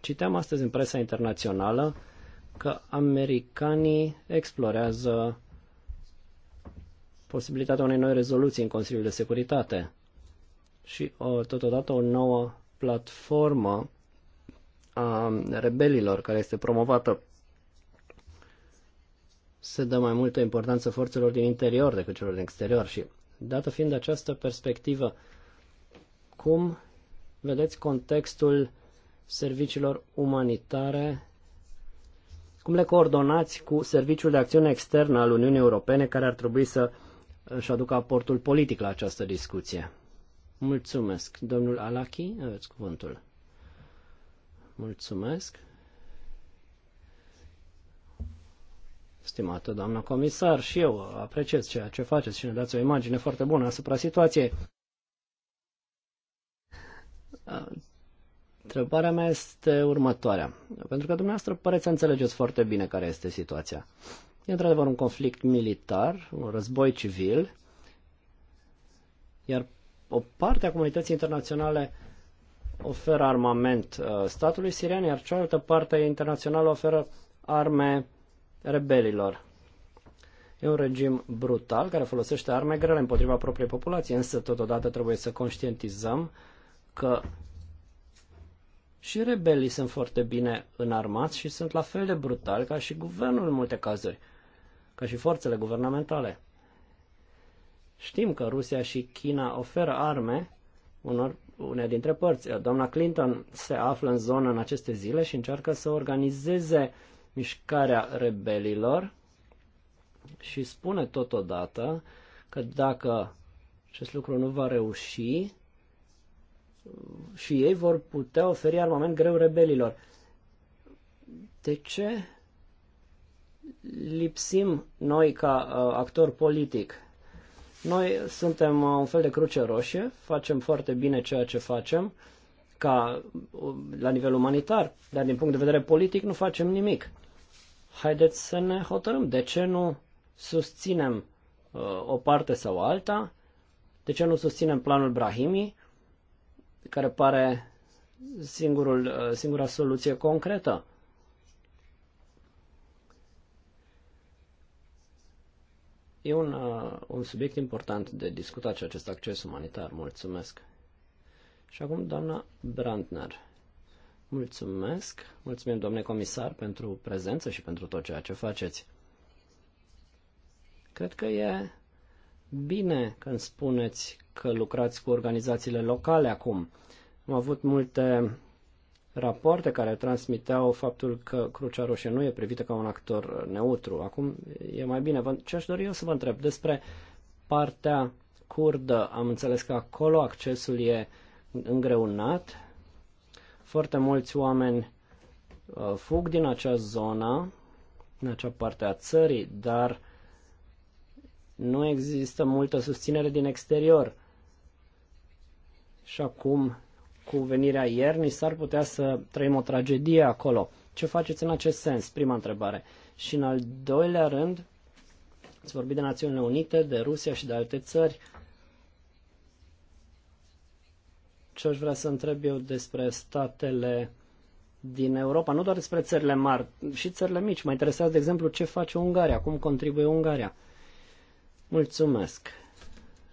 Citeam astăzi în presa internațională că americanii explorează posibilitatea unei noi rezoluții în Consiliul de Securitate și o, totodată o nouă platformă a rebelilor care este promovată se dă mai multă importanță forțelor din interior decât celor din exterior și dată fiind această perspectivă, cum vedeți contextul serviciilor umanitare, cum le coordonați cu Serviciul de Acțiune Externă al Uniunii Europene, care ar trebui să își aducă aportul politic la această discuție. Mulțumesc. Domnul Alachi, aveți cuvântul. Mulțumesc. Stimată doamnă comisar, și eu apreciez ceea ce faceți și ne dați o imagine foarte bună asupra situației. Întrebarea mea este următoarea, pentru că dumneavoastră păreți să înțelegeți foarte bine care este situația. E într-adevăr un conflict militar, un război civil, iar o parte a comunității internaționale oferă armament uh, statului sirian, iar cealaltă parte internațională oferă arme rebelilor. E un regim brutal care folosește arme grele împotriva propriei populații, însă totodată trebuie să conștientizăm uh, că și rebelii sunt foarte bine înarmați și sunt la fel de brutali ca și guvernul în multe cazuri, ca și forțele guvernamentale. Știm că Rusia și China oferă arme unor, unei dintre părți. Doamna Clinton se află în zonă în aceste zile și încearcă să organizeze mișcarea rebelilor și spune totodată că dacă acest lucru nu va reuși, și ei vor putea oferi armament greu rebelilor. De ce lipsim noi ca uh, actor politic? Noi suntem uh, un fel de cruce roșie, facem foarte bine ceea ce facem ca uh, la nivel umanitar, dar din punct de vedere politic nu facem nimic. Haideți să ne hotărâm de ce nu susținem uh, o parte sau alta, de ce nu susținem planul Brahimi, care pare singurul, uh, singura soluție concretă. E un, uh, un subiect important de discutat și acest acces umanitar. Mulțumesc. Și acum doamna Brandner. Mulțumesc. Mulțumim, domnule comisar, pentru prezență și pentru tot ceea ce faceți. Cred că e bine când spuneți că lucrați cu organizațiile locale acum. Am avut multe rapoarte care transmiteau faptul că Crucea Roșie nu e privită ca un actor neutru. Acum e mai bine. Ce aș dori eu să vă întreb despre partea curdă? Am înțeles că acolo accesul e îngreunat. Foarte mulți oameni uh, fug din acea zonă, în acea parte a țării, dar nu există multă susținere din exterior și acum cu venirea iernii s-ar putea să trăim o tragedie acolo. Ce faceți în acest sens? Prima întrebare. Și în al doilea rând, ați vorbit de Națiunile Unite, de Rusia și de alte țări. Ce aș vrea să întreb eu despre statele din Europa, nu doar despre țările mari, și țările mici. Mă interesează, de exemplu, ce face Ungaria, cum contribuie Ungaria. Mulțumesc.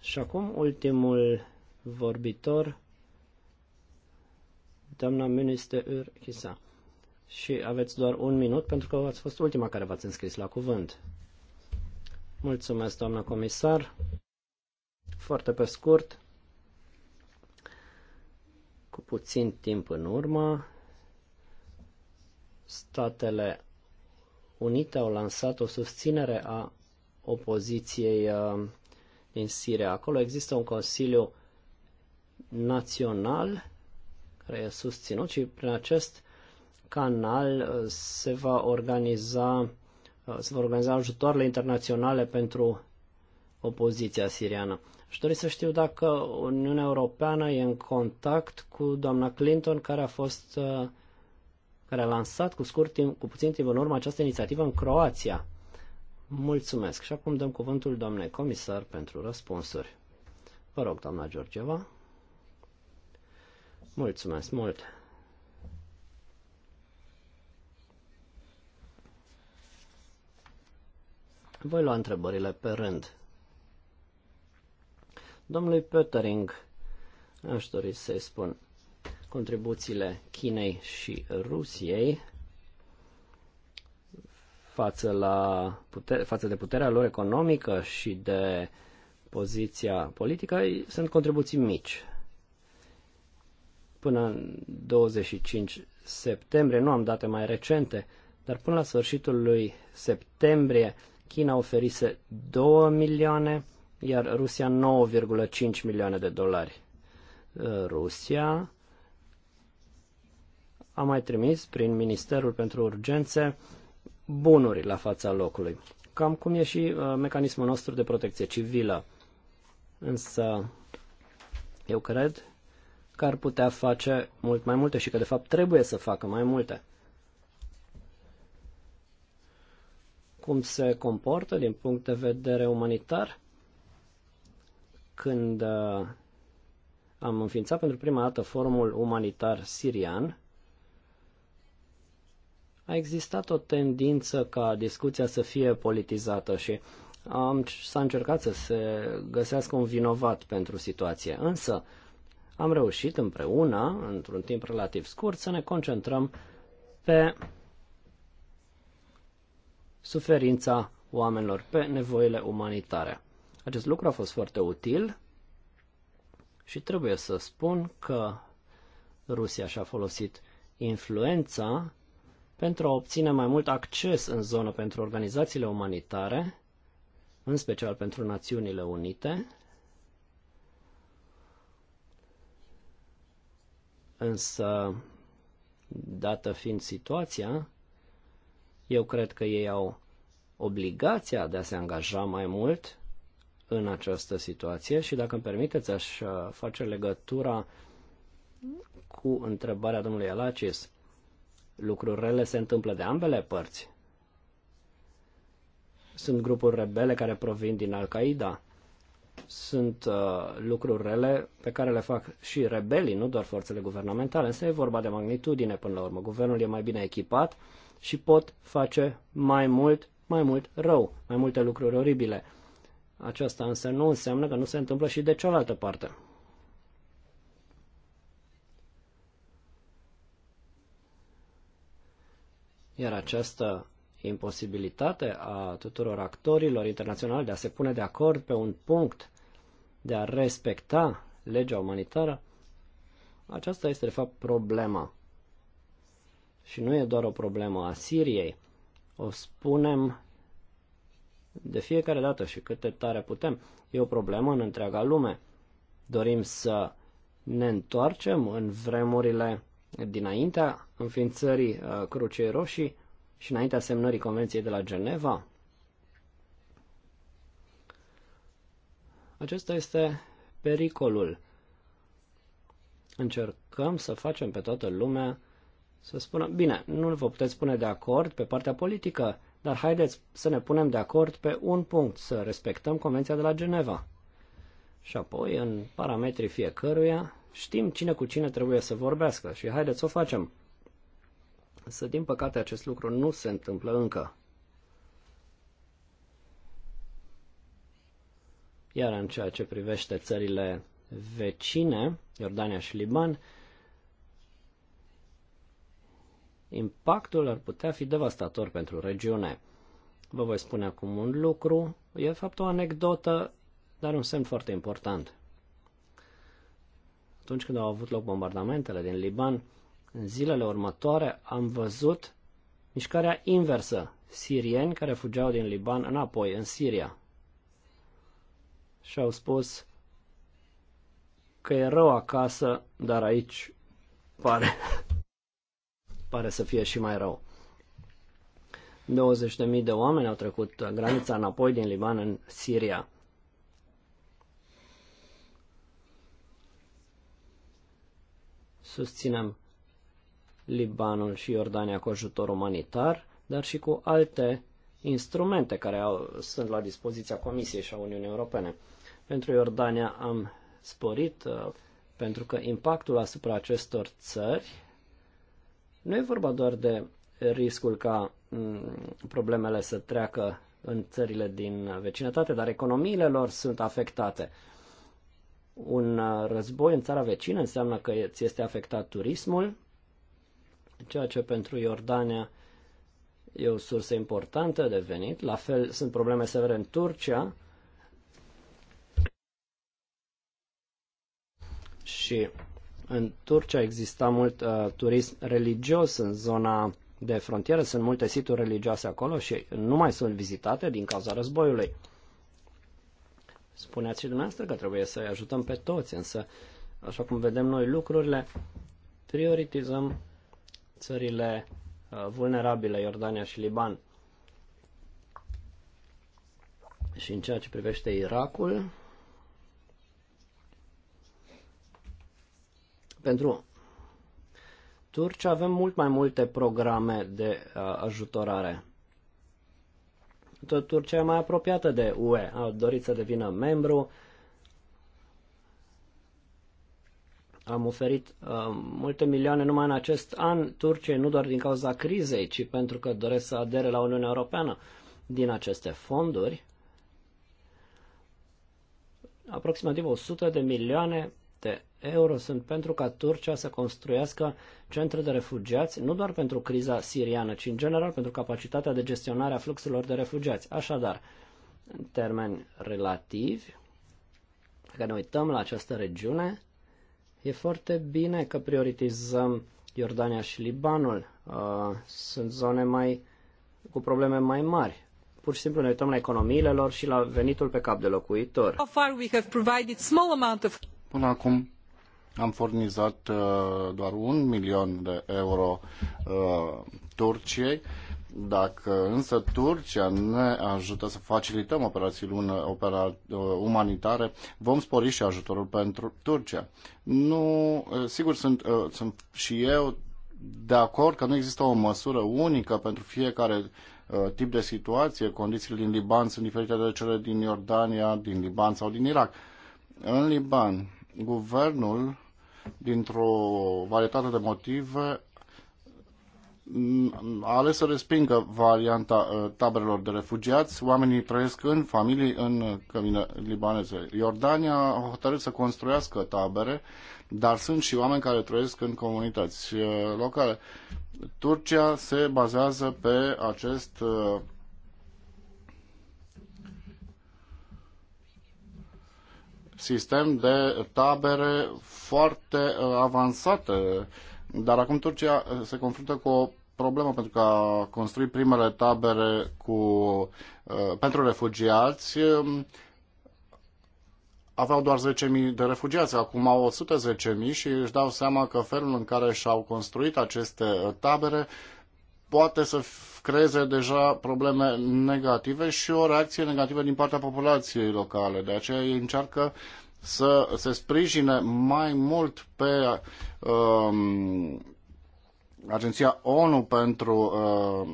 Și acum ultimul vorbitor, doamna minister Urchisa. Și aveți doar un minut pentru că ați fost ultima care v-ați înscris la cuvânt. Mulțumesc, doamna comisar. Foarte pe scurt, cu puțin timp în urmă, Statele Unite au lansat o susținere a opoziției uh, din Siria. Acolo există un consiliu național care e susținut și prin acest canal uh, se va organiza uh, se vor organiza ajutoarele internaționale pentru opoziția siriană. Aș dori să știu dacă Uniunea Europeană e în contact cu doamna Clinton, care a fost uh, care a lansat cu scurt timp, cu puțin timp în urmă această inițiativă în Croația. Mulțumesc. Și acum dăm cuvântul doamnei comisar pentru răspunsuri. Vă rog, doamna Georgieva. Mulțumesc mult! Voi lua întrebările pe rând. Domnului Pöttering, aș dori să-i spun contribuțiile Chinei și Rusiei față, la putere, față de puterea lor economică și de poziția politică sunt contribuții mici până în 25 septembrie, nu am date mai recente, dar până la sfârșitul lui septembrie China oferise 2 milioane, iar Rusia 9,5 milioane de dolari. Uh, Rusia a mai trimis prin Ministerul pentru Urgențe bunuri la fața locului, cam cum e și uh, mecanismul nostru de protecție civilă. Însă eu cred că ar putea face mult mai multe și că de fapt trebuie să facă mai multe. Cum se comportă din punct de vedere umanitar? Când uh, am înființat pentru prima dată forumul umanitar sirian, a existat o tendință ca discuția să fie politizată și am, s-a încercat să se găsească un vinovat pentru situație. Însă, am reușit împreună, într-un timp relativ scurt, să ne concentrăm pe suferința oamenilor, pe nevoile umanitare. Acest lucru a fost foarte util și trebuie să spun că Rusia și-a folosit influența pentru a obține mai mult acces în zonă pentru organizațiile umanitare, în special pentru Națiunile Unite, Însă, dată fiind situația, eu cred că ei au obligația de a se angaja mai mult în această situație și dacă îmi permiteți aș uh, face legătura cu întrebarea domnului Alacis. Lucruri rele se întâmplă de ambele părți. Sunt grupuri rebele care provin din Al-Qaeda sunt uh, lucruri rele pe care le fac și rebelii, nu doar forțele guvernamentale, însă e vorba de magnitudine până la urmă. Guvernul e mai bine echipat și pot face mai mult, mai mult rău, mai multe lucruri oribile. Aceasta însă nu înseamnă că nu se întâmplă și de cealaltă parte. Iar această imposibilitate a tuturor actorilor internaționali de a se pune de acord pe un punct de a respecta legea umanitară, aceasta este de fapt problema. Și nu e doar o problemă a Siriei. O spunem de fiecare dată și cât de tare putem. E o problemă în întreaga lume. Dorim să ne întoarcem în vremurile dinaintea înființării uh, Crucei Roșii și înaintea semnării Convenției de la Geneva? Acesta este pericolul. Încercăm să facem pe toată lumea să spună, bine, nu vă puteți pune de acord pe partea politică, dar haideți să ne punem de acord pe un punct, să respectăm Convenția de la Geneva. Și apoi, în parametrii fiecăruia, știm cine cu cine trebuie să vorbească și haideți să o facem. Însă, din păcate, acest lucru nu se întâmplă încă. Iar în ceea ce privește țările vecine, Iordania și Liban, impactul ar putea fi devastator pentru regiune. Vă voi spune acum un lucru, e de fapt o anecdotă, dar un semn foarte important. Atunci când au avut loc bombardamentele din Liban, în zilele următoare am văzut mișcarea inversă, sirieni care fugeau din Liban înapoi, în Siria. Și au spus că e rău acasă, dar aici pare, pare să fie și mai rău. 20.000 de oameni au trecut granița înapoi din Liban în Siria. Susținem Libanul și Iordania cu ajutor umanitar, dar și cu alte instrumente care au, sunt la dispoziția Comisiei și a Uniunii Europene. Pentru Iordania am sporit uh, pentru că impactul asupra acestor țări nu e vorba doar de riscul ca mm, problemele să treacă în țările din vecinătate, dar economiile lor sunt afectate. Un uh, război în țara vecină înseamnă că ți este afectat turismul, ceea ce pentru Iordania e o sursă importantă de venit. La fel sunt probleme severe în Turcia și în Turcia exista mult uh, turism religios în zona de frontieră, sunt multe situri religioase acolo și nu mai sunt vizitate din cauza războiului. Spuneați și dumneavoastră că trebuie să-i ajutăm pe toți, însă, așa cum vedem noi lucrurile, prioritizăm țările uh, vulnerabile, Iordania și Liban. Și în ceea ce privește Irakul, pentru Turcia avem mult mai multe programe de uh, ajutorare. Tot Turcia e mai apropiată de UE, a dorit să devină membru, Am oferit uh, multe milioane numai în acest an Turciei, nu doar din cauza crizei, ci pentru că doresc să adere la Uniunea Europeană. Din aceste fonduri, aproximativ 100 de milioane de euro sunt pentru ca Turcia să construiască centre de refugiați, nu doar pentru criza siriană, ci în general pentru capacitatea de gestionare a fluxurilor de refugiați. Așadar, în termeni relativi, dacă ne uităm la această regiune, E foarte bine că prioritizăm Iordania și Libanul. Uh, sunt zone mai cu probleme mai mari. Pur și simplu ne uităm la economiile lor și la venitul pe cap de locuitor. Până acum am furnizat uh, doar un milion de euro uh, Turciei dacă însă Turcia ne ajută să facilităm operațiile opera, uh, umanitare, vom spori și ajutorul pentru Turcia. Nu, uh, sigur, sunt, uh, sunt și eu de acord că nu există o măsură unică pentru fiecare tip de situație. Condițiile din Liban sunt diferite de cele din Iordania, din Liban sau din Irak. În Liban, guvernul, dintr-o varietate de motive, Mm, a ales să respingă varianta uh, taberelor de refugiați. Oamenii trăiesc în familii, în cămine libaneze. Iordania a hotărât să construiască tabere, dar sunt și oameni care trăiesc în comunități uh, locale. Turcia se bazează pe acest uh, sistem de tabere foarte avansate dar acum Turcia eh, se confruntă cu o problemă pentru că a construit primele tabere cu, uh, pentru refugiați. Ehm, aveau doar 10.000 de refugiați, acum au 110.000 și își dau seama că felul în care și-au construit aceste eh, tabere poate să creeze deja probleme negative și o reacție negativă din partea populației locale. De aceea ei încearcă uh, să se sprijine mai mult pe um, Agenția ONU pentru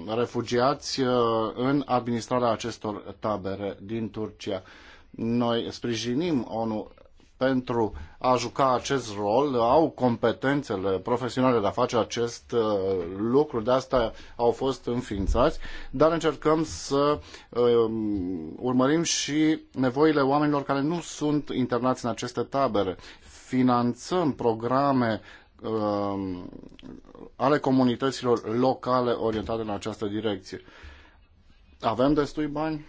uh, refugiați uh, în administrarea acestor tabere din Turcia. Noi sprijinim ONU pentru a juca acest rol, au competențele profesionale de a face acest uh, lucru, de asta au fost înființați, dar încercăm să um, urmărim și nevoile oamenilor care nu sunt internați în aceste tabere. Finanțăm programe um, ale comunităților locale orientate în această direcție. Avem destui bani?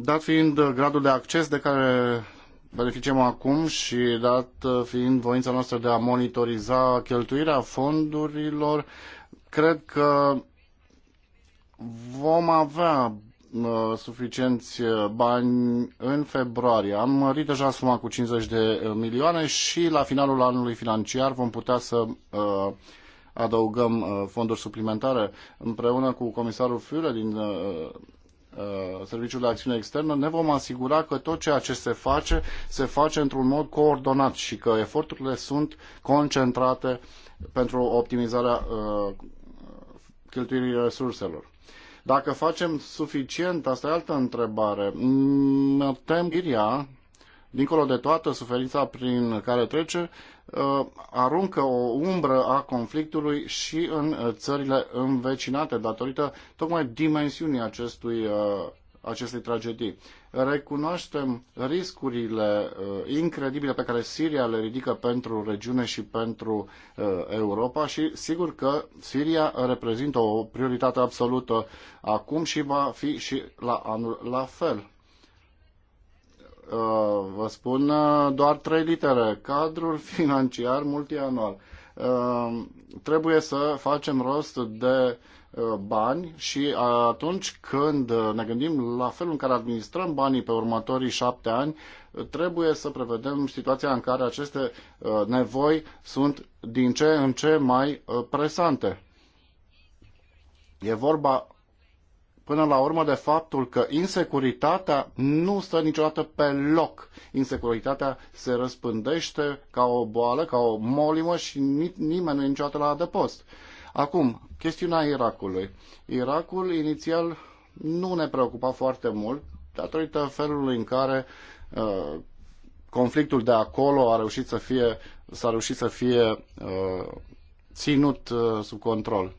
Dat fiind uh, gradul de acces de care beneficiem acum și dat uh, fiind voința noastră de a monitoriza cheltuirea fondurilor, cred că vom avea uh, suficienți bani în februarie. Am mărit deja suma cu 50 de milioane și la finalul anului financiar vom putea să adăugăm fonduri suplimentare împreună cu comisarul Fiule din Uh, Serviciul de Acțiune Externă, ne vom asigura că tot ceea ce se face, se face într-un mod coordonat și că eforturile sunt concentrate pentru optimizarea uh, cheltuirii resurselor. Dacă facem suficient, asta e altă întrebare. Mă tem, Iria, dincolo de toată suferința prin care trece, Uh, aruncă o umbră a conflictului și în uh, țările învecinate, datorită tocmai dimensiunii acestui, uh, acestei tragedii. Recunoaștem riscurile incredibile pe care Siria le ridică pentru regiune și pentru Europa și sigur că Siria reprezintă o prioritate absolută acum și va fi și la anul la fel. Uh, vă spun uh, doar trei litere, cadrul financiar multianual. Uh, trebuie să facem rost de bani și atunci când ne gândim la felul în care administrăm banii pe următorii șapte ani, trebuie să prevedem situația în care aceste nevoi sunt din ce în ce mai presante. E vorba până la urmă de faptul că insecuritatea nu stă niciodată pe loc. Insecuritatea se răspândește ca o boală, ca o molimă și nimeni nu e niciodată la adăpost. Acum, chestiunea Irakului. Irakul inițial nu ne preocupa foarte mult datorită felului în care uh, conflictul de acolo a reușit să fie, s-a reușit să fie uh, ținut uh, sub control.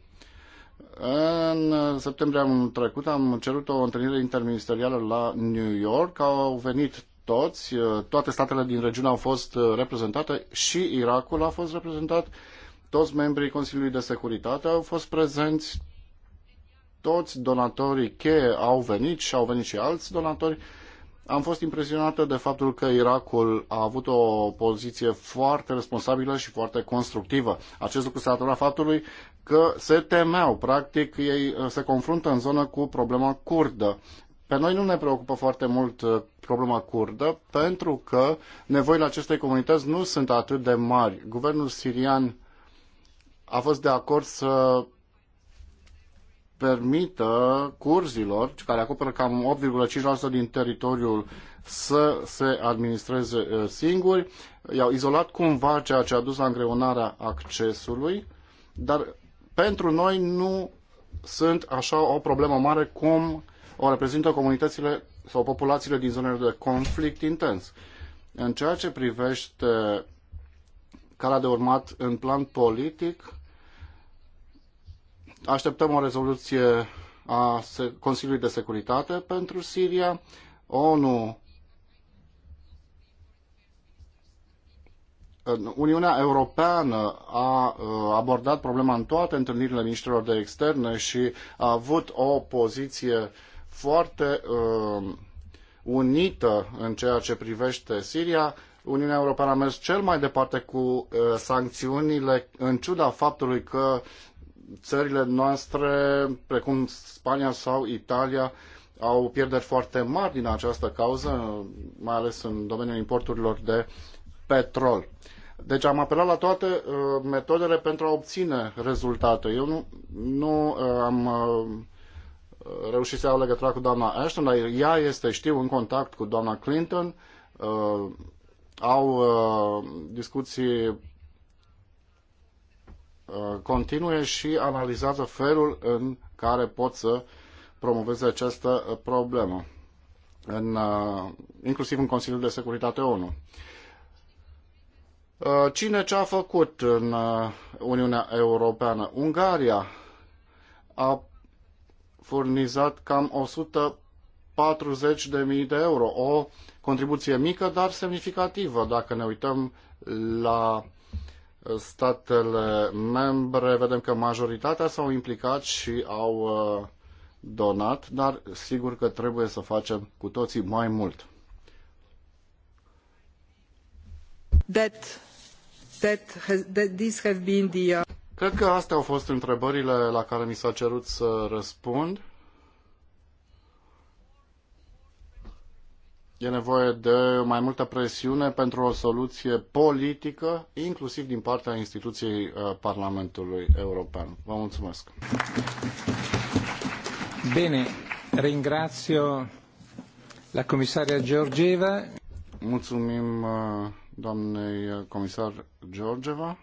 În septembrie am trecut am cerut o întâlnire interministerială la New York. Au venit toți, toate statele din regiune au fost reprezentate și Irakul a fost reprezentat. Toți membrii Consiliului de Securitate au fost prezenți, toți donatorii cheie au venit și au venit și alți donatori. Am fost impresionată de faptul că Irakul a avut o poziție foarte responsabilă și foarte constructivă. Acest lucru s-a datorat faptului că se temeau, practic ei uh, se confruntă în zonă cu problema curdă. Pe noi nu ne preocupă foarte mult uh, problema curdă, pentru că nevoile acestei comunități nu sunt atât de mari. Guvernul sirian a fost de acord să permită curzilor, care acoperă cam 8,5% din teritoriul, să se administreze uh, singuri. I-au izolat cumva ceea ce a dus la îngreunarea accesului, dar pentru noi nu sunt așa o problemă mare cum o reprezintă comunitățile sau populațiile din zonele de conflict intens. În ceea ce privește calea de urmat în plan politic, așteptăm o rezoluție a Consiliului de Securitate pentru Siria. ONU Uniunea Europeană a uh, abordat problema în toate întâlnirile ministrilor de externe și a avut o poziție foarte uh, unită în ceea ce privește Siria. Uniunea Europeană a mers cel mai departe cu uh, sancțiunile, în ciuda faptului că țările noastre, precum Spania sau Italia, au pierderi foarte mari din această cauză, mai ales în domeniul importurilor de petrol. Deci am apelat la toate uh, metodele pentru a obține rezultate. Eu nu, nu uh, am uh, reușit să iau legătura cu doamna Ashton, dar ea este, știu, în contact cu doamna Clinton. Uh, au uh, discuții uh, continue și analizează felul în care pot să promoveze această problemă, în, uh, inclusiv în Consiliul de Securitate ONU. Uh, cine ce a făcut în uh, Uniunea Europeană? Ungaria a furnizat cam 140.000 de euro, o contribuție mică, dar semnificativă. Dacă ne uităm la uh, statele membre, vedem că majoritatea s-au implicat și au donat, dar sigur că trebuie să facem cu toții mai mult. That Uh, Cred că astea au fost întrebările la care mi s-a cerut să răspund. E nevoie de mai multă presiune pentru o soluție politică, inclusiv din partea instituției uh, Parlamentului European. Vă mulțumesc. Bine, ringrazio la comisaria Georgieva. Mulțumim uh, doamnei comisar Georgeva.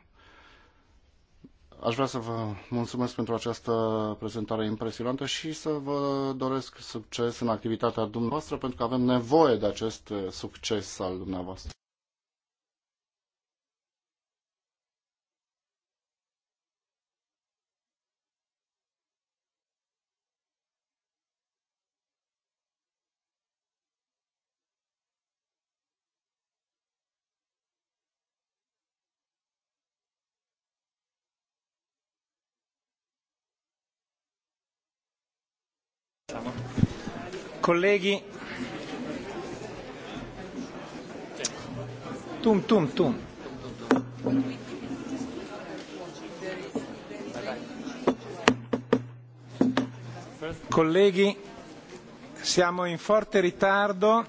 Aș vrea să vă mulțumesc pentru această prezentare impresionantă și să vă doresc succes în activitatea dumneavoastră, pentru că avem nevoie de acest succes al dumneavoastră. Colleghi, tum tum tum. Colleghi, siamo in forte ritardo.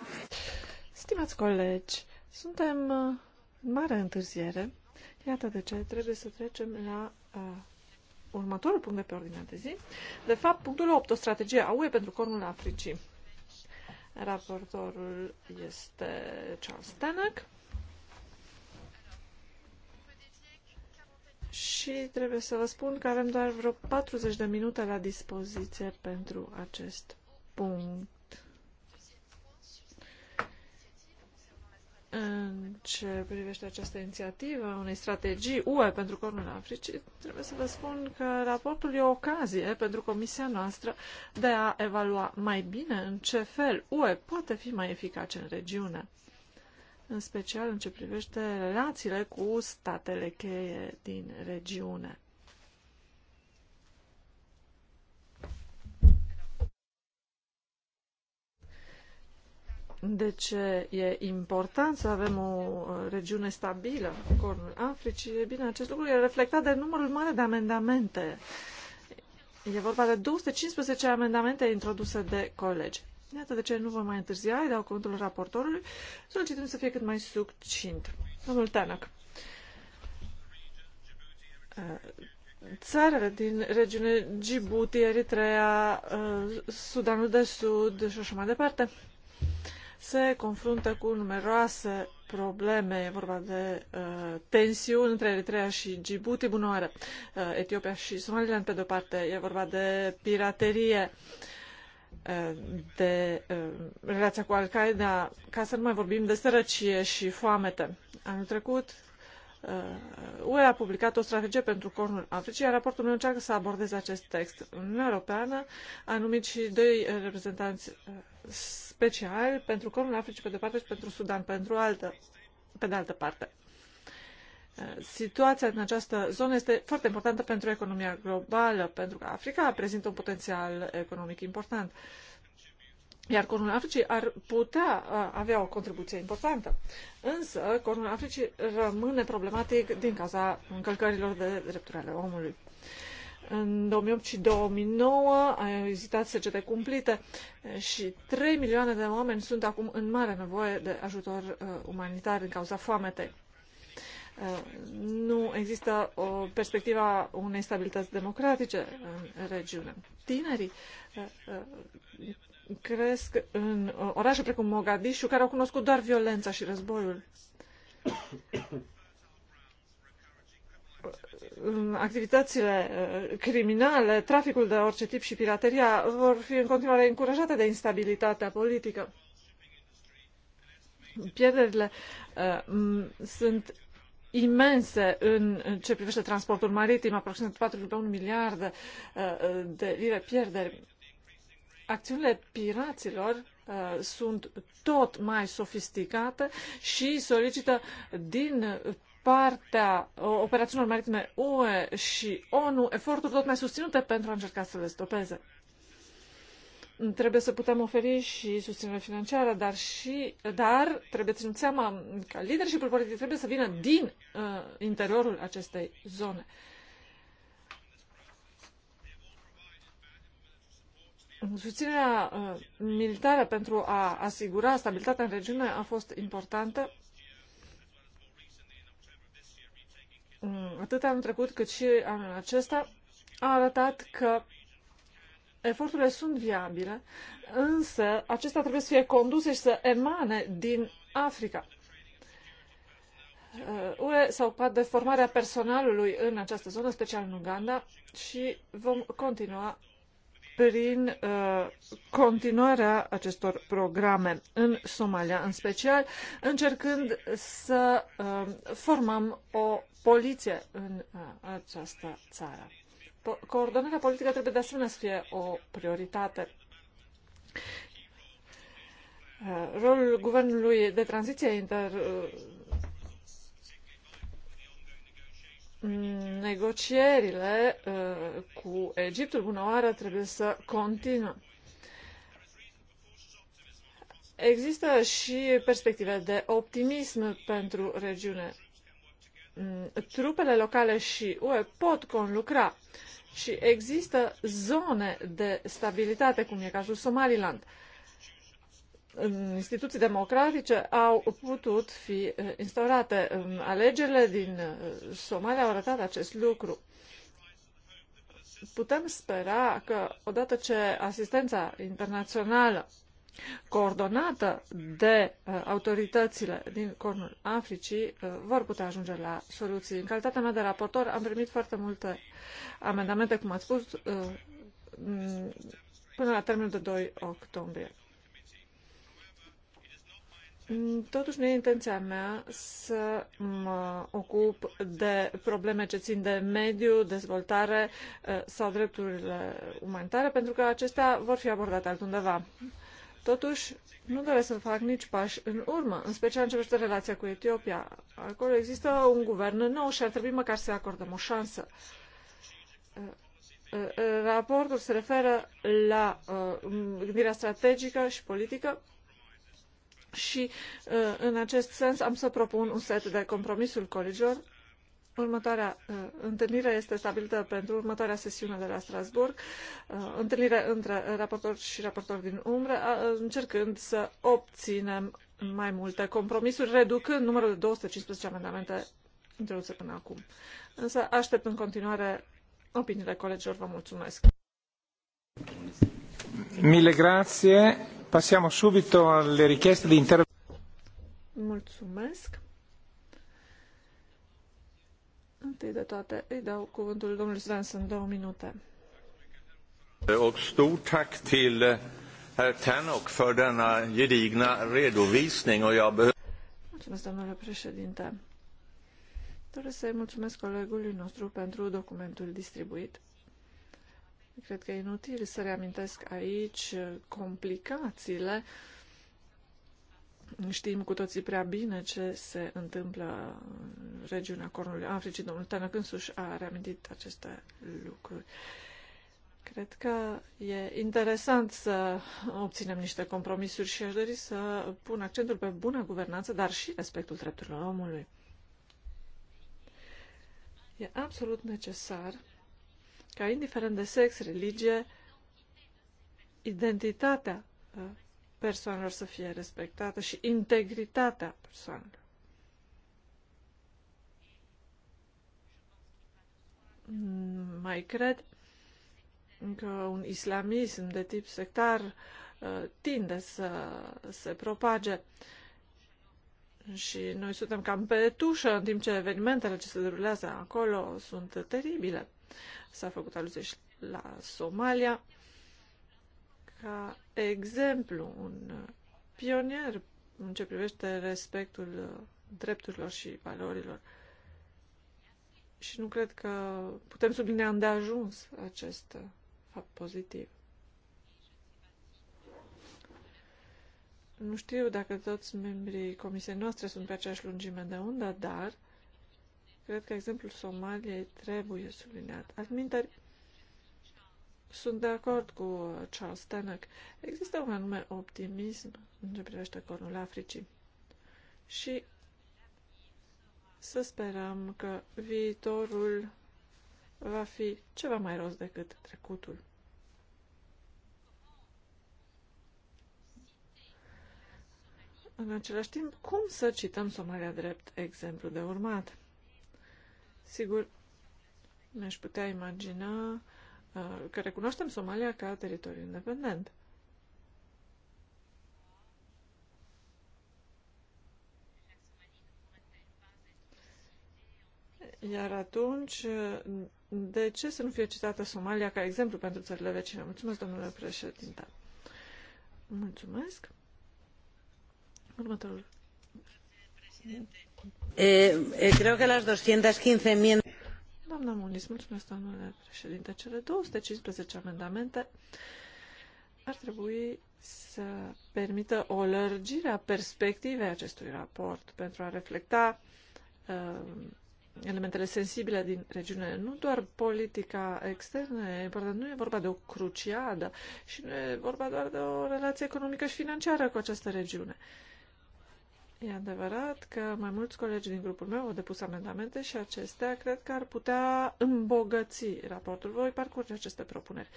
Stimați colegi, suntem uh, în mare întârziere. Iată de ce trebuie să trecem la uh, următorul punct de pe ordinea de zi. De fapt, punctul 8, o strategie a UE pentru cornul Africii. Raportorul este Charles Tanak. Și trebuie să vă spun că avem doar vreo 40 de minute la dispoziție pentru acest punct. În ce privește această inițiativă, unei strategii UE pentru Cornul Africii, trebuie să vă spun că raportul e o ocazie pentru comisia noastră de a evalua mai bine în ce fel UE poate fi mai eficace în regiune, în special în ce privește relațiile cu statele cheie din regiune. de ce e important să avem o uh, regiune stabilă în cornul Africii, e bine, acest lucru e reflectat de numărul mare de amendamente. E vorba de 215 amendamente introduse de colegi. Iată de ce nu vă mai întârzia, îi dau cuvântul raportorului, solicitând să fie cât mai succint. Domnul Tanak. Uh, țarele din regiune Djibouti, Eritrea, uh, Sudanul de Sud și așa mai departe se confruntă cu numeroase probleme. E vorba de uh, tensiuni între Eritrea și Djibouti, bunoare, uh, Etiopia și Somaliland pe de-o parte. E vorba de piraterie, uh, de uh, relația cu Al-Qaeda, ca să nu mai vorbim de sărăcie și foamete. Anul trecut, Uh, UE a publicat o strategie pentru Cornul Africii, iar raportul meu încearcă să abordeze acest text. Uniunea Europeană a numit și doi reprezentanți uh, speciali pentru Cornul Africii pe de parte și pentru Sudan pentru altă, pe de altă parte. Uh, situația în această zonă este foarte importantă pentru economia globală, pentru că Africa prezintă un potențial economic important. Uh, iar Cornul Africii ar putea avea o contribuție importantă. Însă, Cornul Africii rămâne problematic din cauza încălcărilor de drepturi ale omului. În 2008 și 2009 a existat secete cumplite și 3 milioane de oameni sunt acum în mare nevoie de ajutor uh, umanitar din cauza foametei. Uh, nu există o perspectiva unei stabilități democratice în regiune. Tinerii uh, uh cresc în uh, orașe precum Mogadishu, care au cunoscut doar violența și războiul. Uh, activitățile uh, criminale, traficul de orice tip și pirateria vor fi în continuare încurajate de instabilitatea politică. Pierderile uh, sunt imense în ce privește transportul maritim, aproximativ 4,1 miliarde de lire pierderi acțiunile piraților uh, sunt tot mai sofisticate și solicită din partea operațiunilor maritime UE și ONU eforturi tot mai susținute pentru a încerca să le stopeze. Trebuie să putem oferi și susținere financiară, dar și dar trebuie ținut seama că leadership politic trebuie să vină din uh, interiorul acestei zone. Uh, susținerea uh, militară pentru a asigura stabilitatea în regiune a fost importantă mm, atât anul trecut cât și anul acesta, a arătat că eforturile sunt viabile, însă acesta trebuie să fie conduse și să emane din Africa. Uh, UE s-a ocupat de formarea personalului în această zonă, special în Uganda, și vom continua prin uh, continuarea acestor programe în Somalia, în special încercând să uh, formăm o poliție în uh, această țară. coordonarea politică trebuie de asemenea să fie o prioritate. rolul guvernului de tranziție inter Mm, negocierile uh, cu Egiptul, bună oară, trebuie să continuă. Există și perspective de optimism pentru regiune. Mm, trupele locale și UE pot conlucra și există zone de stabilitate, cum e cazul Somaliland. Uh, instituții democratice au putut fi eh, instaurate. Alegerile din eh, Somalia au arătat acest lucru. Putem spera că odată ce asistența internațională coordonată de eh, autoritățile din Cornul Africii vor putea ajunge la soluții. În calitatea mea de raportor am primit foarte multe amendamente, cum ați spus, până la termenul de 2 octombrie. Totuși nu e intenția mea să mă ocup de probleme ce țin de mediu, dezvoltare eh, sau drepturile umanitare, pentru că acestea vor fi abordate altundeva. Totuși, nu doresc să fac nici pași în urmă, în special în ce privește relația cu Etiopia. Acolo există un guvern nou și ar trebui măcar să acordăm o șansă. Eh, eh, raportul se referă la gândirea strategică și politică și uh, în acest sens am să propun un set de compromisuri colegilor. Următoarea uh, întâlnire este stabilită pentru următoarea sesiune de la Strasburg, uh, întâlnire între raportor și raportor din umbră, încercând să obținem mai multe compromisuri, reducând numărul de 215 amendamente introduse până acum. Însă aștept în continuare opiniile colegilor. Vă mulțumesc! Mille grazie! Passiamo subito alle richieste di intervento. Mulțumesc. Întâi de toate îi dau cuvântul domnului Svensson, două minute. Och stort tack till eh, herr Tannock för denna gedigna redovisning och jag behöver... Mulțumesc, domnule președinte. Doresc să-i mulțumesc colegului nostru pentru documentul distribuit. Cred că e inutil să reamintesc aici complicațiile. Știm cu toții prea bine ce se întâmplă în regiunea Cornului Africii. Domnul Tanăc însuși a reamintit aceste lucruri. Cred că e interesant să obținem niște compromisuri și aș dori să pun accentul pe bună guvernanță, dar și respectul drepturilor omului. E absolut necesar ca, indiferent de sex, religie, identitatea uh, persoanelor să fie respectată și integritatea persoanelor. Mm, mai cred că un islamism de tip sectar uh, tinde să se propage și noi suntem cam pe tușă în timp ce evenimentele ce se derulează acolo sunt teribile. S-a făcut aluzie și la Somalia. Ca exemplu, un pionier în ce privește respectul drepturilor și valorilor. Și nu cred că putem sublinea îndeajuns acest fapt pozitiv. Nu știu dacă toți membrii comisiei noastre sunt pe aceeași lungime de undă, dar Cred că exemplul Somaliei trebuie subliniat. Adminteri, sunt de acord cu Charles Tannock. Există un anume optimism în ce privește cornul Africii. Și să sperăm că viitorul va fi ceva mai rost decât trecutul. În același timp, cum să cităm Somalia drept exemplu de urmat? Sigur, mi aș putea imagina uh, că recunoaștem Somalia ca teritoriu independent. Iar atunci, de ce să nu fie citată Somalia ca exemplu pentru țările vecine? Mulțumesc, domnule președinte. Mulțumesc. Următorul. Eh, eh, Cred că las 215 mie... Doamna Muniz, mulțumesc, domnule președinte. Cele 215 amendamente ar trebui să permită o lărgire a perspectivei acestui raport pentru a reflecta eh, elementele sensibile din regiune. Nu doar politica externă e important, nu e vorba de o cruciadă și nu e vorba doar de o relație economică și financiară cu această regiune. Uh, E adevărat că mai mulți colegi din grupul meu au depus amendamente și acestea cred că ar putea îmbogăți raportul. Voi parcurge aceste propuneri.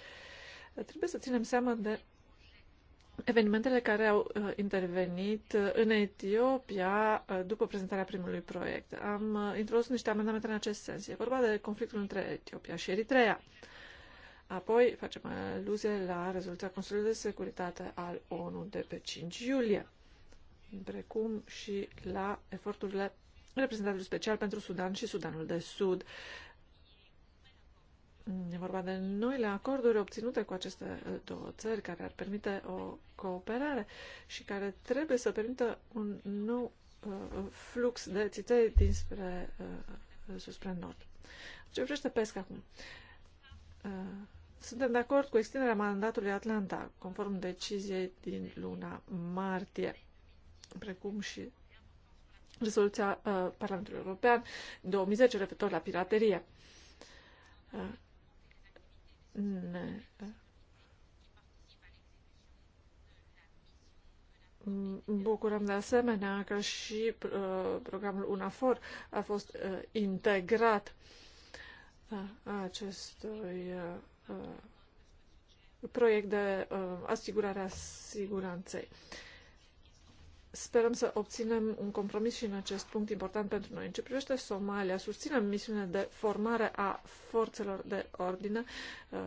Trebuie să ținem seama de evenimentele care au uh, intervenit uh, în Etiopia uh, după prezentarea primului proiect. Am introdus niște amendamente în acest sens. E vorba de conflictul între Etiopia și Eritrea. Apoi facem aluzie la rezoluția Consiliului de Securitate al ONU de pe 5 iulie precum și la eforturile reprezentantului special pentru Sudan și Sudanul de Sud. E vorba de noile acorduri obținute cu aceste uh, două țări care ar permite o cooperare și care trebuie să permită un nou uh, flux de țitei dinspre uh, spre nord. Ce vrește pesc acum? Uh, suntem de acord cu extinderea mandatului Atlanta, conform deciziei din luna martie precum și rezoluția uh, Parlamentului European 2010 referitor la piraterie. Uh, ne, uh, Bucurăm de asemenea că și uh, programul UNAFOR a fost uh, integrat uh, acestui uh, uh proiect de uh, asigurare a siguranței. Uh, Sperăm să obținem un compromis și în acest punct important pentru noi. În ce privește Somalia, susținem misiunea de formare a forțelor de ordine uh,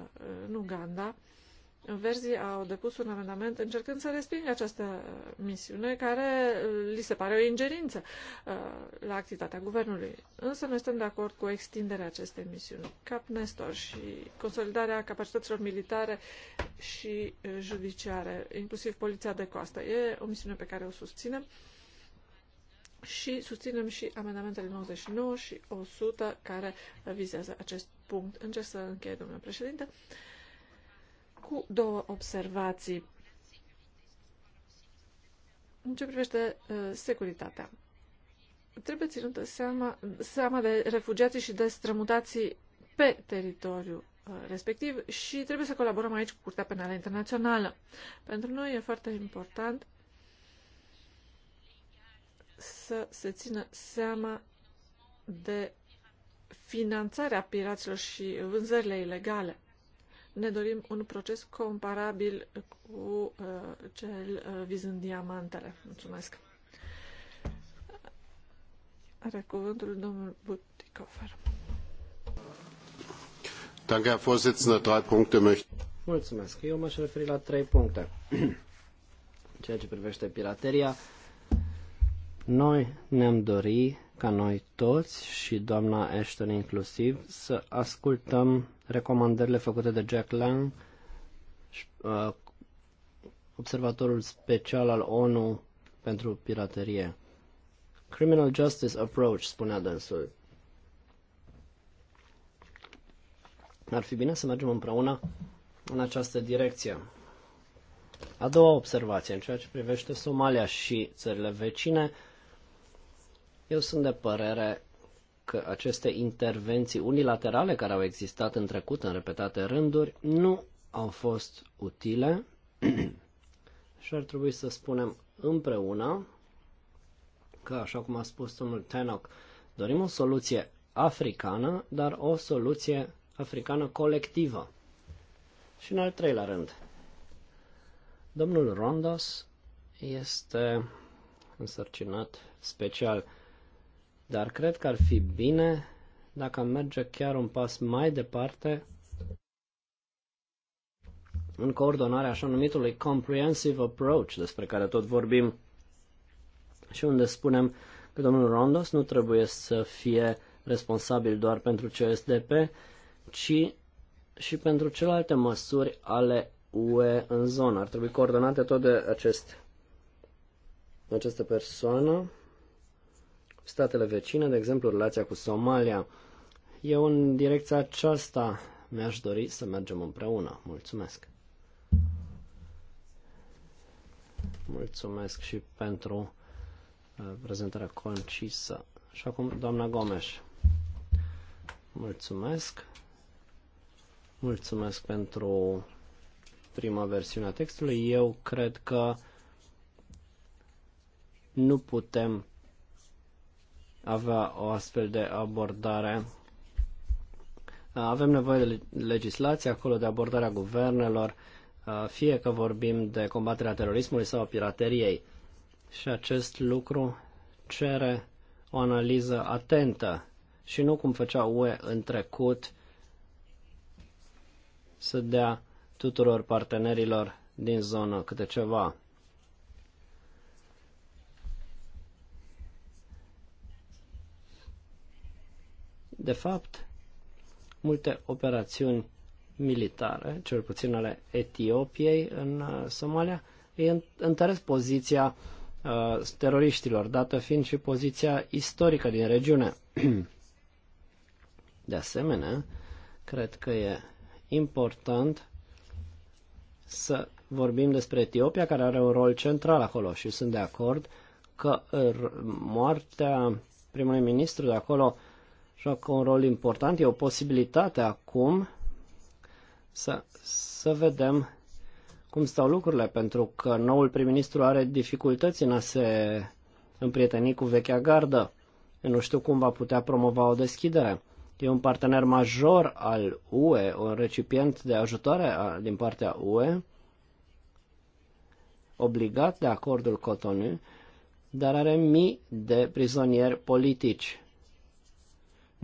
în Uganda Verzii au depus un amendament încercând să respingă această misiune, care uh, li se pare o ingerință uh, la activitatea guvernului. Însă noi suntem de acord cu extinderea acestei misiuni, Cap Nestor și consolidarea capacităților militare și uh, judiciare, inclusiv poliția de coastă. E o misiune pe care o susținem și susținem și amendamentele 99 și 100 care vizează acest punct. Încerc să încheie, domnule președinte cu două observații. În ce privește uh, securitatea, trebuie ținută seama, seama de refugiații și de strămutații pe teritoriul uh, respectiv și trebuie să colaborăm aici cu Curtea Penală Internațională. Pentru noi e foarte important să se țină seama de finanțarea piraților și vânzările ilegale. Ne dorim un proces comparabil cu uh, cel uh, vizând diamantele. Mulțumesc. Are cuvântul domnul Butikofer. Danke, Herr Vorsitzender. Drei Punkte möchte Mulțumesc. Eu m-aș referi la trei puncte. Ceea ce privește pirateria, noi ne-am dori ca noi toți și doamna Ashton inclusiv să ascultăm recomandările făcute de Jack Lang, uh, observatorul special al ONU pentru piraterie. Criminal Justice Approach, spunea dânsul. Ar fi bine să mergem împreună în această direcție. A doua observație, în ceea ce privește Somalia și țările vecine, eu sunt de părere că aceste intervenții unilaterale care au existat în trecut în repetate rânduri nu au fost utile și ar trebui să spunem împreună că, așa cum a spus domnul Tenoch, dorim o soluție africană, dar o soluție africană colectivă. Și în al treilea rând, domnul Rondos este însărcinat special dar cred că ar fi bine dacă am merge chiar un pas mai departe în coordonarea așa numitului comprehensive approach despre care tot vorbim și unde spunem că domnul Rondos nu trebuie să fie responsabil doar pentru CSDP, ci și pentru celelalte măsuri ale UE în zonă. Ar trebui coordonate tot de acest, această persoană statele vecine, de exemplu relația cu Somalia. Eu în direcția aceasta mi-aș dori să mergem împreună. Mulțumesc! Mulțumesc și pentru uh, prezentarea concisă. Și acum, doamna Gomes, mulțumesc. Mulțumesc pentru prima versiune a textului. Eu cred că nu putem avea o astfel de abordare. Avem nevoie de legislație acolo, de abordarea guvernelor, fie că vorbim de combaterea terorismului sau pirateriei. Și acest lucru cere o analiză atentă și nu cum făcea UE în trecut să dea tuturor partenerilor din zonă câte ceva. De fapt, multe operațiuni militare, cel puțin ale Etiopiei în uh, Somalia, îi întăresc poziția uh, teroriștilor, dată fiind și poziția istorică din regiune. De asemenea, cred că e important să vorbim despre Etiopia, care are un rol central acolo și sunt de acord că uh, moartea primului ministru de acolo uh, joacă un rol important. E o posibilitate acum să, să vedem cum stau lucrurile, pentru că noul prim-ministru are dificultăți în a se împrieteni cu vechea gardă. Eu nu știu cum va putea promova o deschidere. E un partener major al UE, un recipient de ajutoare din partea UE, obligat de acordul Cotonou, dar are mii de prizonieri politici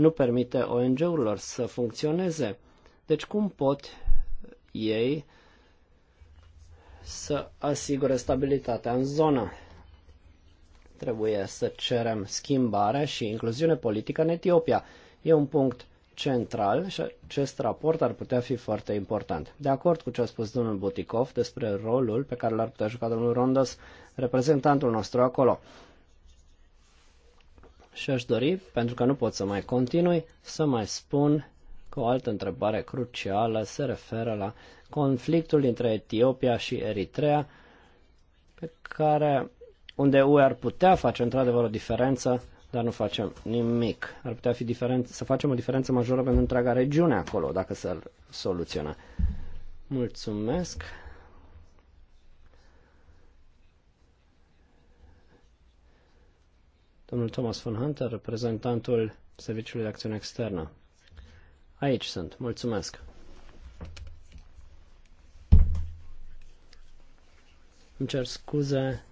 nu permite ONG-urilor să funcționeze. Deci cum pot ei să asigure stabilitatea în zonă? Trebuie să cerem schimbare și incluziune politică în Etiopia. E un punct central și acest raport ar putea fi foarte important. De acord cu ce a spus domnul Butikov despre rolul pe care l-ar putea juca domnul Rondos, reprezentantul nostru acolo. Și aș dori, pentru că nu pot să mai continui, să mai spun că o altă întrebare crucială se referă la conflictul dintre Etiopia și Eritrea, pe care, unde UE ar putea face într-adevăr o diferență, dar nu facem nimic. Ar putea fi diferent, să facem o diferență majoră pentru întreaga regiune acolo, dacă s-ar soluționa. Mulțumesc. domnul Thomas von Hunter, reprezentantul Serviciului de Acțiune Externă. Aici sunt. Mulțumesc. Îmi cer scuze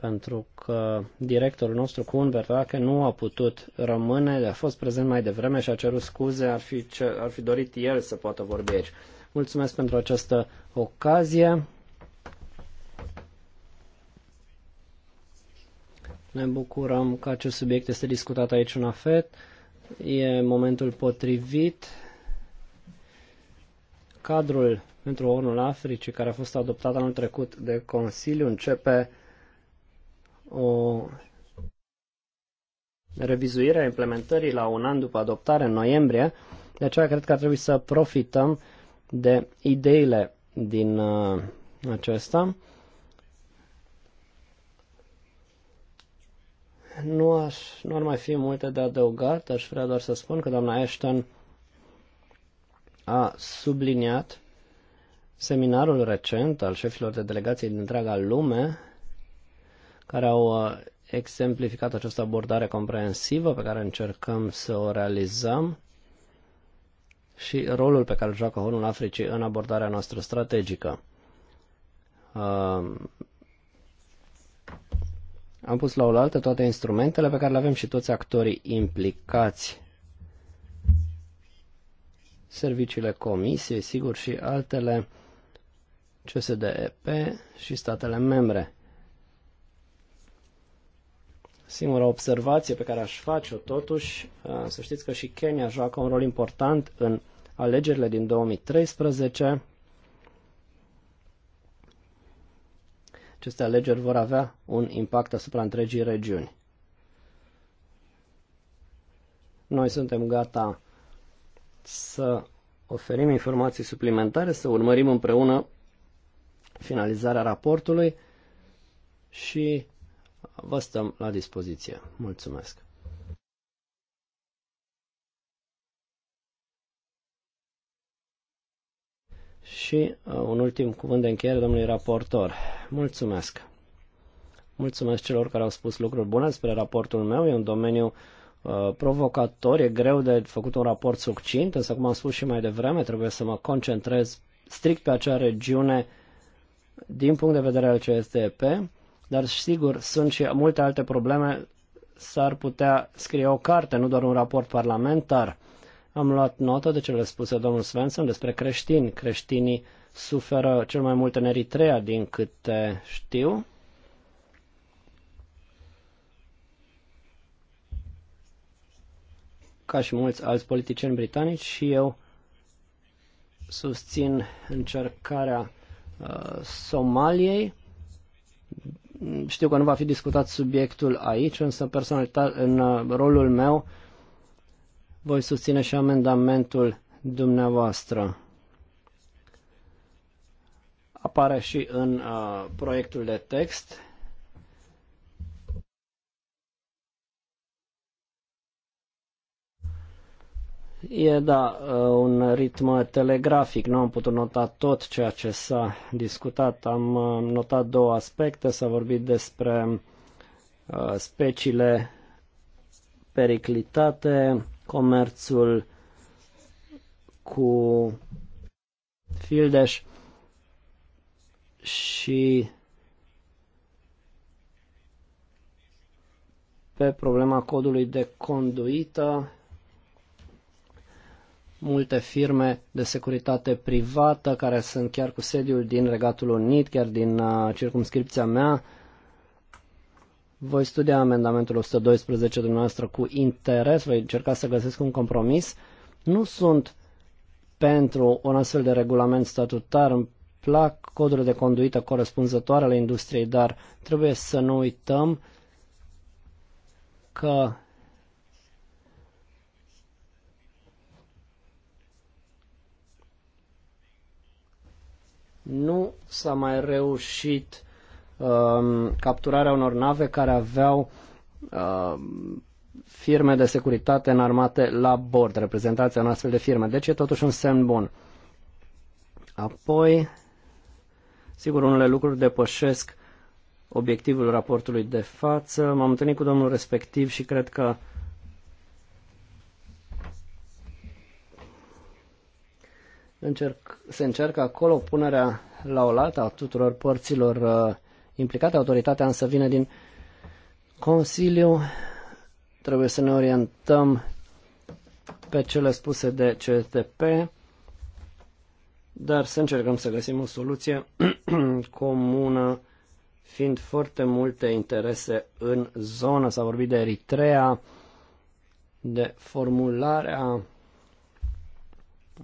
pentru că directorul nostru cu un nu a putut rămâne, a fost prezent mai devreme și a cerut scuze, ar fi, ar fi dorit el să poată vorbi aici. Mulțumesc pentru această ocazie. Ne bucurăm că acest subiect este discutat aici în AFET. E momentul potrivit. Cadrul pentru Ornul Africii, care a fost adoptat anul trecut de Consiliu, începe o a implementării la un an după adoptare, în noiembrie. De aceea cred că ar trebui să profităm de ideile din uh, acesta. Nu, aș, nu ar mai fi multe de adăugat, aș vrea doar să spun că doamna Ashton a subliniat seminarul recent al șefilor de delegații din întreaga lume care au uh, exemplificat această abordare comprehensivă pe care încercăm să o realizăm și rolul pe care îl joacă Hornul Africii în abordarea noastră strategică. Uh, am pus la oaltă toate instrumentele pe care le avem și toți actorii implicați. Serviciile comisiei, sigur, și altele, CSDEP și statele membre. Singura observație pe care aș face-o totuși, să știți că și Kenya joacă un rol important în alegerile din 2013. aceste alegeri vor avea un impact asupra întregii regiuni. Noi suntem gata să oferim informații suplimentare, să urmărim împreună finalizarea raportului și vă stăm la dispoziție. Mulțumesc! Și uh, un ultim cuvânt de încheiere, domnului raportor. Mulțumesc! Mulțumesc celor care au spus lucruri bune despre raportul meu. E un domeniu uh, provocator, e greu de făcut un raport succint, însă, cum am spus și mai devreme, trebuie să mă concentrez strict pe acea regiune din punct de vedere al CSTP, dar sigur sunt și multe alte probleme. S-ar putea scrie o carte, nu doar un raport parlamentar. Am luat notă de cele spuse domnul Svensson despre creștini. Creștinii suferă cel mai mult în Eritrea, din câte știu. Ca și mulți alți politicieni britanici și eu susțin încercarea uh, Somaliei. Știu că nu va fi discutat subiectul aici, însă personalitate, în uh, rolul meu uh, voi susține și amendamentul dumneavoastră. Apare și în uh, proiectul de text. E, da, uh, un ritm telegrafic. Nu am putut nota tot ceea ce s-a discutat. Am uh, notat două aspecte. S-a vorbit despre uh, speciile periclitate, comerțul cu Fildeș și pe problema codului de conduită. Multe firme de securitate privată, care sunt chiar cu sediul din Regatul Unit, chiar din uh, circumscripția mea, voi studia amendamentul 112 dumneavoastră cu interes, voi încerca să găsesc un compromis. Nu sunt pentru un astfel de regulament statutar, îmi plac codurile de conduită corespunzătoare ale industriei, dar trebuie să nu uităm că nu s-a mai reușit Um, capturarea unor nave care aveau uh, firme de securitate înarmate la bord, reprezentația unor astfel de firme. Deci e totuși un semn bun. Apoi, sigur, unele lucruri depășesc obiectivul raportului de față. M-am întâlnit cu domnul respectiv și cred că încerc, se încearcă acolo punerea la oaltă a tuturor părților uh, implicate. Autoritatea însă vine din Consiliu. Trebuie să ne orientăm pe cele spuse de CTP, dar să încercăm să găsim o soluție comună, fiind foarte multe interese în zonă. S-a vorbit de Eritrea, de formularea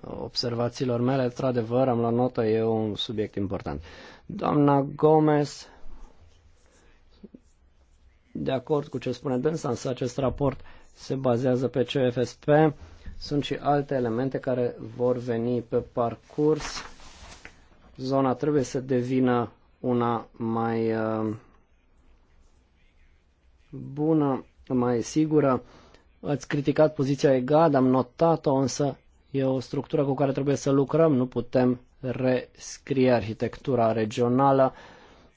observațiilor mele. Într-adevăr, am luat notă, e un subiect important. Doamna Gomez de acord cu ce spune dânsa, însă acest raport se bazează pe CFSP. Sunt și alte elemente care vor veni pe parcurs. Zona trebuie să devină una mai uh, bună, mai sigură. Ați criticat poziția egal, am notat-o, însă e o structură cu care trebuie să lucrăm. Nu putem rescrie arhitectura regională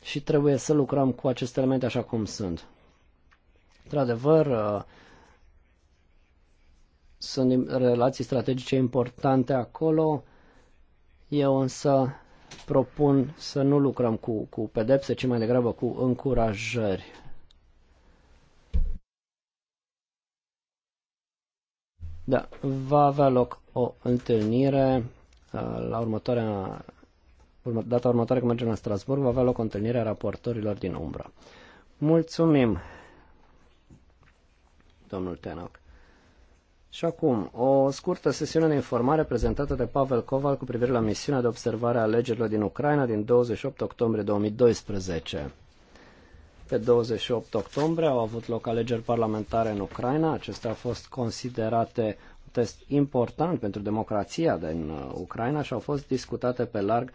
și trebuie să lucrăm cu aceste elemente așa cum sunt. Într-adevăr, uh, sunt relații strategice importante acolo. Eu însă propun să nu lucrăm cu, cu pedepse, ci mai degrabă cu încurajări. Da, va avea loc o întâlnire uh, la următoarea data următoare când mergem la Strasburg, va avea loc o întâlnire a raportorilor din umbră. Mulțumim! domnul Tenoc. Și acum, o scurtă sesiune de informare prezentată de Pavel Koval cu privire la misiunea de observare a alegerilor din Ucraina din 28 octombrie 2012. Pe 28 octombrie au avut loc alegeri parlamentare în Ucraina. Acestea au fost considerate un test important pentru democrația din uh, Ucraina și au fost discutate pe larg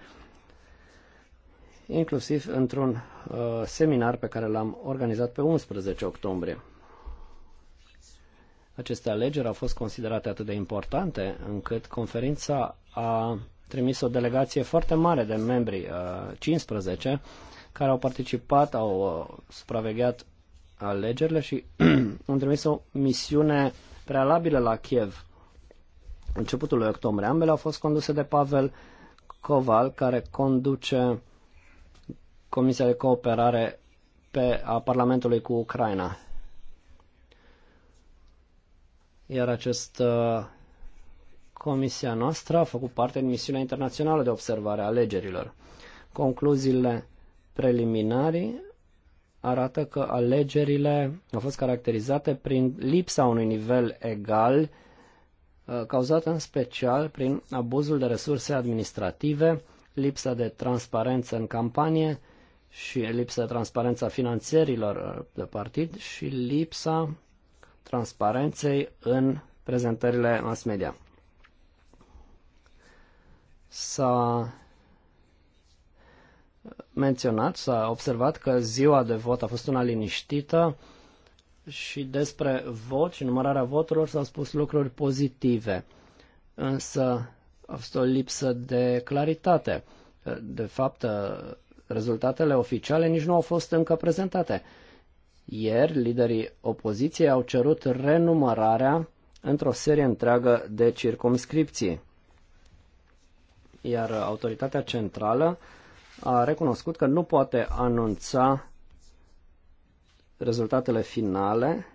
inclusiv într-un uh, seminar pe care l-am organizat pe 11 octombrie. Aceste alegeri au fost considerate atât de importante încât conferința a trimis o delegație foarte mare de membri, 15, uh, care au participat, au uh, supravegheat alegerile și au trimis o misiune prealabilă la Kiev. Începutul lui octombrie ambele au fost conduse de Pavel Koval, care conduce Comisia de Cooperare pe, a Parlamentului cu Ucraina. Iar această uh, comisia noastră a făcut parte din misiunea internațională de observare a alegerilor. Concluziile preliminarii arată că alegerile au fost caracterizate prin lipsa unui nivel egal, uh, cauzat în special prin abuzul de resurse administrative, lipsa de transparență în campanie și lipsa de transparență a finanțierilor uh, de partid și lipsa transparenței în prezentările mass media. S-a menționat, s-a observat că ziua de vot a fost una liniștită și despre vot și numărarea voturilor s-au spus lucruri pozitive, însă a fost o lipsă de claritate. De fapt, rezultatele oficiale nici nu au fost încă prezentate. Ieri, liderii opoziției au cerut renumărarea într-o serie întreagă de circumscripții. Iar autoritatea centrală a recunoscut că nu poate anunța rezultatele finale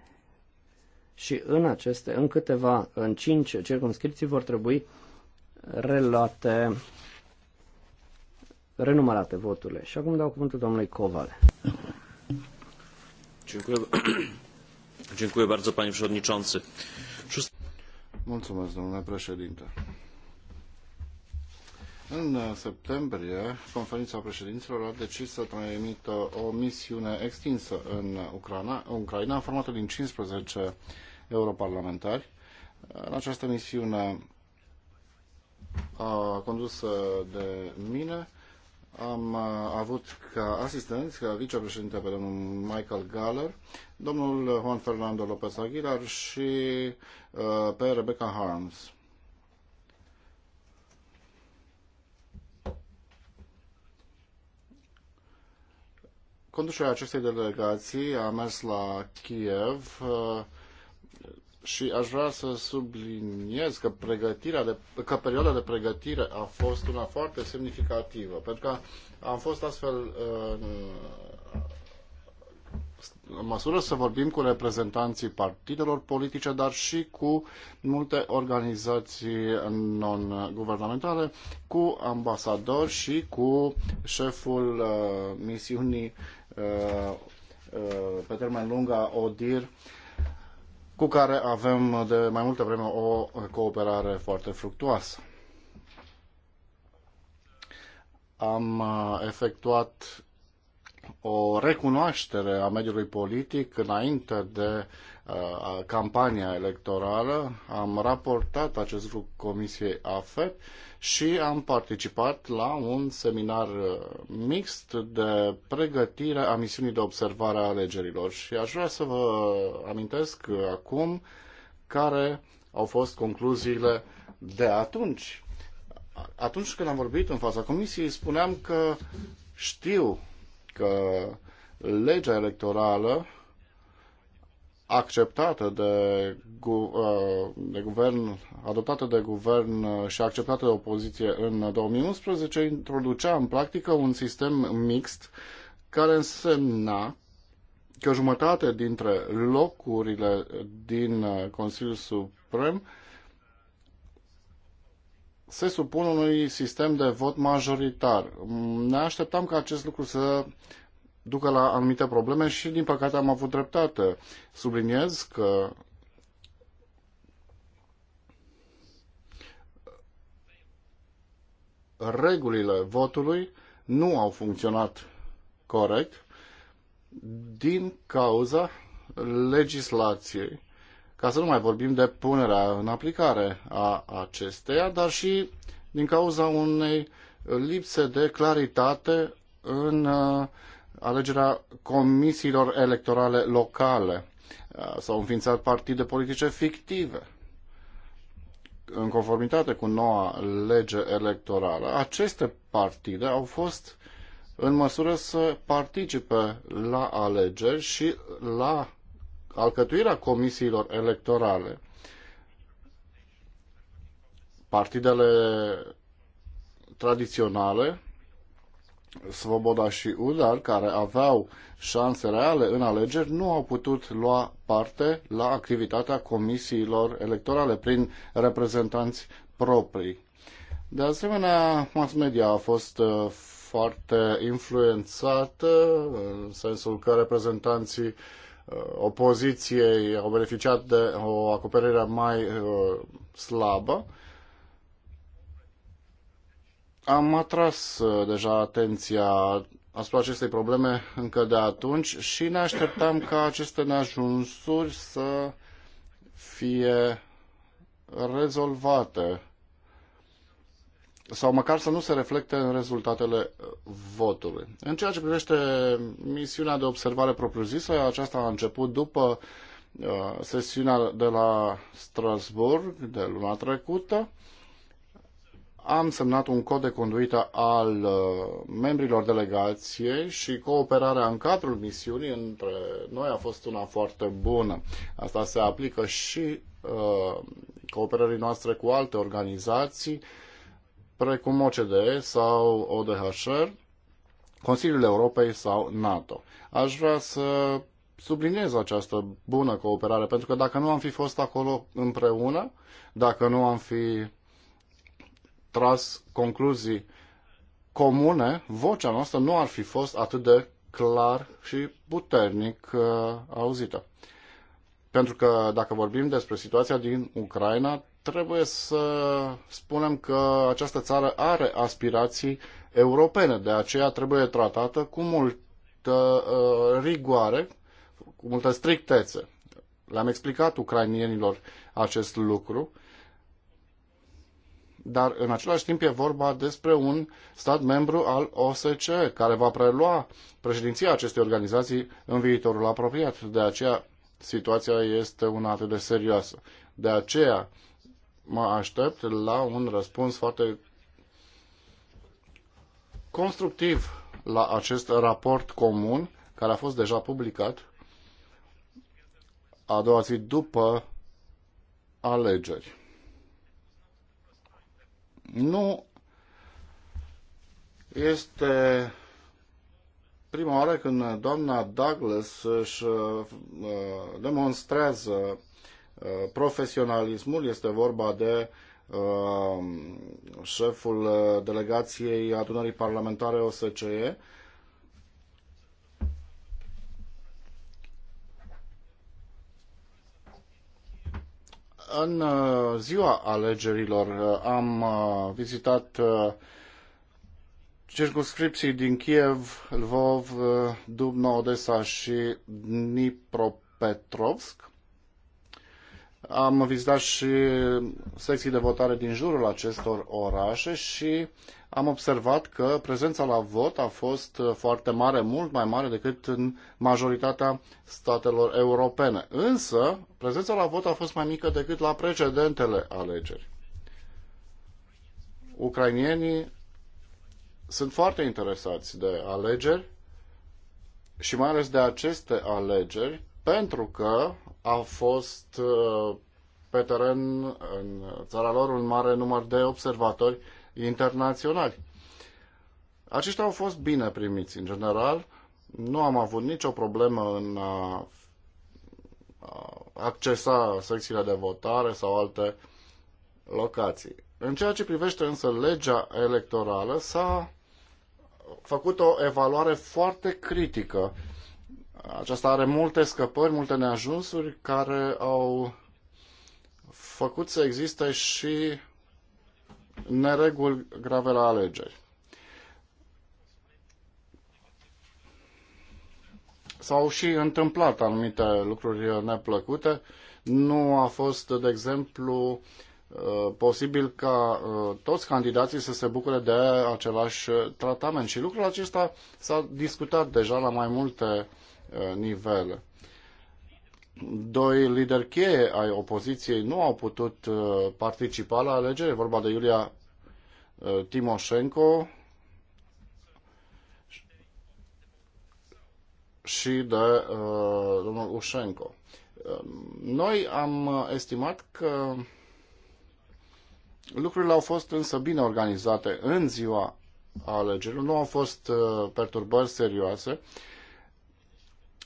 și în aceste, în câteva, în cinci circumscripții vor trebui reluate, renumărate voturile. Și acum dau cuvântul domnului Covale. Dziękuję bardzo, panie przewodniczący. Mulțumesc, domnule președinte. În septembrie, conferința președinților a decis să trimită o misiune extinsă în Ucraina, formată din 15 europarlamentari. În această misiune condusă de mine, am uh, avut ca asistent, ca vicepreședinte pe domnul Michael Galler, domnul Juan Fernando López Aguilar și uh, pe Rebecca Harms. Conducerea acestei delegații a mers la Kiev uh, și aș vrea să subliniez că, pregătirea de, că perioada de pregătire a fost una foarte semnificativă, pentru că am fost astfel în, în măsură să vorbim cu reprezentanții partidelor politice, dar și cu multe organizații non-guvernamentale, cu ambasadori și cu șeful uh, misiunii uh, uh, pe termen lung a ODIR cu care avem de mai multă vreme o cooperare foarte fructuoasă. Am uh, efectuat o recunoaștere a mediului politic înainte de uh, campania electorală. Am raportat acest lucru Comisiei AFET și am participat la un seminar uh, mixt de pregătire a misiunii de observare a alegerilor și aș vrea să vă amintesc uh, acum care au fost concluziile de atunci. Atunci când am vorbit în fața comisiei, spuneam că știu că legea electorală acceptată de, gu, uh, de guvern, adoptată de guvern și acceptată de opoziție în 2011, introducea în practică un sistem mixt care însemna că jumătate dintre locurile din uh, Consiliul Suprem se supun unui sistem de vot majoritar. Ne așteptam ca acest lucru să uh, ducă la anumite probleme și, din păcate, am avut dreptate. Subliniez că regulile votului nu au funcționat corect din cauza legislației, ca să nu mai vorbim de punerea în aplicare a acesteia, dar și din cauza unei lipse de claritate în uh, alegerea comisiilor electorale locale. Uh, s-au înființat partide politice fictive în conformitate cu noua lege electorală. Aceste partide au fost în măsură să participe la alegeri și la alcătuirea comisiilor electorale. Partidele tradiționale Svoboda și Udar, care aveau șanse reale în alegeri, nu au putut lua parte la activitatea comisiilor electorale prin reprezentanți proprii. De asemenea, mass media a fost uh, foarte influențată, în sensul că reprezentanții uh, opoziției au beneficiat de o acoperire mai uh, slabă am atras uh, deja atenția asupra acestei probleme încă de atunci și ne așteptam ca aceste neajunsuri să fie rezolvate sau măcar să nu se reflecte în rezultatele uh, votului. În ceea ce privește misiunea de observare propriu-zisă, aceasta a început după uh, sesiunea de la Strasbourg de luna trecută am semnat un cod de conduită al uh, membrilor delegației și cooperarea în cadrul misiunii între noi a fost una foarte bună. Asta se aplică și uh, cooperării noastre cu alte organizații, precum OCDE sau ODHR, Consiliul Europei sau NATO. Aș vrea să subliniez această bună cooperare, pentru că dacă nu am fi fost acolo împreună, dacă nu am fi tras concluzii comune, vocea noastră nu ar fi fost atât de clar și puternic uh, auzită. Pentru că dacă vorbim despre situația din Ucraina, trebuie să spunem că această țară are aspirații europene, de aceea trebuie tratată cu multă uh, rigoare, cu multă strictețe. Le-am explicat ucrainienilor acest lucru dar în același timp e vorba despre un stat membru al OSCE care va prelua președinția acestei organizații în viitorul apropiat. De aceea situația este una atât de serioasă. De aceea mă aștept la un răspuns foarte constructiv la acest raport comun care a fost deja publicat a doua zi după alegeri. Nu este prima oară când doamna Douglas își uh, demonstrează uh, profesionalismul, este vorba de uh, șeful delegației adunării parlamentare OSCE, În uh, ziua alegerilor uh, am uh, vizitat circunscripții din Kiev, Lvov, Dubna, Odessa și Dnipropetrovsk. Am vizitat și secții de votare din jurul acestor orașe și am observat că prezența la vot a fost uh, foarte mare, mult mai mare decât în majoritatea statelor europene. Însă, prezența la vot a fost mai mică decât la precedentele alegeri. Ucrainienii sunt foarte interesați de alegeri și mai ales de aceste alegeri, pentru că a fost uh, pe teren în țara lor un mare număr de observatori internaționali. Aceștia au fost bine primiți în general, nu am avut nicio problemă în a accesa secțiile de votare sau alte locații. În ceea ce privește însă legea electorală, s-a făcut o evaluare foarte critică. Aceasta are multe scăpări, multe neajunsuri care au făcut să existe și nereguli grave la alegeri. S-au și întâmplat anumite lucruri neplăcute. Nu a fost, de exemplu, uh, posibil ca uh, toți candidații să se bucure de același tratament. Și lucrul acesta s-a discutat deja la mai multe uh, nivele. Doi lideri cheie ai opoziției nu au putut participa la alegeri, vorba de Iulia Uh, Timoșenko și de uh, domnul Ușenko. Uh, noi am estimat că lucrurile au fost însă bine organizate în ziua alegerilor, nu au fost uh, perturbări serioase,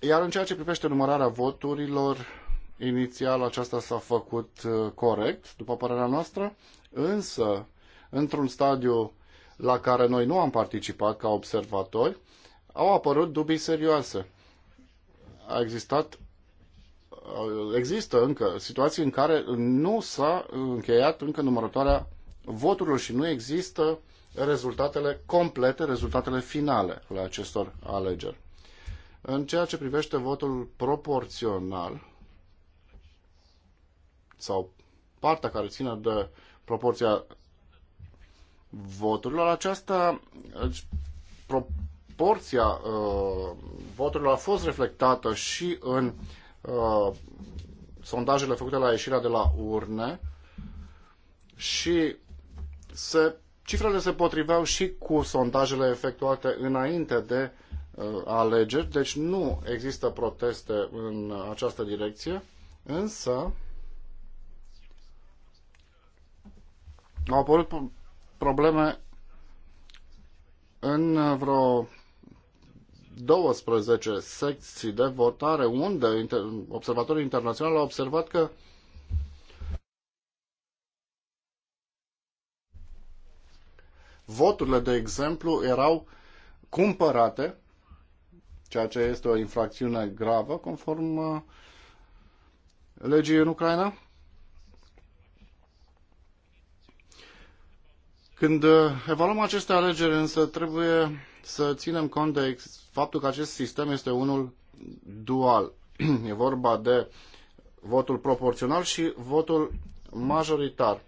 iar în ceea ce privește numărarea voturilor, inițial aceasta s-a făcut corect, după părerea noastră, însă într-un stadiu la care noi nu am participat ca observatori, au apărut dubii serioase. A existat există încă situații în care nu s-a încheiat încă numărătoarea voturilor și nu există rezultatele complete, rezultatele finale ale acestor alegeri. În ceea ce privește votul proporțional sau partea care ține de proporția voturilor, aceasta deci, proporția uh, voturilor a fost reflectată și în uh, sondajele făcute la ieșirea de la urne și se, cifrele se potriveau și cu sondajele efectuate înainte de uh, alegeri, deci nu există proteste în această direcție, însă au apărut probleme în vreo 12 secții de votare unde observatorii internaționali au observat că voturile, de exemplu, erau cumpărate, ceea ce este o infracțiune gravă conform uh, legii în Ucraina. Când uh, evaluăm aceste alegeri, însă trebuie să ținem cont de faptul că acest sistem este unul dual. E vorba de votul proporțional și votul majoritar.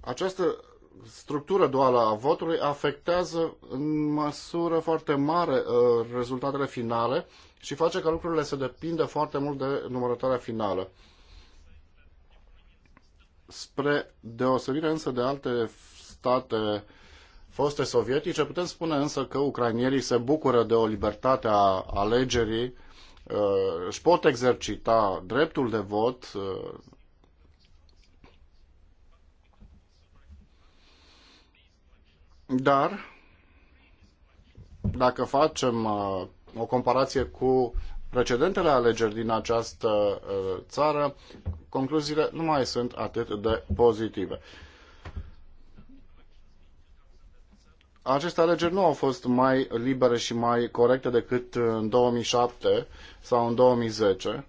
Această structură duală a votului afectează în măsură foarte mare uh, rezultatele finale și face ca lucrurile să depindă foarte mult de numărătoarea finală. Spre deosebire însă de alte state foste sovietice, putem spune însă că ucrainierii se bucură de o libertate a alegerii, uh, își pot exercita dreptul de vot, uh, dar dacă facem uh, o comparație cu precedentele alegeri din această uh, țară, concluziile nu mai sunt atât de pozitive. Aceste alegeri nu au fost mai libere și mai corecte decât în 2007 sau în 2010.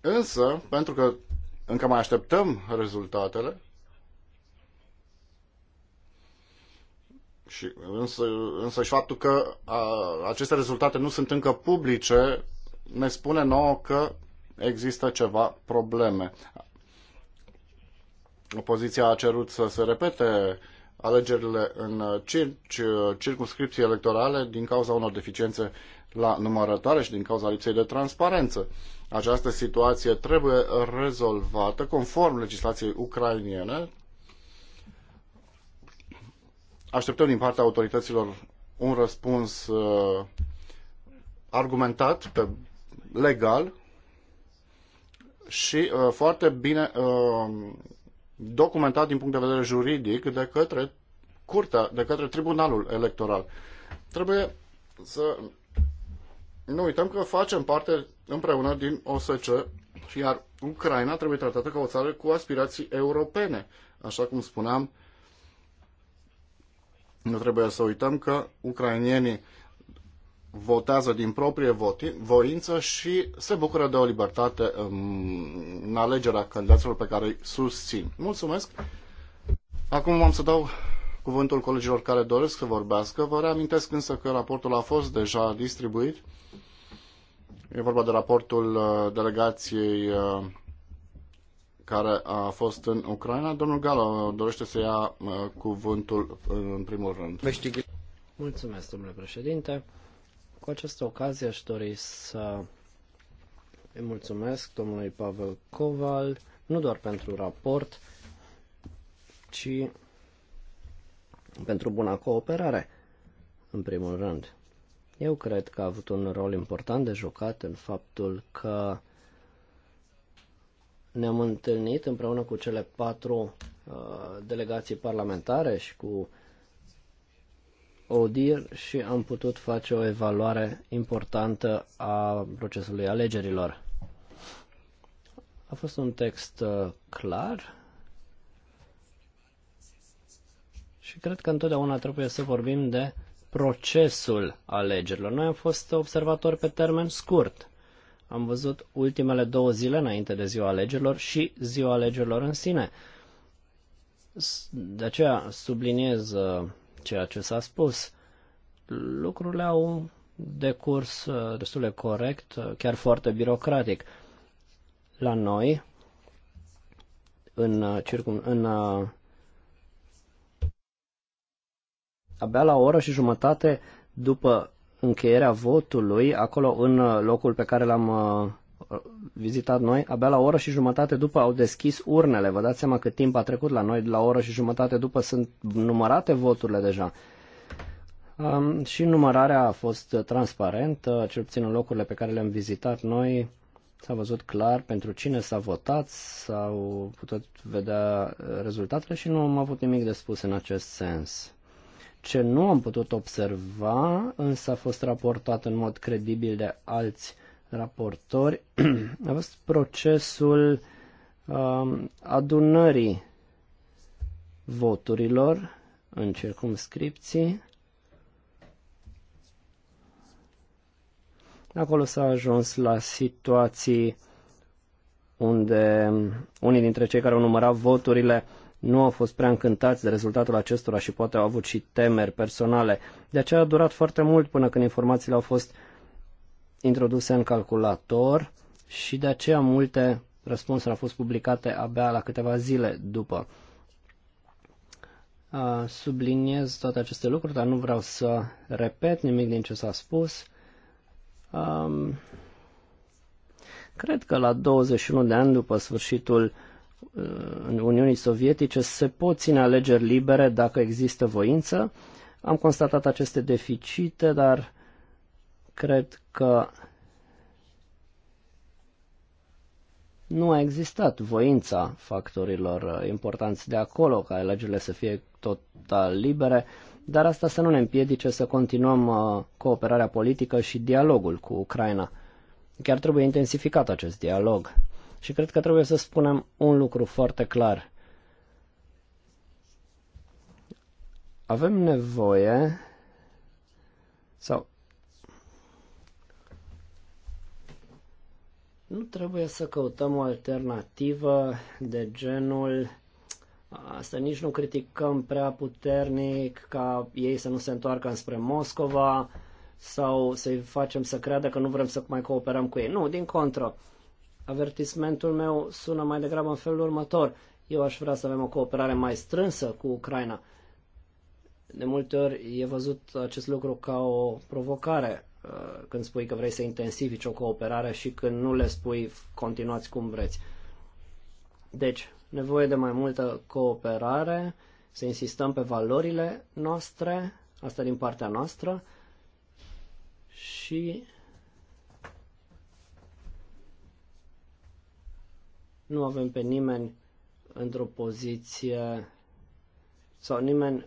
Însă, pentru că încă mai așteptăm rezultatele, Și însă, însă și faptul că a, aceste rezultate nu sunt încă publice ne spune nouă că există ceva probleme. Opoziția a cerut să se repete alegerile în cir- circunscripții electorale din cauza unor deficiențe la numărătoare și din cauza lipsei de transparență. Această situație trebuie rezolvată conform legislației ucrainiene, Așteptăm din partea autorităților un răspuns uh, argumentat, pe legal și uh, foarte bine uh, documentat din punct de vedere juridic de către curtea, de către tribunalul electoral. Trebuie să nu uităm că facem parte împreună din OSC, iar Ucraina trebuie tratată ca o țară cu aspirații europene, așa cum spuneam uh, nu trebuie să uităm că ucrainienii votează din proprie voti, voință și se bucură de o libertate um, în alegerea candidaților pe care îi susțin. Mulțumesc! Acum am să dau cuvântul colegilor care doresc să vorbească. Vă reamintesc însă că raportul a fost deja distribuit. E vorba de raportul uh, delegației uh, care a fost în Ucraina. Domnul Galo dorește să ia uh, cuvântul uh, în primul rând. Mulțumesc, domnule președinte. Cu această ocazie aș dori să îi mulțumesc domnului Pavel Coval, nu doar pentru raport, ci pentru buna cooperare, în primul rând. Eu cred că a avut un rol important de jucat în faptul că ne-am întâlnit împreună cu cele patru uh, delegații parlamentare și cu ODIR și am putut face o evaluare importantă a procesului alegerilor. A fost un text uh, clar și cred că întotdeauna trebuie să vorbim de procesul alegerilor. Noi am fost observatori pe termen scurt am văzut ultimele două zile înainte de ziua alegerilor și ziua alegerilor în sine. De aceea subliniez uh, ceea ce s-a spus. Lucrurile au decurs uh, destul de corect, uh, chiar foarte birocratic. La noi, în, circun, în abia la o oră și jumătate după încheierea votului acolo în uh, locul pe care l-am uh, vizitat noi, abia la o oră și jumătate după au deschis urnele. Vă dați seama cât timp a trecut la noi, la o oră și jumătate după sunt numărate voturile deja. Um, și numărarea a fost uh, transparentă, cel puțin în locurile pe care le-am vizitat noi s-a văzut clar pentru cine s-a votat, s-au putut vedea rezultatele și nu am avut nimic de spus în acest sens ce nu am putut observa, însă a fost raportat în mod credibil de alți raportori, a fost procesul uh, adunării voturilor în circumscripții. Acolo s-a ajuns la situații unde unii dintre cei care au numărat voturile nu au fost prea încântați de rezultatul acestora și poate au avut și temeri personale. De aceea a durat foarte mult până când informațiile au fost introduse în calculator și de aceea multe răspunsuri au fost publicate abia la câteva zile după. Subliniez toate aceste lucruri, dar nu vreau să repet nimic din ce s-a spus. cred că la 21 de ani după sfârșitul uh, în Uniunii Sovietice se pot ține alegeri libere dacă există voință. Am constatat aceste deficite, dar cred că nu a existat voința factorilor importanți de acolo ca alegerile să fie total libere, dar asta să nu ne împiedice să continuăm uh, cooperarea politică și dialogul cu Ucraina. Chiar trebuie intensificat acest dialog. Și cred că trebuie să spunem un lucru foarte clar. Avem nevoie sau nu trebuie să căutăm o alternativă de genul să nici nu criticăm prea puternic ca ei să nu se întoarcă înspre Moscova sau să-i facem să creadă că nu vrem să mai cooperăm cu ei. Nu, din contră. Avertismentul meu sună mai degrabă în felul următor. Eu aș vrea să avem o cooperare mai strânsă cu Ucraina. De multe ori e văzut acest lucru ca o provocare uh, când spui că vrei să intensifici o cooperare și când nu le spui continuați cum vreți. Deci, nevoie de mai multă cooperare, să insistăm pe valorile noastre, asta din partea noastră, și Nu avem pe nimeni într-o poziție sau nimeni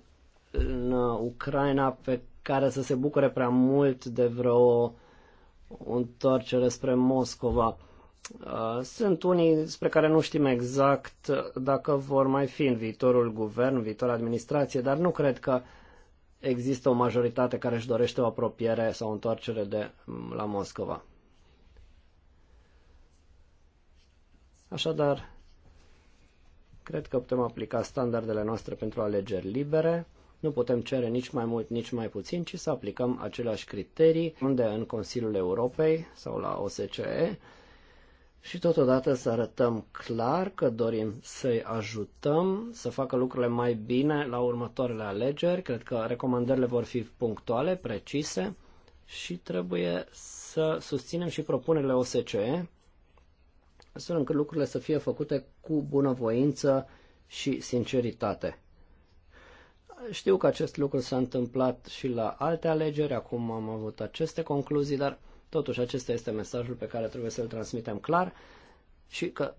în Ucraina pe care să se bucure prea mult de vreo întoarcere spre Moscova. Uh, sunt unii spre care nu știm exact dacă vor mai fi în viitorul guvern, viitor administrație, dar nu cred că există o majoritate care își dorește o apropiere sau o întoarcere de la Moscova. Așadar, cred că putem aplica standardele noastre pentru alegeri libere. Nu putem cere nici mai mult, nici mai puțin, ci să aplicăm aceleași criterii unde în Consiliul Europei sau la OSCE și totodată să arătăm clar că dorim să-i ajutăm să facă lucrurile mai bine la următoarele alegeri. Cred că recomandările vor fi punctuale, precise și trebuie să susținem și propunerile OSCE astfel încât lucrurile să fie făcute cu bunăvoință și sinceritate. Știu că acest lucru s-a întâmplat și la alte alegeri, acum am avut aceste concluzii, dar totuși acesta este mesajul pe care trebuie să-l transmitem clar și că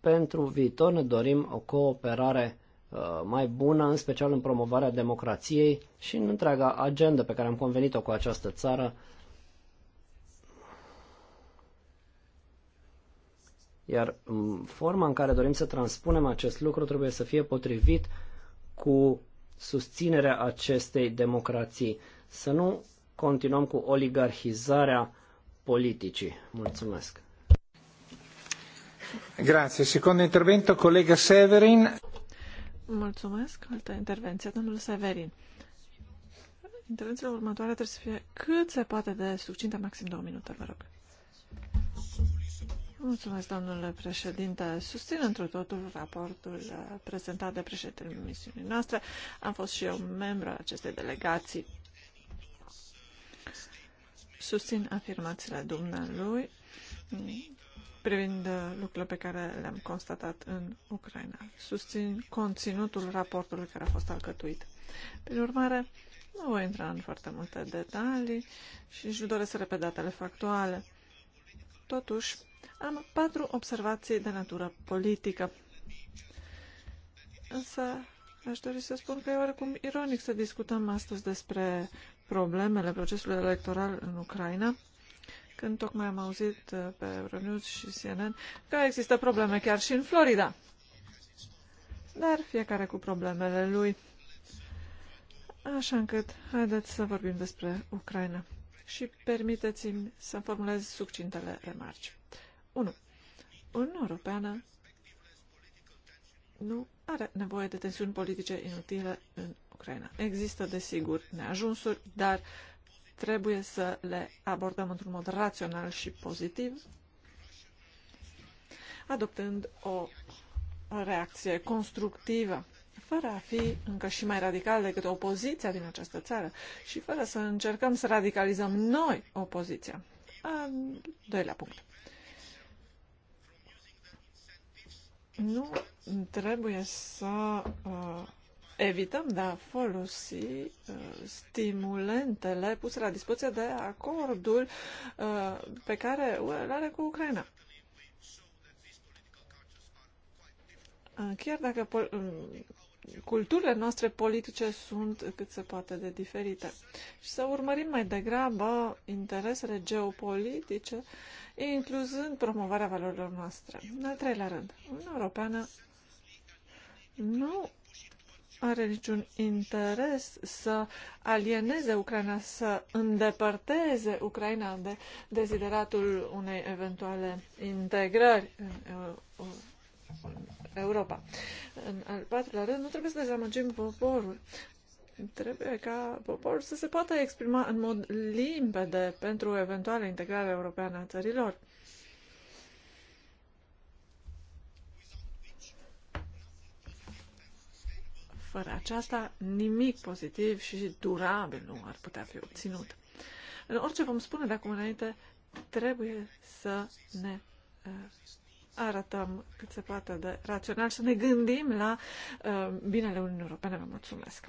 pentru viitor ne dorim o cooperare uh, mai bună, în special în promovarea democrației și în întreaga agenda pe care am convenit-o cu această țară Iar mm, forma în care dorim să transpunem acest lucru trebuie să fie potrivit cu susținerea acestei democrații. Să nu continuăm cu oligarhizarea politicii. Mulțumesc. Grazie. Secondo intervento, colega Severin. Mulțumesc. Altă intervenție, domnul Severin. Intervențiile următoare trebuie să fie cât se poate de succintă, maxim două minute, vă rog. Mulțumesc, domnule președinte. Susțin întru totul raportul uh, prezentat de președintele misiunii noastre. Am fost și eu membru al acestei delegații. Susțin afirmațiile dumnealui mm, privind uh, lucrurile pe care le-am constatat în Ucraina. Susțin conținutul raportului care a fost alcătuit. Prin urmare, nu voi intra în foarte multe detalii și își doresc să repet datele factuale. Totuși, am patru observații de natură politică. Însă, aș dori să spun că e oarecum ironic să discutăm astăzi despre problemele procesului electoral în Ucraina, când tocmai am auzit uh, pe Euronews și CNN că există probleme chiar și în Florida. Dar fiecare cu problemele lui. Așa încât, haideți să vorbim despre Ucraina și permiteți-mi să formulez succintele remarci. 1. Uniunea Europeană nu are nevoie de tensiuni politice inutile în Ucraina. Există, desigur, neajunsuri, dar trebuie să le abordăm într-un mod rațional și pozitiv, adoptând o reacție constructivă fără a fi încă și mai radical decât opoziția din această țară și fără să încercăm să radicalizăm noi opoziția. Al doilea punct. Nu trebuie să uh, evităm de a folosi uh, stimulentele puse la dispoziție de acordul uh, pe care îl are cu Ucraina. Chiar dacă culturile noastre politice sunt cât se poate de diferite. Și să urmărim mai degrabă interesele geopolitice, incluzând promovarea valorilor noastre. În al treilea rând, Uniunea Europeană nu are niciun interes să alieneze Ucraina, să îndepărteze Ucraina de dezideratul unei eventuale integrări în Europa. În al patrulea rând, nu trebuie să dezamăgim poporul. Trebuie ca poporul să se poată exprima în mod limpede pentru eventuală integrare europeană a țărilor. Fără aceasta, nimic pozitiv și durabil nu ar putea fi obținut. În orice vom spune de acum înainte, trebuie să ne uh, arătăm cât se poate de rațional, să ne gândim la uh, binele Uniunii Europene. Vă mulțumesc!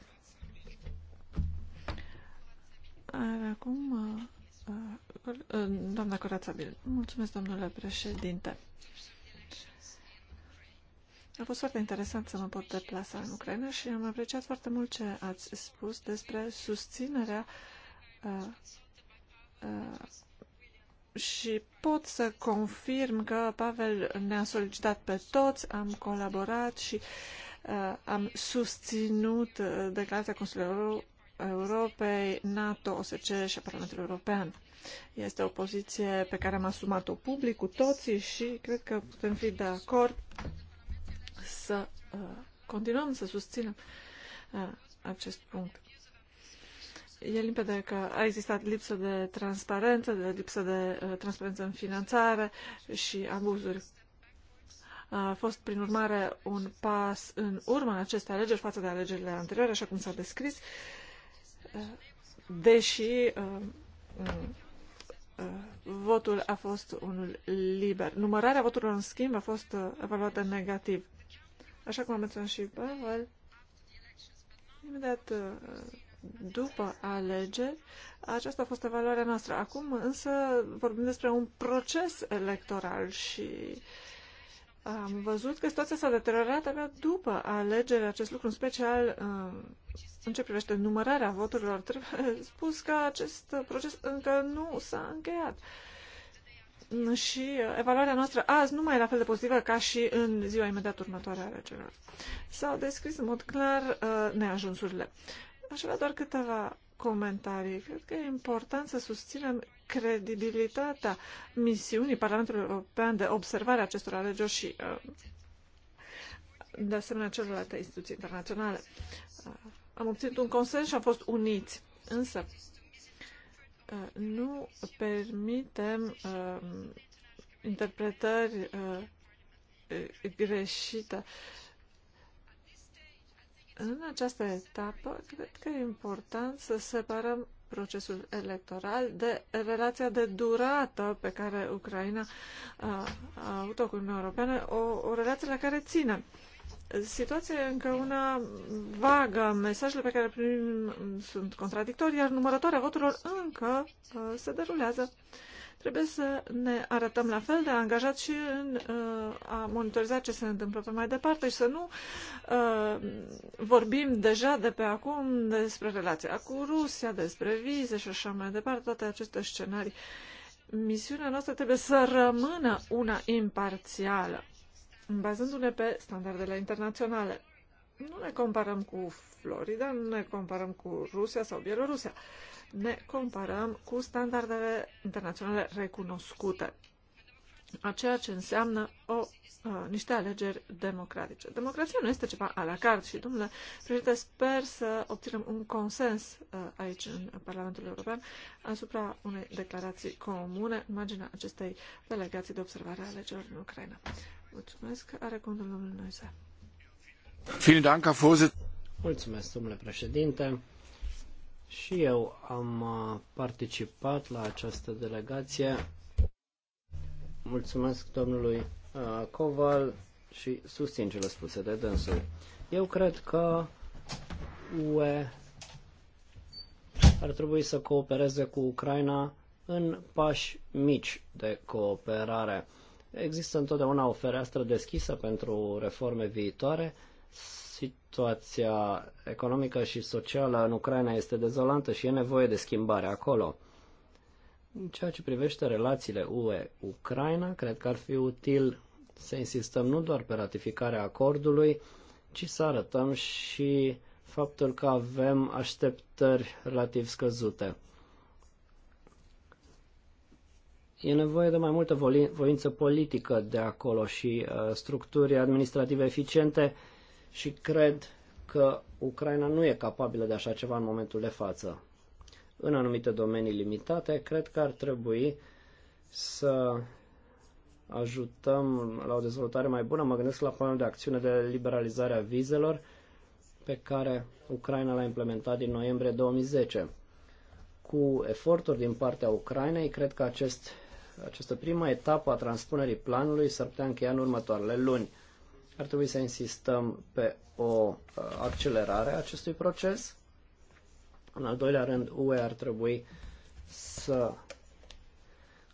acum uh, uh, uh doamna Corațabil. Mulțumesc, domnule președinte. A fost foarte interesant să mă pot deplasa în Ucraina și am apreciat foarte mult ce ați spus despre susținerea uh, uh și pot să confirm că Pavel ne-a solicitat pe toți, am colaborat și uh, am susținut uh, declarația Consiliului Europei, NATO, OSCE și Parlamentul European. Este o poziție pe care am asumat-o public cu toții și cred că putem fi de acord să uh, continuăm să susținem uh, acest punct. E limpede că a existat lipsă de transparență, de lipsă de uh, transparență în finanțare și abuzuri. A fost, prin urmare, un pas în urma în aceste alegeri față de alegerile anterioare, așa cum s-a descris, uh, deși uh, mm, uh, votul a fost unul liber. Numărarea voturilor, în schimb, a fost evaluată negativ. Așa cum a menționat și Pavel, imediat după alegeri. Aceasta a fost evaluarea noastră. Acum însă vorbim despre un proces electoral și am văzut că situația s-a deteriorat abia după alegeri. Acest lucru, în special uh, în ce privește numărarea voturilor, trebuie spus că acest proces încă nu s-a încheiat. Și uh, evaluarea noastră azi nu mai e la fel de pozitivă ca și în ziua imediat următoare a alegerilor. S-au descris în mod clar uh, neajunsurile. Aș vrea doar câteva comentarii. Cred că e important să susținem credibilitatea misiunii Parlamentului European de observare a acestor alegeri și uh, de asemenea celorlalte instituții internaționale. Uh, am obținut un consens și am fost uniți, însă uh, nu permitem interpretări greșite în această etapă, cred că e important să separăm procesul electoral de relația de durată pe care Ucraina a, a avut-o cu Uniunea Europeană, o, o relație la care ține. Situația e încă una vagă, mesajele pe care le primim sunt contradictorii, iar numărătoarea voturilor încă se derulează. Trebuie să ne arătăm la fel de angajat și în uh, a monitoriza ce se întâmplă pe mai departe și să nu uh, vorbim deja de pe acum despre relația cu Rusia, despre vize și așa mai departe, toate aceste scenarii. Misiunea noastră trebuie să rămână una imparțială, bazându-ne pe standardele internaționale. Nu ne comparăm cu Florida, nu ne comparăm cu Rusia sau Bielorusia. Ne comparăm cu standardele internaționale recunoscute a ceea ce înseamnă o, a, niște alegeri democratice. Democrația nu este ceva a la carte și, domnule președinte, sper să obținem un consens a, aici în Parlamentul European asupra unei declarații comune în marginea acestei delegații de observare a alegerilor în Ucraina. Mulțumesc. Are cuvântul domnul Noise. Mulțumesc, domnule președinte. Și eu am uh, participat la această delegație. Mulțumesc domnului Coval uh, și susțin cele spuse de dânsul. Eu cred că UE ar trebui să coopereze cu Ucraina în pași mici de cooperare. Există întotdeauna o fereastră deschisă pentru reforme viitoare, Situația economică și socială în Ucraina este dezolantă și e nevoie de schimbare acolo. În ceea ce privește relațiile UE-Ucraina, cred că ar fi util să insistăm nu doar pe ratificarea acordului, ci să arătăm și faptul că avem așteptări relativ scăzute. E nevoie de mai multă voință politică de acolo și uh, structuri administrative eficiente și cred că Ucraina nu e capabilă de așa ceva în momentul de față. În anumite domenii limitate, cred că ar trebui să ajutăm la o dezvoltare mai bună. Mă gândesc la planul de acțiune de liberalizare a vizelor pe care Ucraina l-a implementat din noiembrie 2010. Cu eforturi din partea Ucrainei, cred că acest, această prima etapă a transpunerii planului s-ar putea încheia în următoarele luni ar trebui să insistăm pe o uh, accelerare a acestui proces. În al doilea rând, UE ar trebui să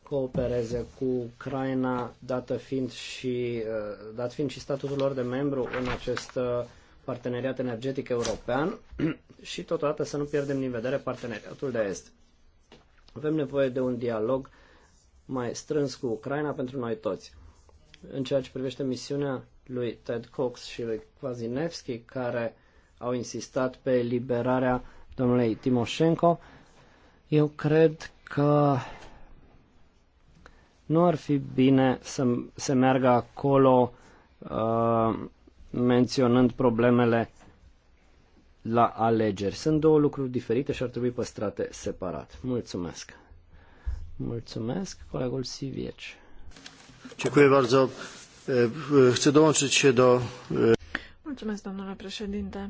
coopereze cu Ucraina, dată fiind și, uh, dat fiind și statutul lor de membru în acest uh, parteneriat energetic european și totodată să nu pierdem din vedere parteneriatul de est. Avem nevoie de un dialog mai strâns cu Ucraina pentru noi toți. În ceea ce privește misiunea lui Ted Cox și lui Kwasinevski, care au insistat pe eliberarea domnului Timoshenko, eu cred că nu ar fi bine să se meargă acolo uh, menționând problemele la alegeri. Sunt două lucruri diferite și ar trebui păstrate separat. Mulțumesc. Mulțumesc, colegul Sivieci. Dziękuję bardzo. Chcę dołączyć się do... Mulțumesc, domnule președinte.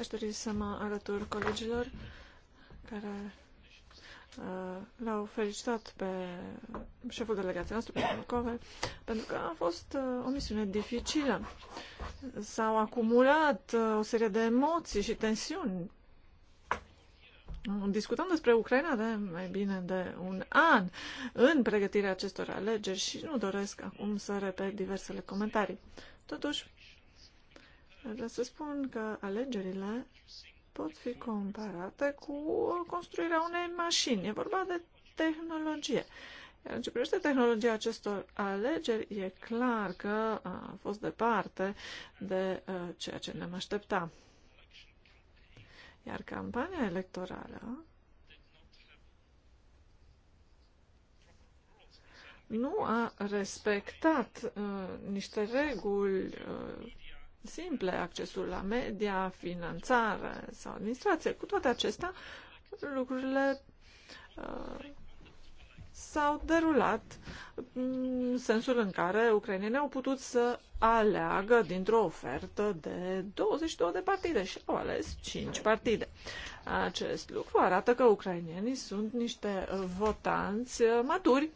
Aș dori să mă alătur colegilor care uh, l-au felicitat pe șeful delegației noastre, pe Covel, pentru că a fost uh, o misiune dificilă. S-au acumulat uh, o serie de emoții și tensiuni Discutăm despre Ucraina de mai bine de un an în pregătirea acestor alegeri și nu doresc acum să repet diversele comentarii. Totuși, vreau să spun că alegerile pot fi comparate cu construirea unei mașini. E vorba de tehnologie. Iar în ce privește tehnologia acestor alegeri, e clar că a fost departe de uh, ceea ce ne-am aștepta. Iar campania electorală nu a respectat uh, niște reguli uh, simple, accesul la media, finanțare sau administrație. Cu toate acestea, lucrurile uh, s-au derulat în sensul în care ucrainienii au putut să aleagă dintr-o ofertă de 22 de partide și au ales 5 partide. Acest lucru arată că ucrainienii sunt niște votanți maturi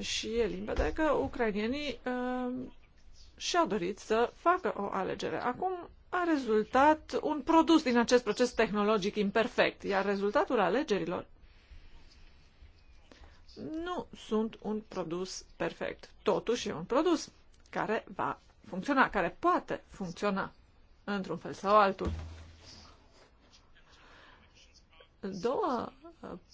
și e limpede că ucrainienii uh, și-au dorit să facă o alegere. Acum a rezultat un produs din acest proces tehnologic imperfect, iar rezultatul alegerilor nu sunt un produs perfect. Totuși e un produs care va funcționa, care poate funcționa într-un fel sau altul. Două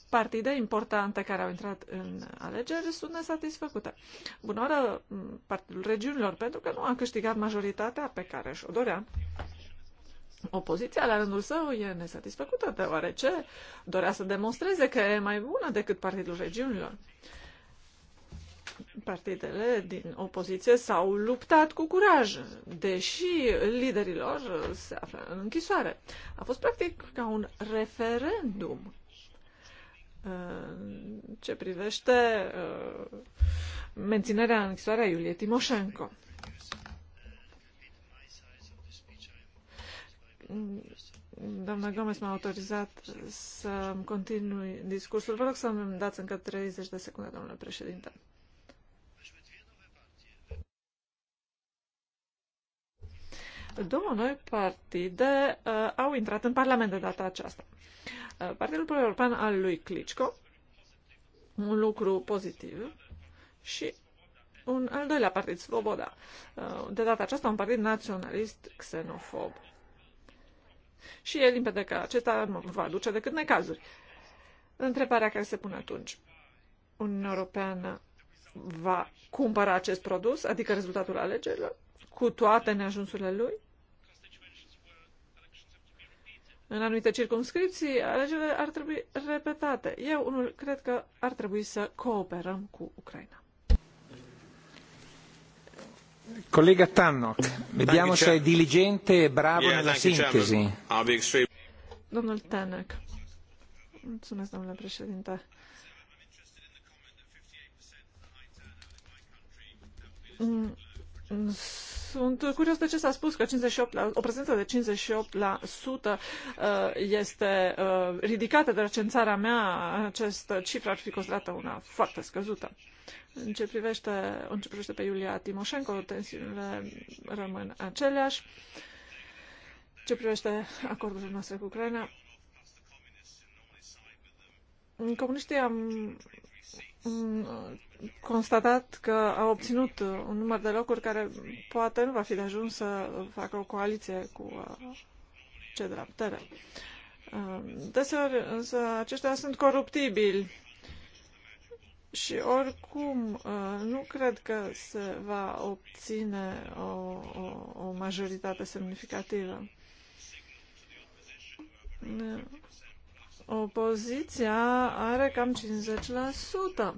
partide importante care au intrat în alegeri sunt nesatisfăcute. Bună oară Partidul Regiunilor, pentru că nu a câștigat majoritatea pe care și-o dorea Opoziția, la rândul său, e nesatisfăcută, deoarece dorea să demonstreze că e mai bună decât Partidul Regiunilor. Partidele din opoziție s-au luptat cu curaj, deși liderilor se află în închisoare. A fost practic ca un referendum uh, ce privește uh, menținerea în închisoarea Iulie Timoșenko. doamna Gomez m-a autorizat să continui discursul. Vă rog să îmi dați încă 30 de secunde, domnule președinte. Două noi partide uh, au intrat în Parlament de data aceasta. Uh, Partidul European al lui Klitschko, un lucru pozitiv, și un al doilea partid, Svoboda. Uh, de data aceasta un partid naționalist xenofob. Uh, și e limpede că acesta nu va aduce decât necazuri. Întrebarea care se pune atunci. Uniunea Europeană va cumpăra acest produs, adică rezultatul alegerilor, cu toate neajunsurile lui? În anumite circumscripții, alegerile ar trebui repetate. Eu, unul, cred că ar trebui să cooperăm cu Ucraina. Collega Tannock, vediamo se è diligente e bravo nella sintesi. Domnul Tannock. Mulțumesc, domnule președinte. Mm, sunt curios de ce s-a spus că 58 la, o prezență de 58% uh, este uh, ridicată, de recențarea mea această cifră ar fi considerată una foarte scăzută. În ce privește, în ce privește pe Iulia Timoșenko, tensiunile rămân aceleași. Ce privește acordurile noastre cu Ucraina, comuniștii am Mm, constatat că au obținut un număr de locuri care poate nu va fi de ajuns să facă o coaliție cu uh, cei de la putere. Uh, deseori, însă, aceștia sunt coruptibili și oricum uh, nu cred că se va obține o, o, o majoritate semnificativă. Opoziția are cam 50% uh,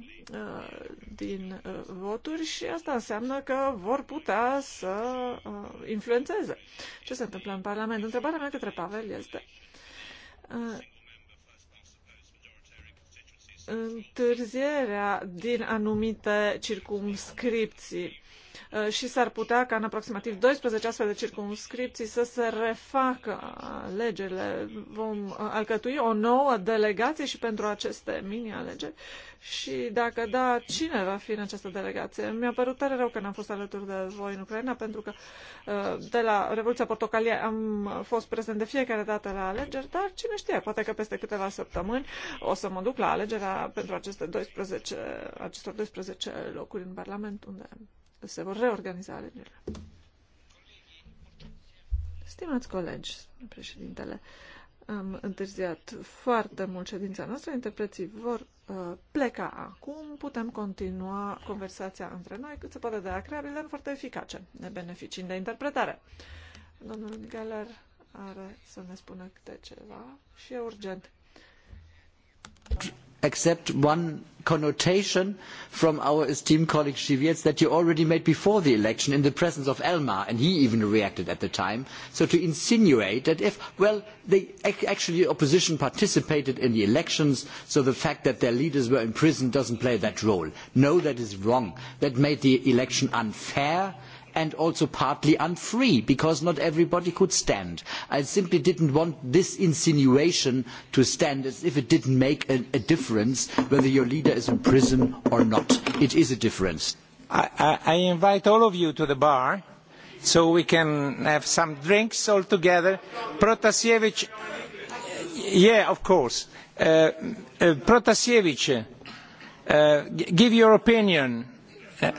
din uh, voturi și asta înseamnă că vor putea să uh, influențeze ce se întâmplă în Parlament. Întrebarea mea către Pavel este întârzierea din anumite circumscripții Uh, și s-ar putea ca în aproximativ 12 astfel de circunscripții să se refacă alegerile. Vom uh, alcătui o nouă delegație și pentru aceste mini-alegeri și dacă da, cine va fi în această delegație? Mi-a părut tare rău că n-am fost alături de voi în Ucraina pentru că uh, de la Revoluția Portocalie am fost prezent de fiecare dată la alegeri, dar cine știe, poate că peste câteva săptămâni o să mă duc la alegerea pentru aceste 12, acestor 12 locuri în Parlament unde se vor reorganiza alegerile. Stimați colegi, președintele, am întârziat foarte mult ședința noastră, interpreții vor uh, pleca acum, putem continua conversația între noi cât se poate de acreabile, foarte eficace, ne beneficiind de interpretare. Domnul Geller are să ne spună câte ceva și e urgent accept one connotation from our esteemed colleague Schivierz that you already made before the election in the presence of Elmar, and he even reacted at the time. So to insinuate that if, well, actually opposition participated in the elections, so the fact that their leaders were in prison doesn't play that role. No, that is wrong. That made the election unfair and also partly unfree because not everybody could stand. I simply didn't want this insinuation to stand as if it didn't make a, a difference whether your leader is in prison or not. It is a difference. I, I, I invite all of you to the bar so we can have some drinks all together. Protasevich, yeah, of course. Uh, uh, Protasevich, uh, give your opinion. Uh,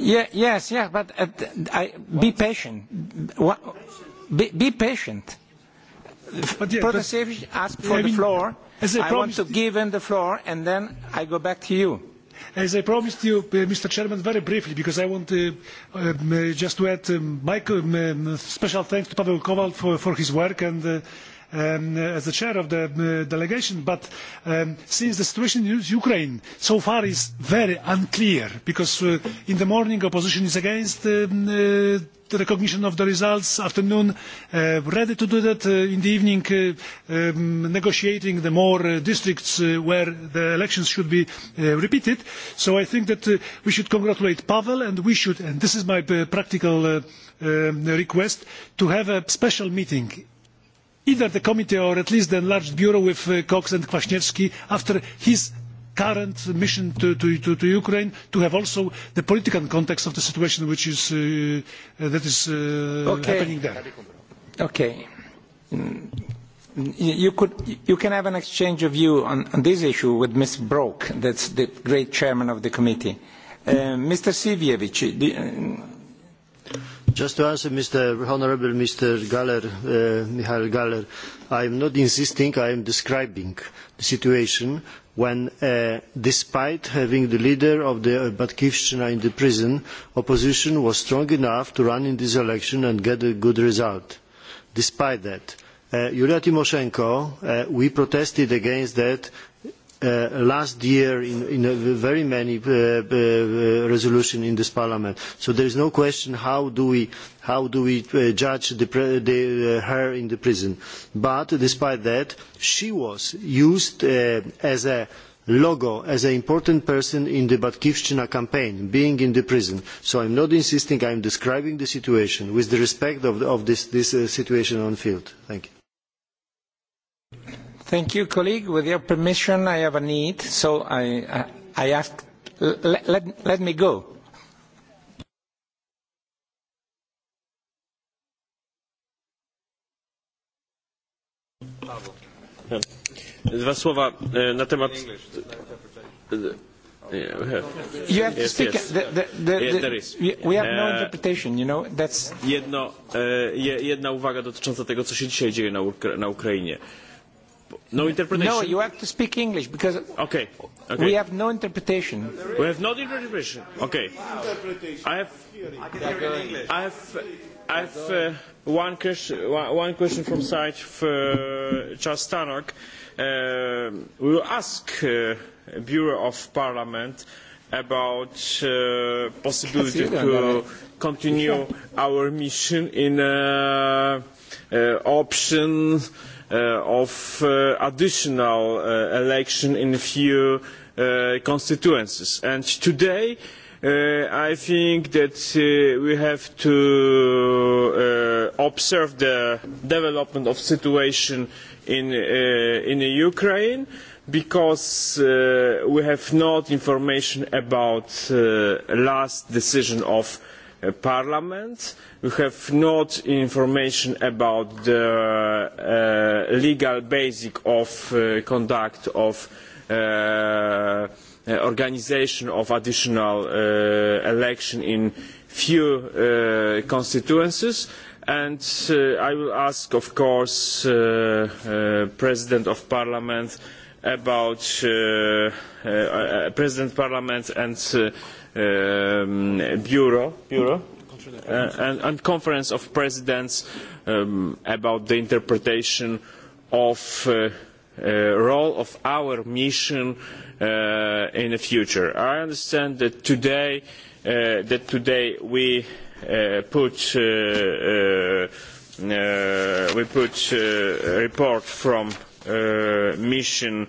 yes, yeah, but uh, be patient. be, patient. Protasevich asked for the floor. As I, promised, want to give him the floor, and then I go back to you. As I promised you, uh, Mr. Chairman, very briefly, because I want uh, um, just to add my um, um, special thanks to Pavel Kowal for, his work and um, as the chair of the uh, delegation, but um, since the situation in Ukraine so far is very unclear, because uh, in the morning opposition is against um, uh, the recognition of the results afternoon uh, ready to do that uh, in the evening uh, um, negotiating the more uh, districts where the elections should be repeated so i think that we should congratulate pavel and we should and this is my practical um, request to have a special meeting either the committee or at least the enlarged bureau with uh, Cox and Kwasniewski after his current mission to, to, to, to, Ukraine to have also the political context of the situation which is, uh, uh that is uh, okay. happening there. Okay. Mm, you, could, you can have an exchange of view on, on this issue with Ms. Brok, that's the great chairman of the committee. Uh, Mr. Sivievich, Just to answer Mr. Honorable Mr. Galler, uh, Michael Galler, I am not insisting, I am describing the situation when, uh, despite having the leader of the uh, Batkivshchina in the prison, opposition was strong enough to run in this election and get a good result. Despite that, uh, Yulia Tymoshenko, uh, we protested against that Uh, last year in, in very many uh, uh, resolutions in this parliament. So there is no question how do we, how do we uh, judge the, the, uh, her in the prison. But despite that, she was used as a logo as an important person in the Batkivshchina campaign, being in the prison. So I'm not insisting, I'm describing the situation with the respect of, the, of this, this situation on field. Thank you. Thank you, colleague. With your permission, I have a need, so I, I, I ask, let, let, let me go. Dwa słowa na temat. You have to speak. Yes, yes. The, the, the, there is. We have no interpretation, you know. That's... Jedno, jedna uwaga dotycząca tego, co się dzisiaj dzieje na, Ukra na Ukrainie. No interpretation? No, you have to speak English because okay. okay. we have no interpretation. We have no interpretation. Okay. I have, I have, I have uh, one, question, one question from side for Charles Tannock. Uh, we will ask uh, Bureau of Parliament about uh, possibility to continue our mission in uh, uh, option Uh, of uh, additional uh, election in a few constituencies. And today, Uh, I think that uh, we have to uh, observe the development of situation in, in Ukraine because we have not information about the last decision of Uh, parliaments We have not information about the uh, legal basis of uh, conduct of organisation of additional election in few constituencies and uh, I will ask, of course, uh, uh, President of Parliament about President Parliament and Um, bureau, Bureau? Uh, and, and Conference of Presidents um, about the interpretation of uh, Uh, role of our mission uh, in the future. I understand that today, uh, that today we uh, put uh, uh, we put a report from mission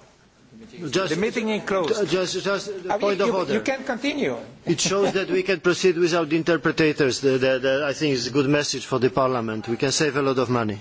Just, the meeting is closed. Just, just I point you, of order. You can continue. it shows that we can proceed without interpreters. The, the, the, I think it's a good message for the Parliament. We can save a lot of money.